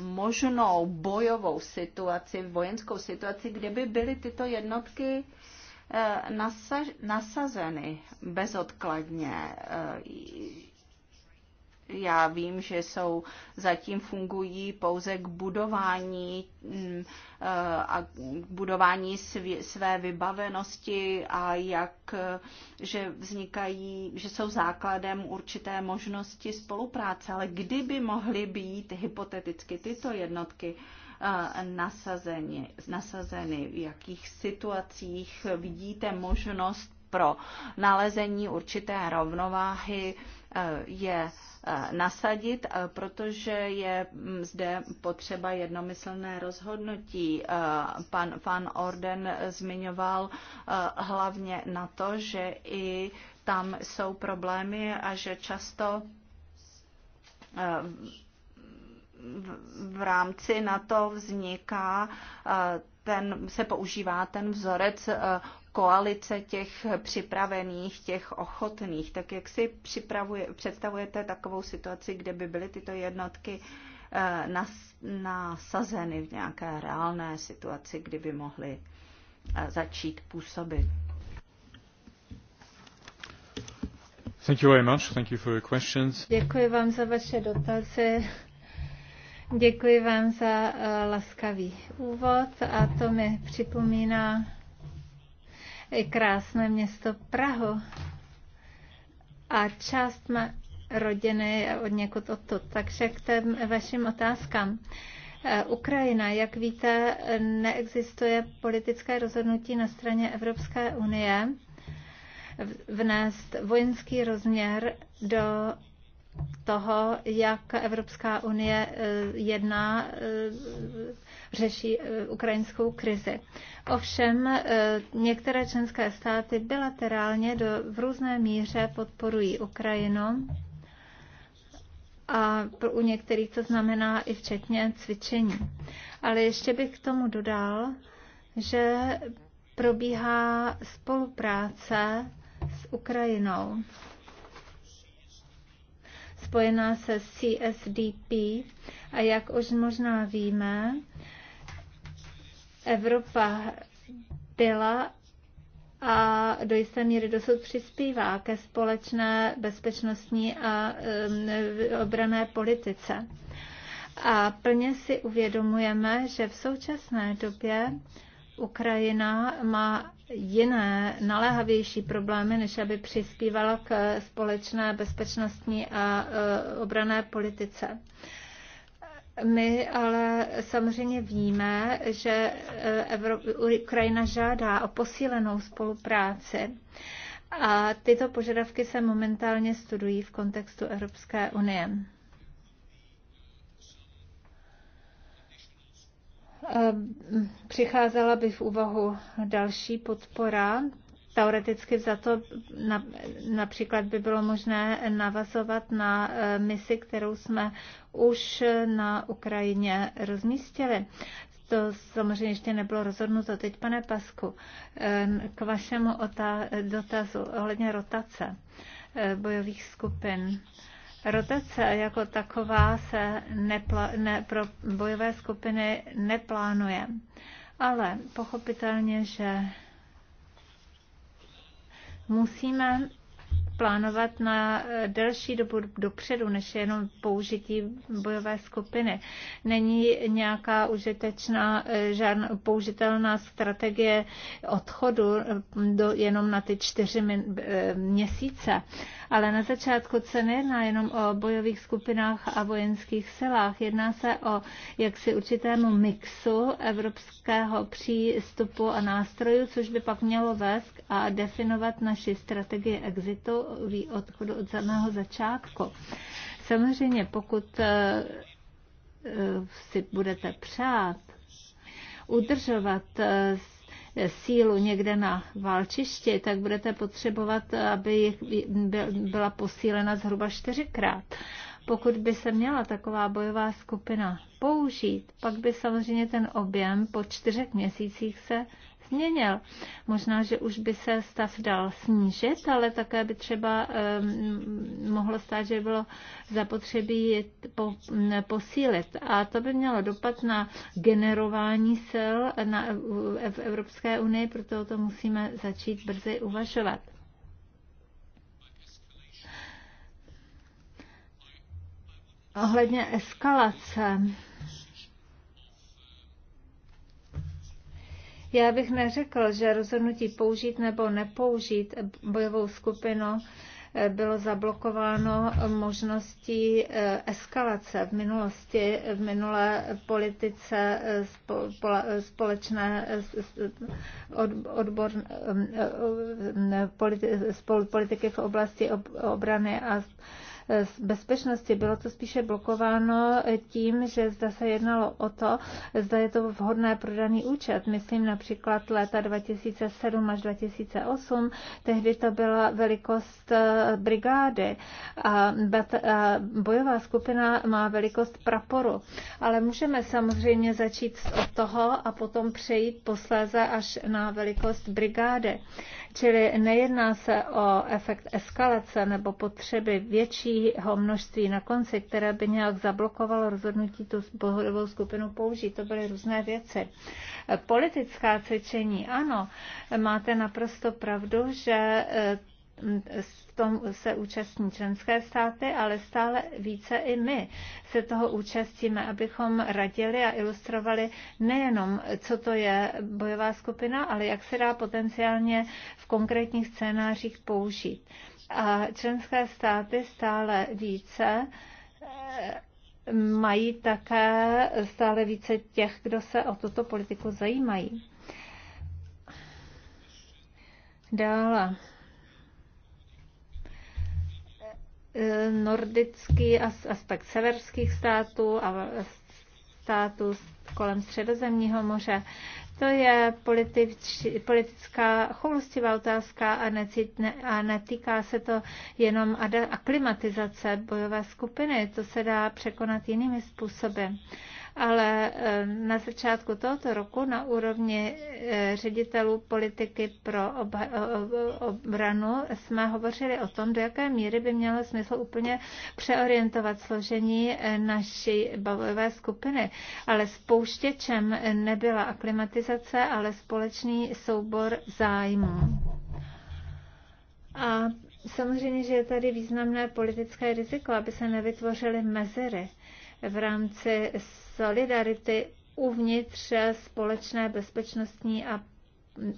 možnou bojovou situaci, vojenskou situaci, kde by byly tyto jednotky eh, nasazeny bezodkladně. Eh, já vím, že jsou zatím fungují pouze k budování mm, eh, a k budování svě, své vybavenosti a jak, eh, že vznikají, že jsou základem určité možnosti spolupráce, ale kdyby mohly být hypoteticky tyto jednotky eh, nasazeny, nasazeny v jakých situacích vidíte možnost pro nalezení určité rovnováhy Eh, je eh, nasadit, eh, protože je mm, zde potřeba jednomyslné rozhodnutí. Pan Van Orden zmiňoval hlavně na to, že i tam jsou problémy a že často v rámci na to vzniká ten, se používá ten vzorec koalice těch připravených, těch ochotných. Tak jak si připravuje, představujete takovou situaci, kde by byly tyto jednotky eh, nas, nasazeny v nějaké reálné situaci, kdyby mohly eh, začít působit? Thank you very much. Thank you for your questions. Děkuji vám za vaše dotazy. Děkuji vám za eh, laskavý úvod a to mi připomíná krásné město Prahu. A část má rodiny od někud odtud. Takže k těm vašim otázkám. E, Ukrajina, jak víte, neexistuje politické rozhodnutí na straně Evropské unie vnést vojenský rozměr do toho, jak Evropská unie eh, jedná, eh, řeší eh, ukrajinskou krizi. Ovšem některé členské státy bilaterálně do, v různé míře podporují Ukrajinu a u některých to znamená i včetně cvičení. Ale ještě bych k tomu dodal, že probíhá spolupráce s Ukrajinou spojená se CSDP a jak už možná víme, Evropa byla a do jisté míry dosud přispívá ke společné bezpečnostní a obrané politice. A plně si uvědomujeme, že v současné době Ukrajina má jiné naléhavější problémy, než aby přispívala k společné bezpečnostní a e, obrané politice. My ale samozřejmě víme, že e, Evro- Ukrajina žádá o posílenou spolupráci a tyto požadavky se momentálně studují v kontextu Evropské unie. Ehm, přicházela by v úvahu další podpora. Teoreticky za to například by bylo možné navazovat na ehm, misi, kterou jsme už na Ukrajině rozmístili. To samozřejmě ještě nebylo rozhodnuto. Teď, pane Pasku, ehm, k vašemu dotazu ohledně rotace bojových skupin. Rotace jako taková se nepla- ne, pro bojové skupiny neplánuje, ale pochopitelně, že musíme plánovat na delší dobu dopředu, než jenom použití bojové skupiny. Není nějaká užitečná, eh, žádná použitelná strategie odchodu eh, do, jenom na ty čtyři eh, měsíce, ale na začátku se nejedná jenom o bojových skupinách a vojenských silách. Jedná se o jaksi určitému mixu evropského přístupu a nástrojů, což by pak mělo vést a definovat naši strategii exitu odchodu od samého začátku. Samozřejmě, pokud eh, eh, si budete přát udržovat eh, sílu někde na válčišti, tak budete potřebovat, aby byla posílena zhruba čtyřikrát. Pokud by se měla taková bojová skupina použít, pak by samozřejmě ten objem po čtyřech měsících se změnil. Možná, že už by se stav dal snížit, ale také by třeba um, mohlo stát, že bylo zapotřebí po, posílit. A to by mělo dopad na generování sil na, v Evropské unii, proto to musíme začít brzy uvažovat. Ohledně eskalace. Já bych neřekl, že rozhodnutí použít nebo nepoužít bojovou skupinu eh, bylo zablokováno možností eh, eskalace v minulosti, v minulé politice společné odbor politiky v oblasti obrany a bezpečnosti. Bylo to spíše blokováno tím, že zda se jednalo o to, zda je to vhodné pro daný účet. Myslím například léta 2007 až 2008, tehdy to byla velikost eh, brigády a eh, bojová skupina má velikost praporu. Ale můžeme samozřejmě začít od toho a potom přejít posléze až na velikost brigády. Čili nejedná se o efekt eskalace nebo potřeby většího množství na konci, které by nějak zablokovalo rozhodnutí tu pohodovou skupinu použít. To byly různé věci. Politická cvičení, ano, máte naprosto pravdu, že eh, v tom se účastní členské státy, ale stále více i my se toho účastíme, abychom radili a ilustrovali nejenom, co to je bojová skupina, ale jak se dá potenciálně v konkrétních scénářích použít. A členské státy stále více eh, mají také stále více těch, kdo se o tuto politiku zajímají. Dále nordický aspekt severských států a států kolem Středozemního moře. To je politič, politická choulostivá otázka a, necít, ne, a netýká se to jenom aklimatizace bojové skupiny. To se dá překonat jinými způsoby ale eh, na začátku tohoto roku na úrovni eh, ředitelů politiky pro obranu jsme hovořili o tom, do jaké míry by mělo smysl úplně přeorientovat složení eh, naší bavové skupiny. Ale spouštěčem nebyla aklimatizace, ale společný soubor zájmů. A samozřejmě, že je tady významné politické riziko, aby se nevytvořily mezery v rámci solidarity uvnitř společné bezpečnostní a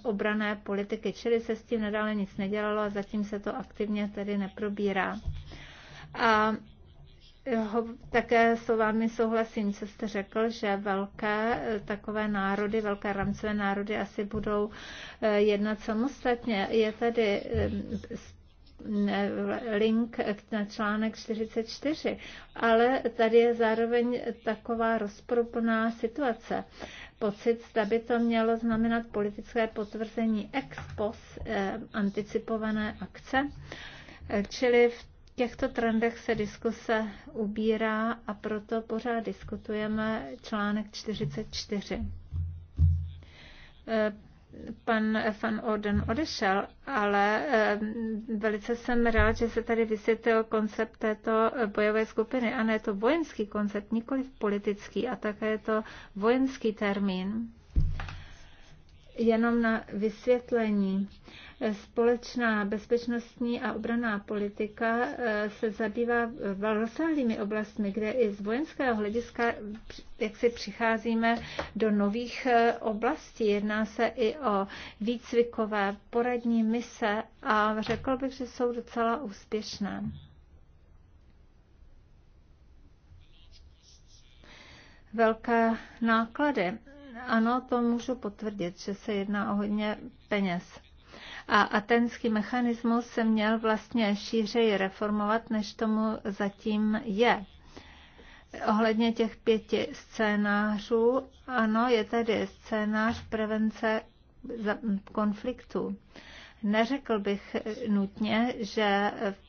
obrané politiky. Čili se s tím nadále nic nedělalo a zatím se to aktivně tedy neprobírá. A ho, také s vámi souhlasím, co jste řekl, že velké eh, takové národy, velké rámcové národy asi budou eh, jednat samostatně. Je tady eh, link na článek 44, ale tady je zároveň taková rozproplná situace. Pocit, zda by to mělo znamenat politické potvrzení ex post eh, anticipované akce, čili v těchto trendech se diskuse ubírá a proto pořád diskutujeme článek 44 pan Van Orden odešel, ale eh, velice jsem rád, že se tady vysvětlil koncept této bojové skupiny. Ano, je to vojenský koncept, nikoli politický, a také je to vojenský termín. Jenom na vysvětlení. Společná bezpečnostní a obraná politika eh, se zabývá rozsáhlými oblastmi, kde i z vojenského hlediska jak si přicházíme do nových eh, oblastí. Jedná se i o výcvikové poradní mise a řekl bych, že jsou docela úspěšné. velké náklady. Ano, to můžu potvrdit, že se jedná o hodně peněz a atenský mechanismus se měl vlastně šířeji reformovat, než tomu zatím je. Ohledně těch pěti scénářů, ano, je tady scénář prevence konfliktu. Neřekl bych nutně, že v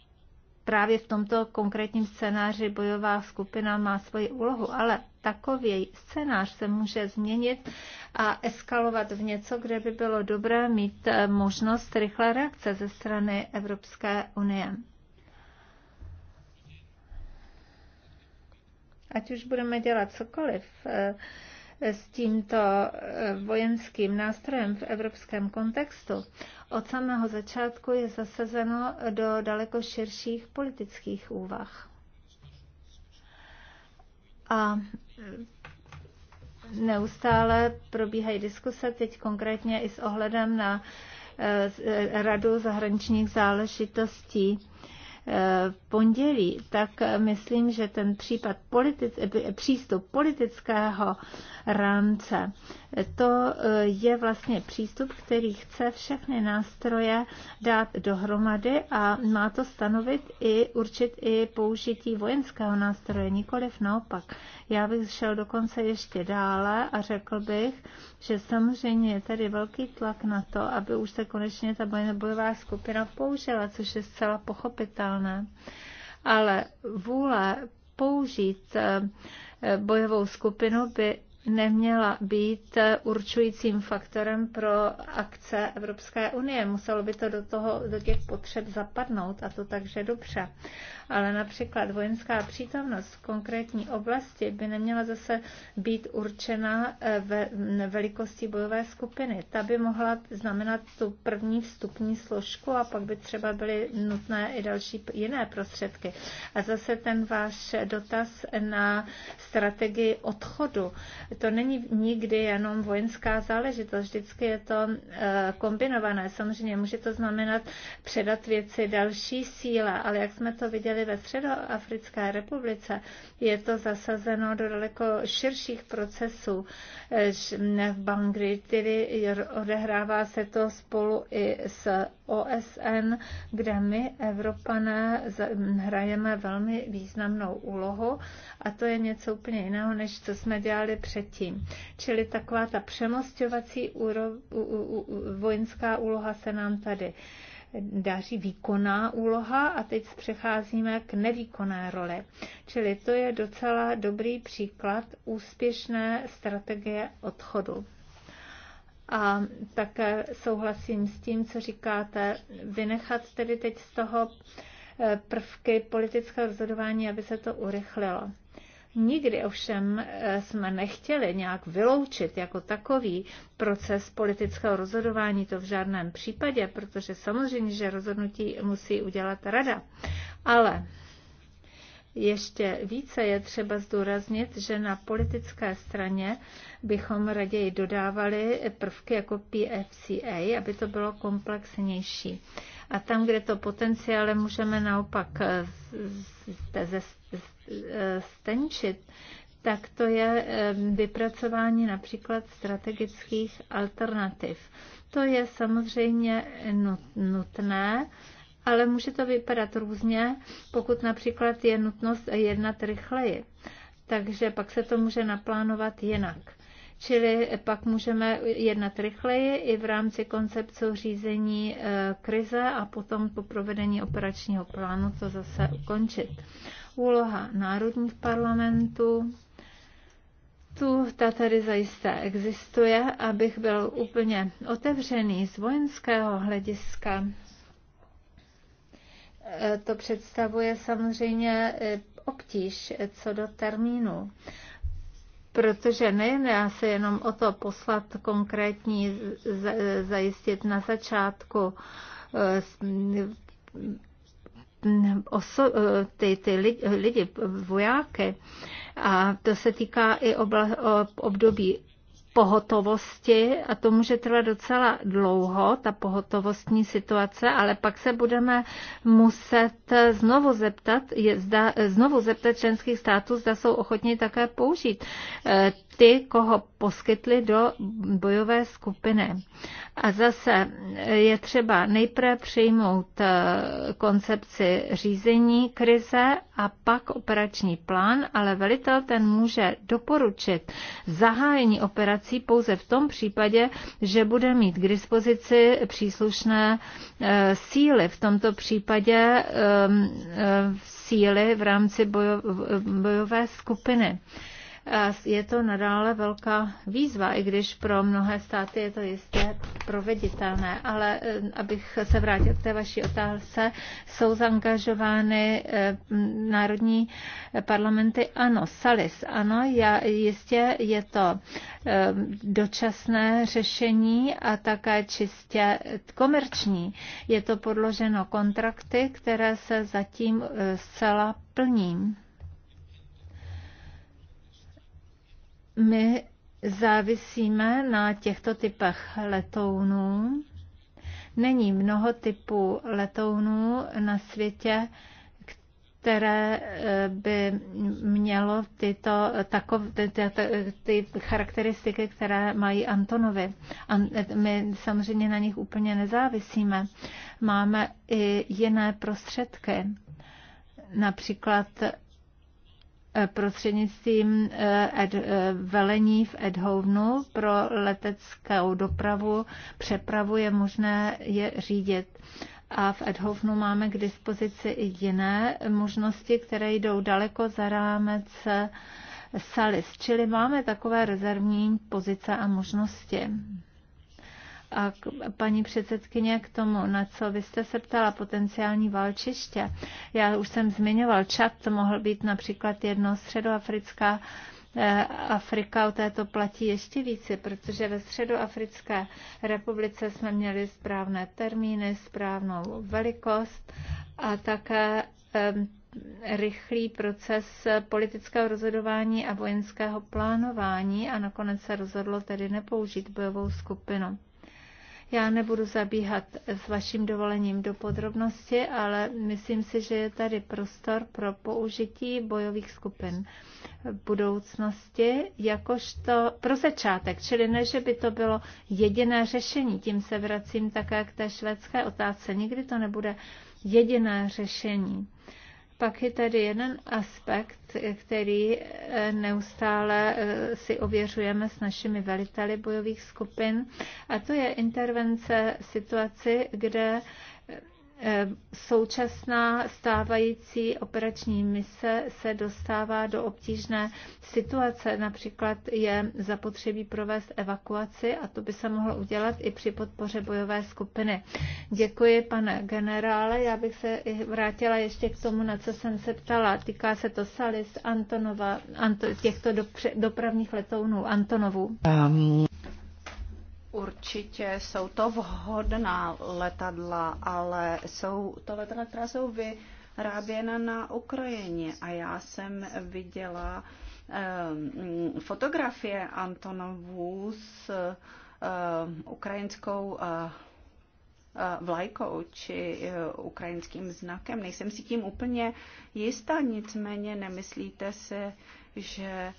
právě v tomto konkrétním scénáři bojová skupina má svoji úlohu, ale takový scénář se může změnit a eskalovat v něco, kde by bylo dobré mít eh, možnost rychlé reakce ze strany Evropské unie. Ať už budeme dělat cokoliv, eh, s tímto eh, vojenským nástrojem v evropském kontextu od samého začátku je zasazeno do daleko širších politických úvah. A eh, neustále probíhají diskuse, teď konkrétně i s ohledem na eh, Radu zahraničních záležitostí v pondělí, tak myslím, že ten případ politic, přístup politického rámce, to eh, je vlastně přístup, který chce všechny nástroje dát dohromady a má to stanovit i určit i použití vojenského nástroje, nikoliv naopak. Já bych šel dokonce ještě dále a řekl bych, že samozřejmě je tady velký tlak na to, aby už se konečně ta bojová skupina použila, což je zcela pochopitelné přijatelné. Ale vůle použít eh, eh, bojovou skupinu by neměla být určujícím faktorem pro akce Evropské unie. Muselo by to do, toho, do těch potřeb zapadnout a to takže dobře. Ale například vojenská přítomnost v konkrétní oblasti by neměla zase být určena eh, ve velikosti bojové skupiny. Ta by mohla znamenat tu první vstupní složku a pak by třeba byly nutné i další jiné prostředky. A zase ten váš dotaz na strategii odchodu to není nikdy jenom vojenská záležitost, vždycky je to eh, kombinované. Samozřejmě může to znamenat předat věci další síla, ale jak jsme to viděli ve Středoafrické republice, je to zasazeno do daleko širších procesů eh, v Bangri, tedy odehrává se to spolu i s OSN, kde my, Evropané, hrajeme velmi významnou úlohu a to je něco úplně jiného, než co jsme dělali před třetím. Čili taková ta přemostovací vojenská úloha se nám tady daří výkonná úloha a teď přecházíme k nevýkonné roli. Čili to je docela dobrý příklad úspěšné strategie odchodu. A také souhlasím s tím, co říkáte, vynechat tedy teď z toho eh, prvky politického rozhodování, aby se to urychlilo. Nikdy ovšem eh, jsme nechtěli nějak vyloučit jako takový proces politického rozhodování, to v žádném případě, protože samozřejmě, že rozhodnutí musí udělat rada. Ale ještě více je třeba zdůraznit, že na politické straně bychom raději dodávali prvky jako PFCA, aby to bylo komplexnější. A tam, kde to potenciále můžeme naopak eh, Eh, stenčit, tak to je eh, vypracování například strategických alternativ. To je samozřejmě nutné, ale může to vypadat různě, pokud například je nutnost jednat rychleji. Takže pak se to může naplánovat jinak. Čili pak můžeme jednat rychleji i v rámci koncepce řízení eh, krize a potom po provedení operačního plánu to zase ukončit úloha národních parlamentů, tu ta tady zajisté existuje, abych byl úplně otevřený z vojenského hlediska. E, to představuje samozřejmě e, obtíž co do termínu protože já se jenom o to poslat konkrétní, zajistit na začátku e, oso, eh, ty, ty lidi, lidi, vojáky, a to se týká i obla, období pohotovosti a to může trvat docela dlouho, ta pohotovostní situace, ale pak se budeme muset znovu zeptat, je, zda, znovu zeptat členských států, zda jsou ochotní také použít eh, ty, koho poskytli do bojové skupiny. A zase eh, je třeba nejprve přijmout eh, koncepci řízení krize a pak operační plán, ale velitel ten může doporučit zahájení operace prací pouze v tom případě, že bude mít k dispozici příslušné eh, síly. V tomto případě eh, eh, síly v rámci bojové skupiny je to nadále velká výzva, i když pro mnohé státy je to jistě proveditelné. Ale e, abych se vrátil k té vaší otázce, jsou zaangažovány e, národní parlamenty? Ano, SALIS, ano, já, jistě je to e, dočasné řešení a také čistě komerční. Je to podloženo kontrakty, které se zatím zcela plní. My závisíme na těchto typech letounů. Není mnoho typů letounů na světě, které eh, by mělo tyto, takov, ty, ty, ty charakteristiky, které mají Antonovi. A my samozřejmě na nich úplně nezávisíme. Máme i jiné prostředky, například Eh, prostřednictvím eh, ed, eh, velení v Edhovnu pro leteckou dopravu, přepravu je možné je řídit. A v Edhovnu máme k dispozici i jiné možnosti, které jdou daleko za rámec Salis. Čili máme takové rezervní pozice a možnosti. A paní předsedkyně k tomu, na co vy jste se ptala, potenciální válčiště. Já už jsem zmiňoval, čat to mohl být například jedno středoafrická eh, Afrika o této platí ještě více, protože ve Středoafrické republice jsme měli správné termíny, správnou velikost a také rychlý proces politického rozhodování a vojenského plánování a nakonec se rozhodlo tedy nepoužít bojovou skupinu. Já nebudu zabíhat s vaším dovolením do podrobnosti, ale myslím si, že je tady prostor pro použití bojových skupin budoucnosti jakožto pro začátek, čili ne, že by to bylo jediné řešení. Tím se vracím také k té švédské otázce. Nikdy to nebude jediné řešení. Uh, pak je tady jeden aspekt, který eh, neustále eh, si ověřujeme s našimi veliteli bojových skupin, a to je intervence situaci, kde Eh, současná stávající operační mise se dostává do obtížné situace. Například je zapotřebí provést evakuaci a to by se mohlo udělat i při podpoře bojové skupiny. Děkuji, pane generále. Já bych se vrátila ještě k tomu, na co jsem se ptala. Týká se to Salis, Antonova, těchto dopravních letounů Antonovů. Um. Určitě jsou to vhodná letadla, ale jsou to letadla, která jsou vyráběna na Ukrajině. A já jsem viděla eh, fotografie Antonovů s ehm, eh, ukrajinskou eh, vlajkou či eh, ukrajinským znakem. Nejsem si tím úplně jistá, nicméně nemyslíte si, že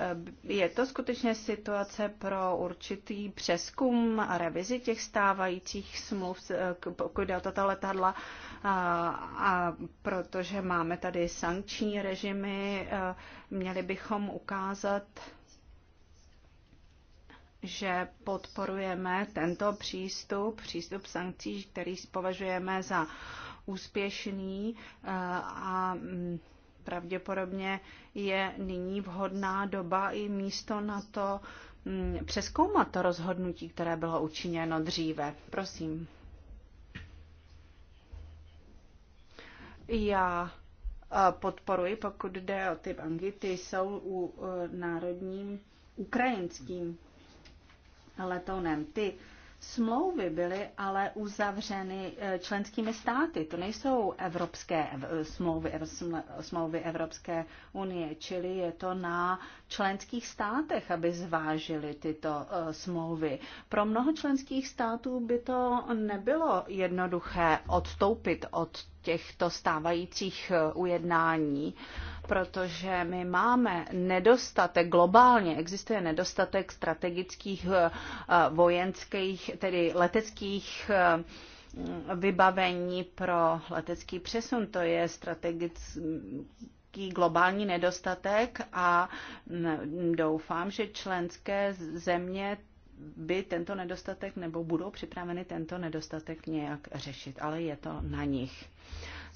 Eh, je to skutečně situace pro určitý přeskum a revizi těch stávajících smluv, eh, pokud jde o tato letadla, a, a protože máme tady sankční režimy, eh, měli bychom ukázat, že podporujeme tento přístup, přístup sankcí, který považujeme za úspěšný a, a mm, pravděpodobně je nyní vhodná doba i místo na to mm, přeskoumat to rozhodnutí, které bylo učiněno dříve. Prosím. Já e, podporuji, pokud jde o ty banky, ty jsou u e, národním ukrajinským letounem. Ty Smlouvy byly ale uzavřeny eh, členskými státy. To nejsou evropské eh, smlouvy, smlouvy Evropské unie, čili je to na členských státech, aby zvážili tyto eh, smlouvy. Pro mnoho členských států by to nebylo jednoduché odstoupit od těchto stávajících ujednání protože my máme nedostatek, globálně existuje nedostatek strategických eh, vojenských, tedy leteckých eh, vybavení pro letecký přesun. To je strategický globální nedostatek a mm, doufám, že členské země by tento nedostatek nebo budou připraveny tento nedostatek nějak řešit, ale je to na nich.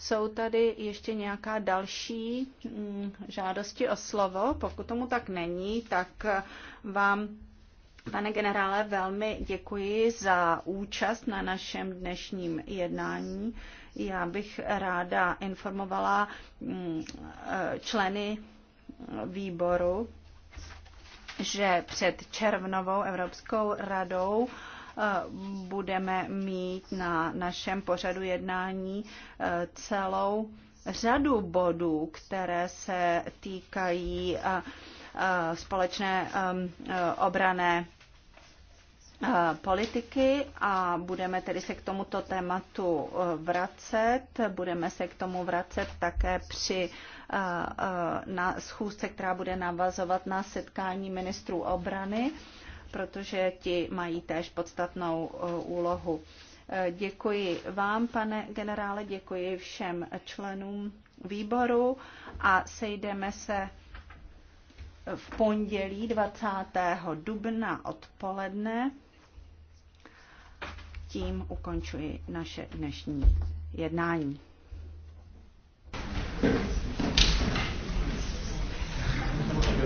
Jsou tady ještě nějaká další mm, žádosti o slovo? Pokud tomu tak není, tak vám Pane generále, velmi děkuji za účast na našem dnešním jednání. Já bych ráda informovala mm, členy výboru, že před červnovou Evropskou radou Eh, budeme mít na našem pořadu jednání eh, celou řadu bodů, které se týkají eh, společné obrané politiky a budeme tedy se k tomuto tématu vracet. Budeme se k tomu vracet také při na schůzce, která bude navazovat na setkání ministrů obrany protože ti mají též podstatnou eh, úlohu. Eh, děkuji vám, pane generále, děkuji všem členům výboru a sejdeme se v pondělí 20. dubna odpoledne. Tím ukončuji naše dnešní jednání.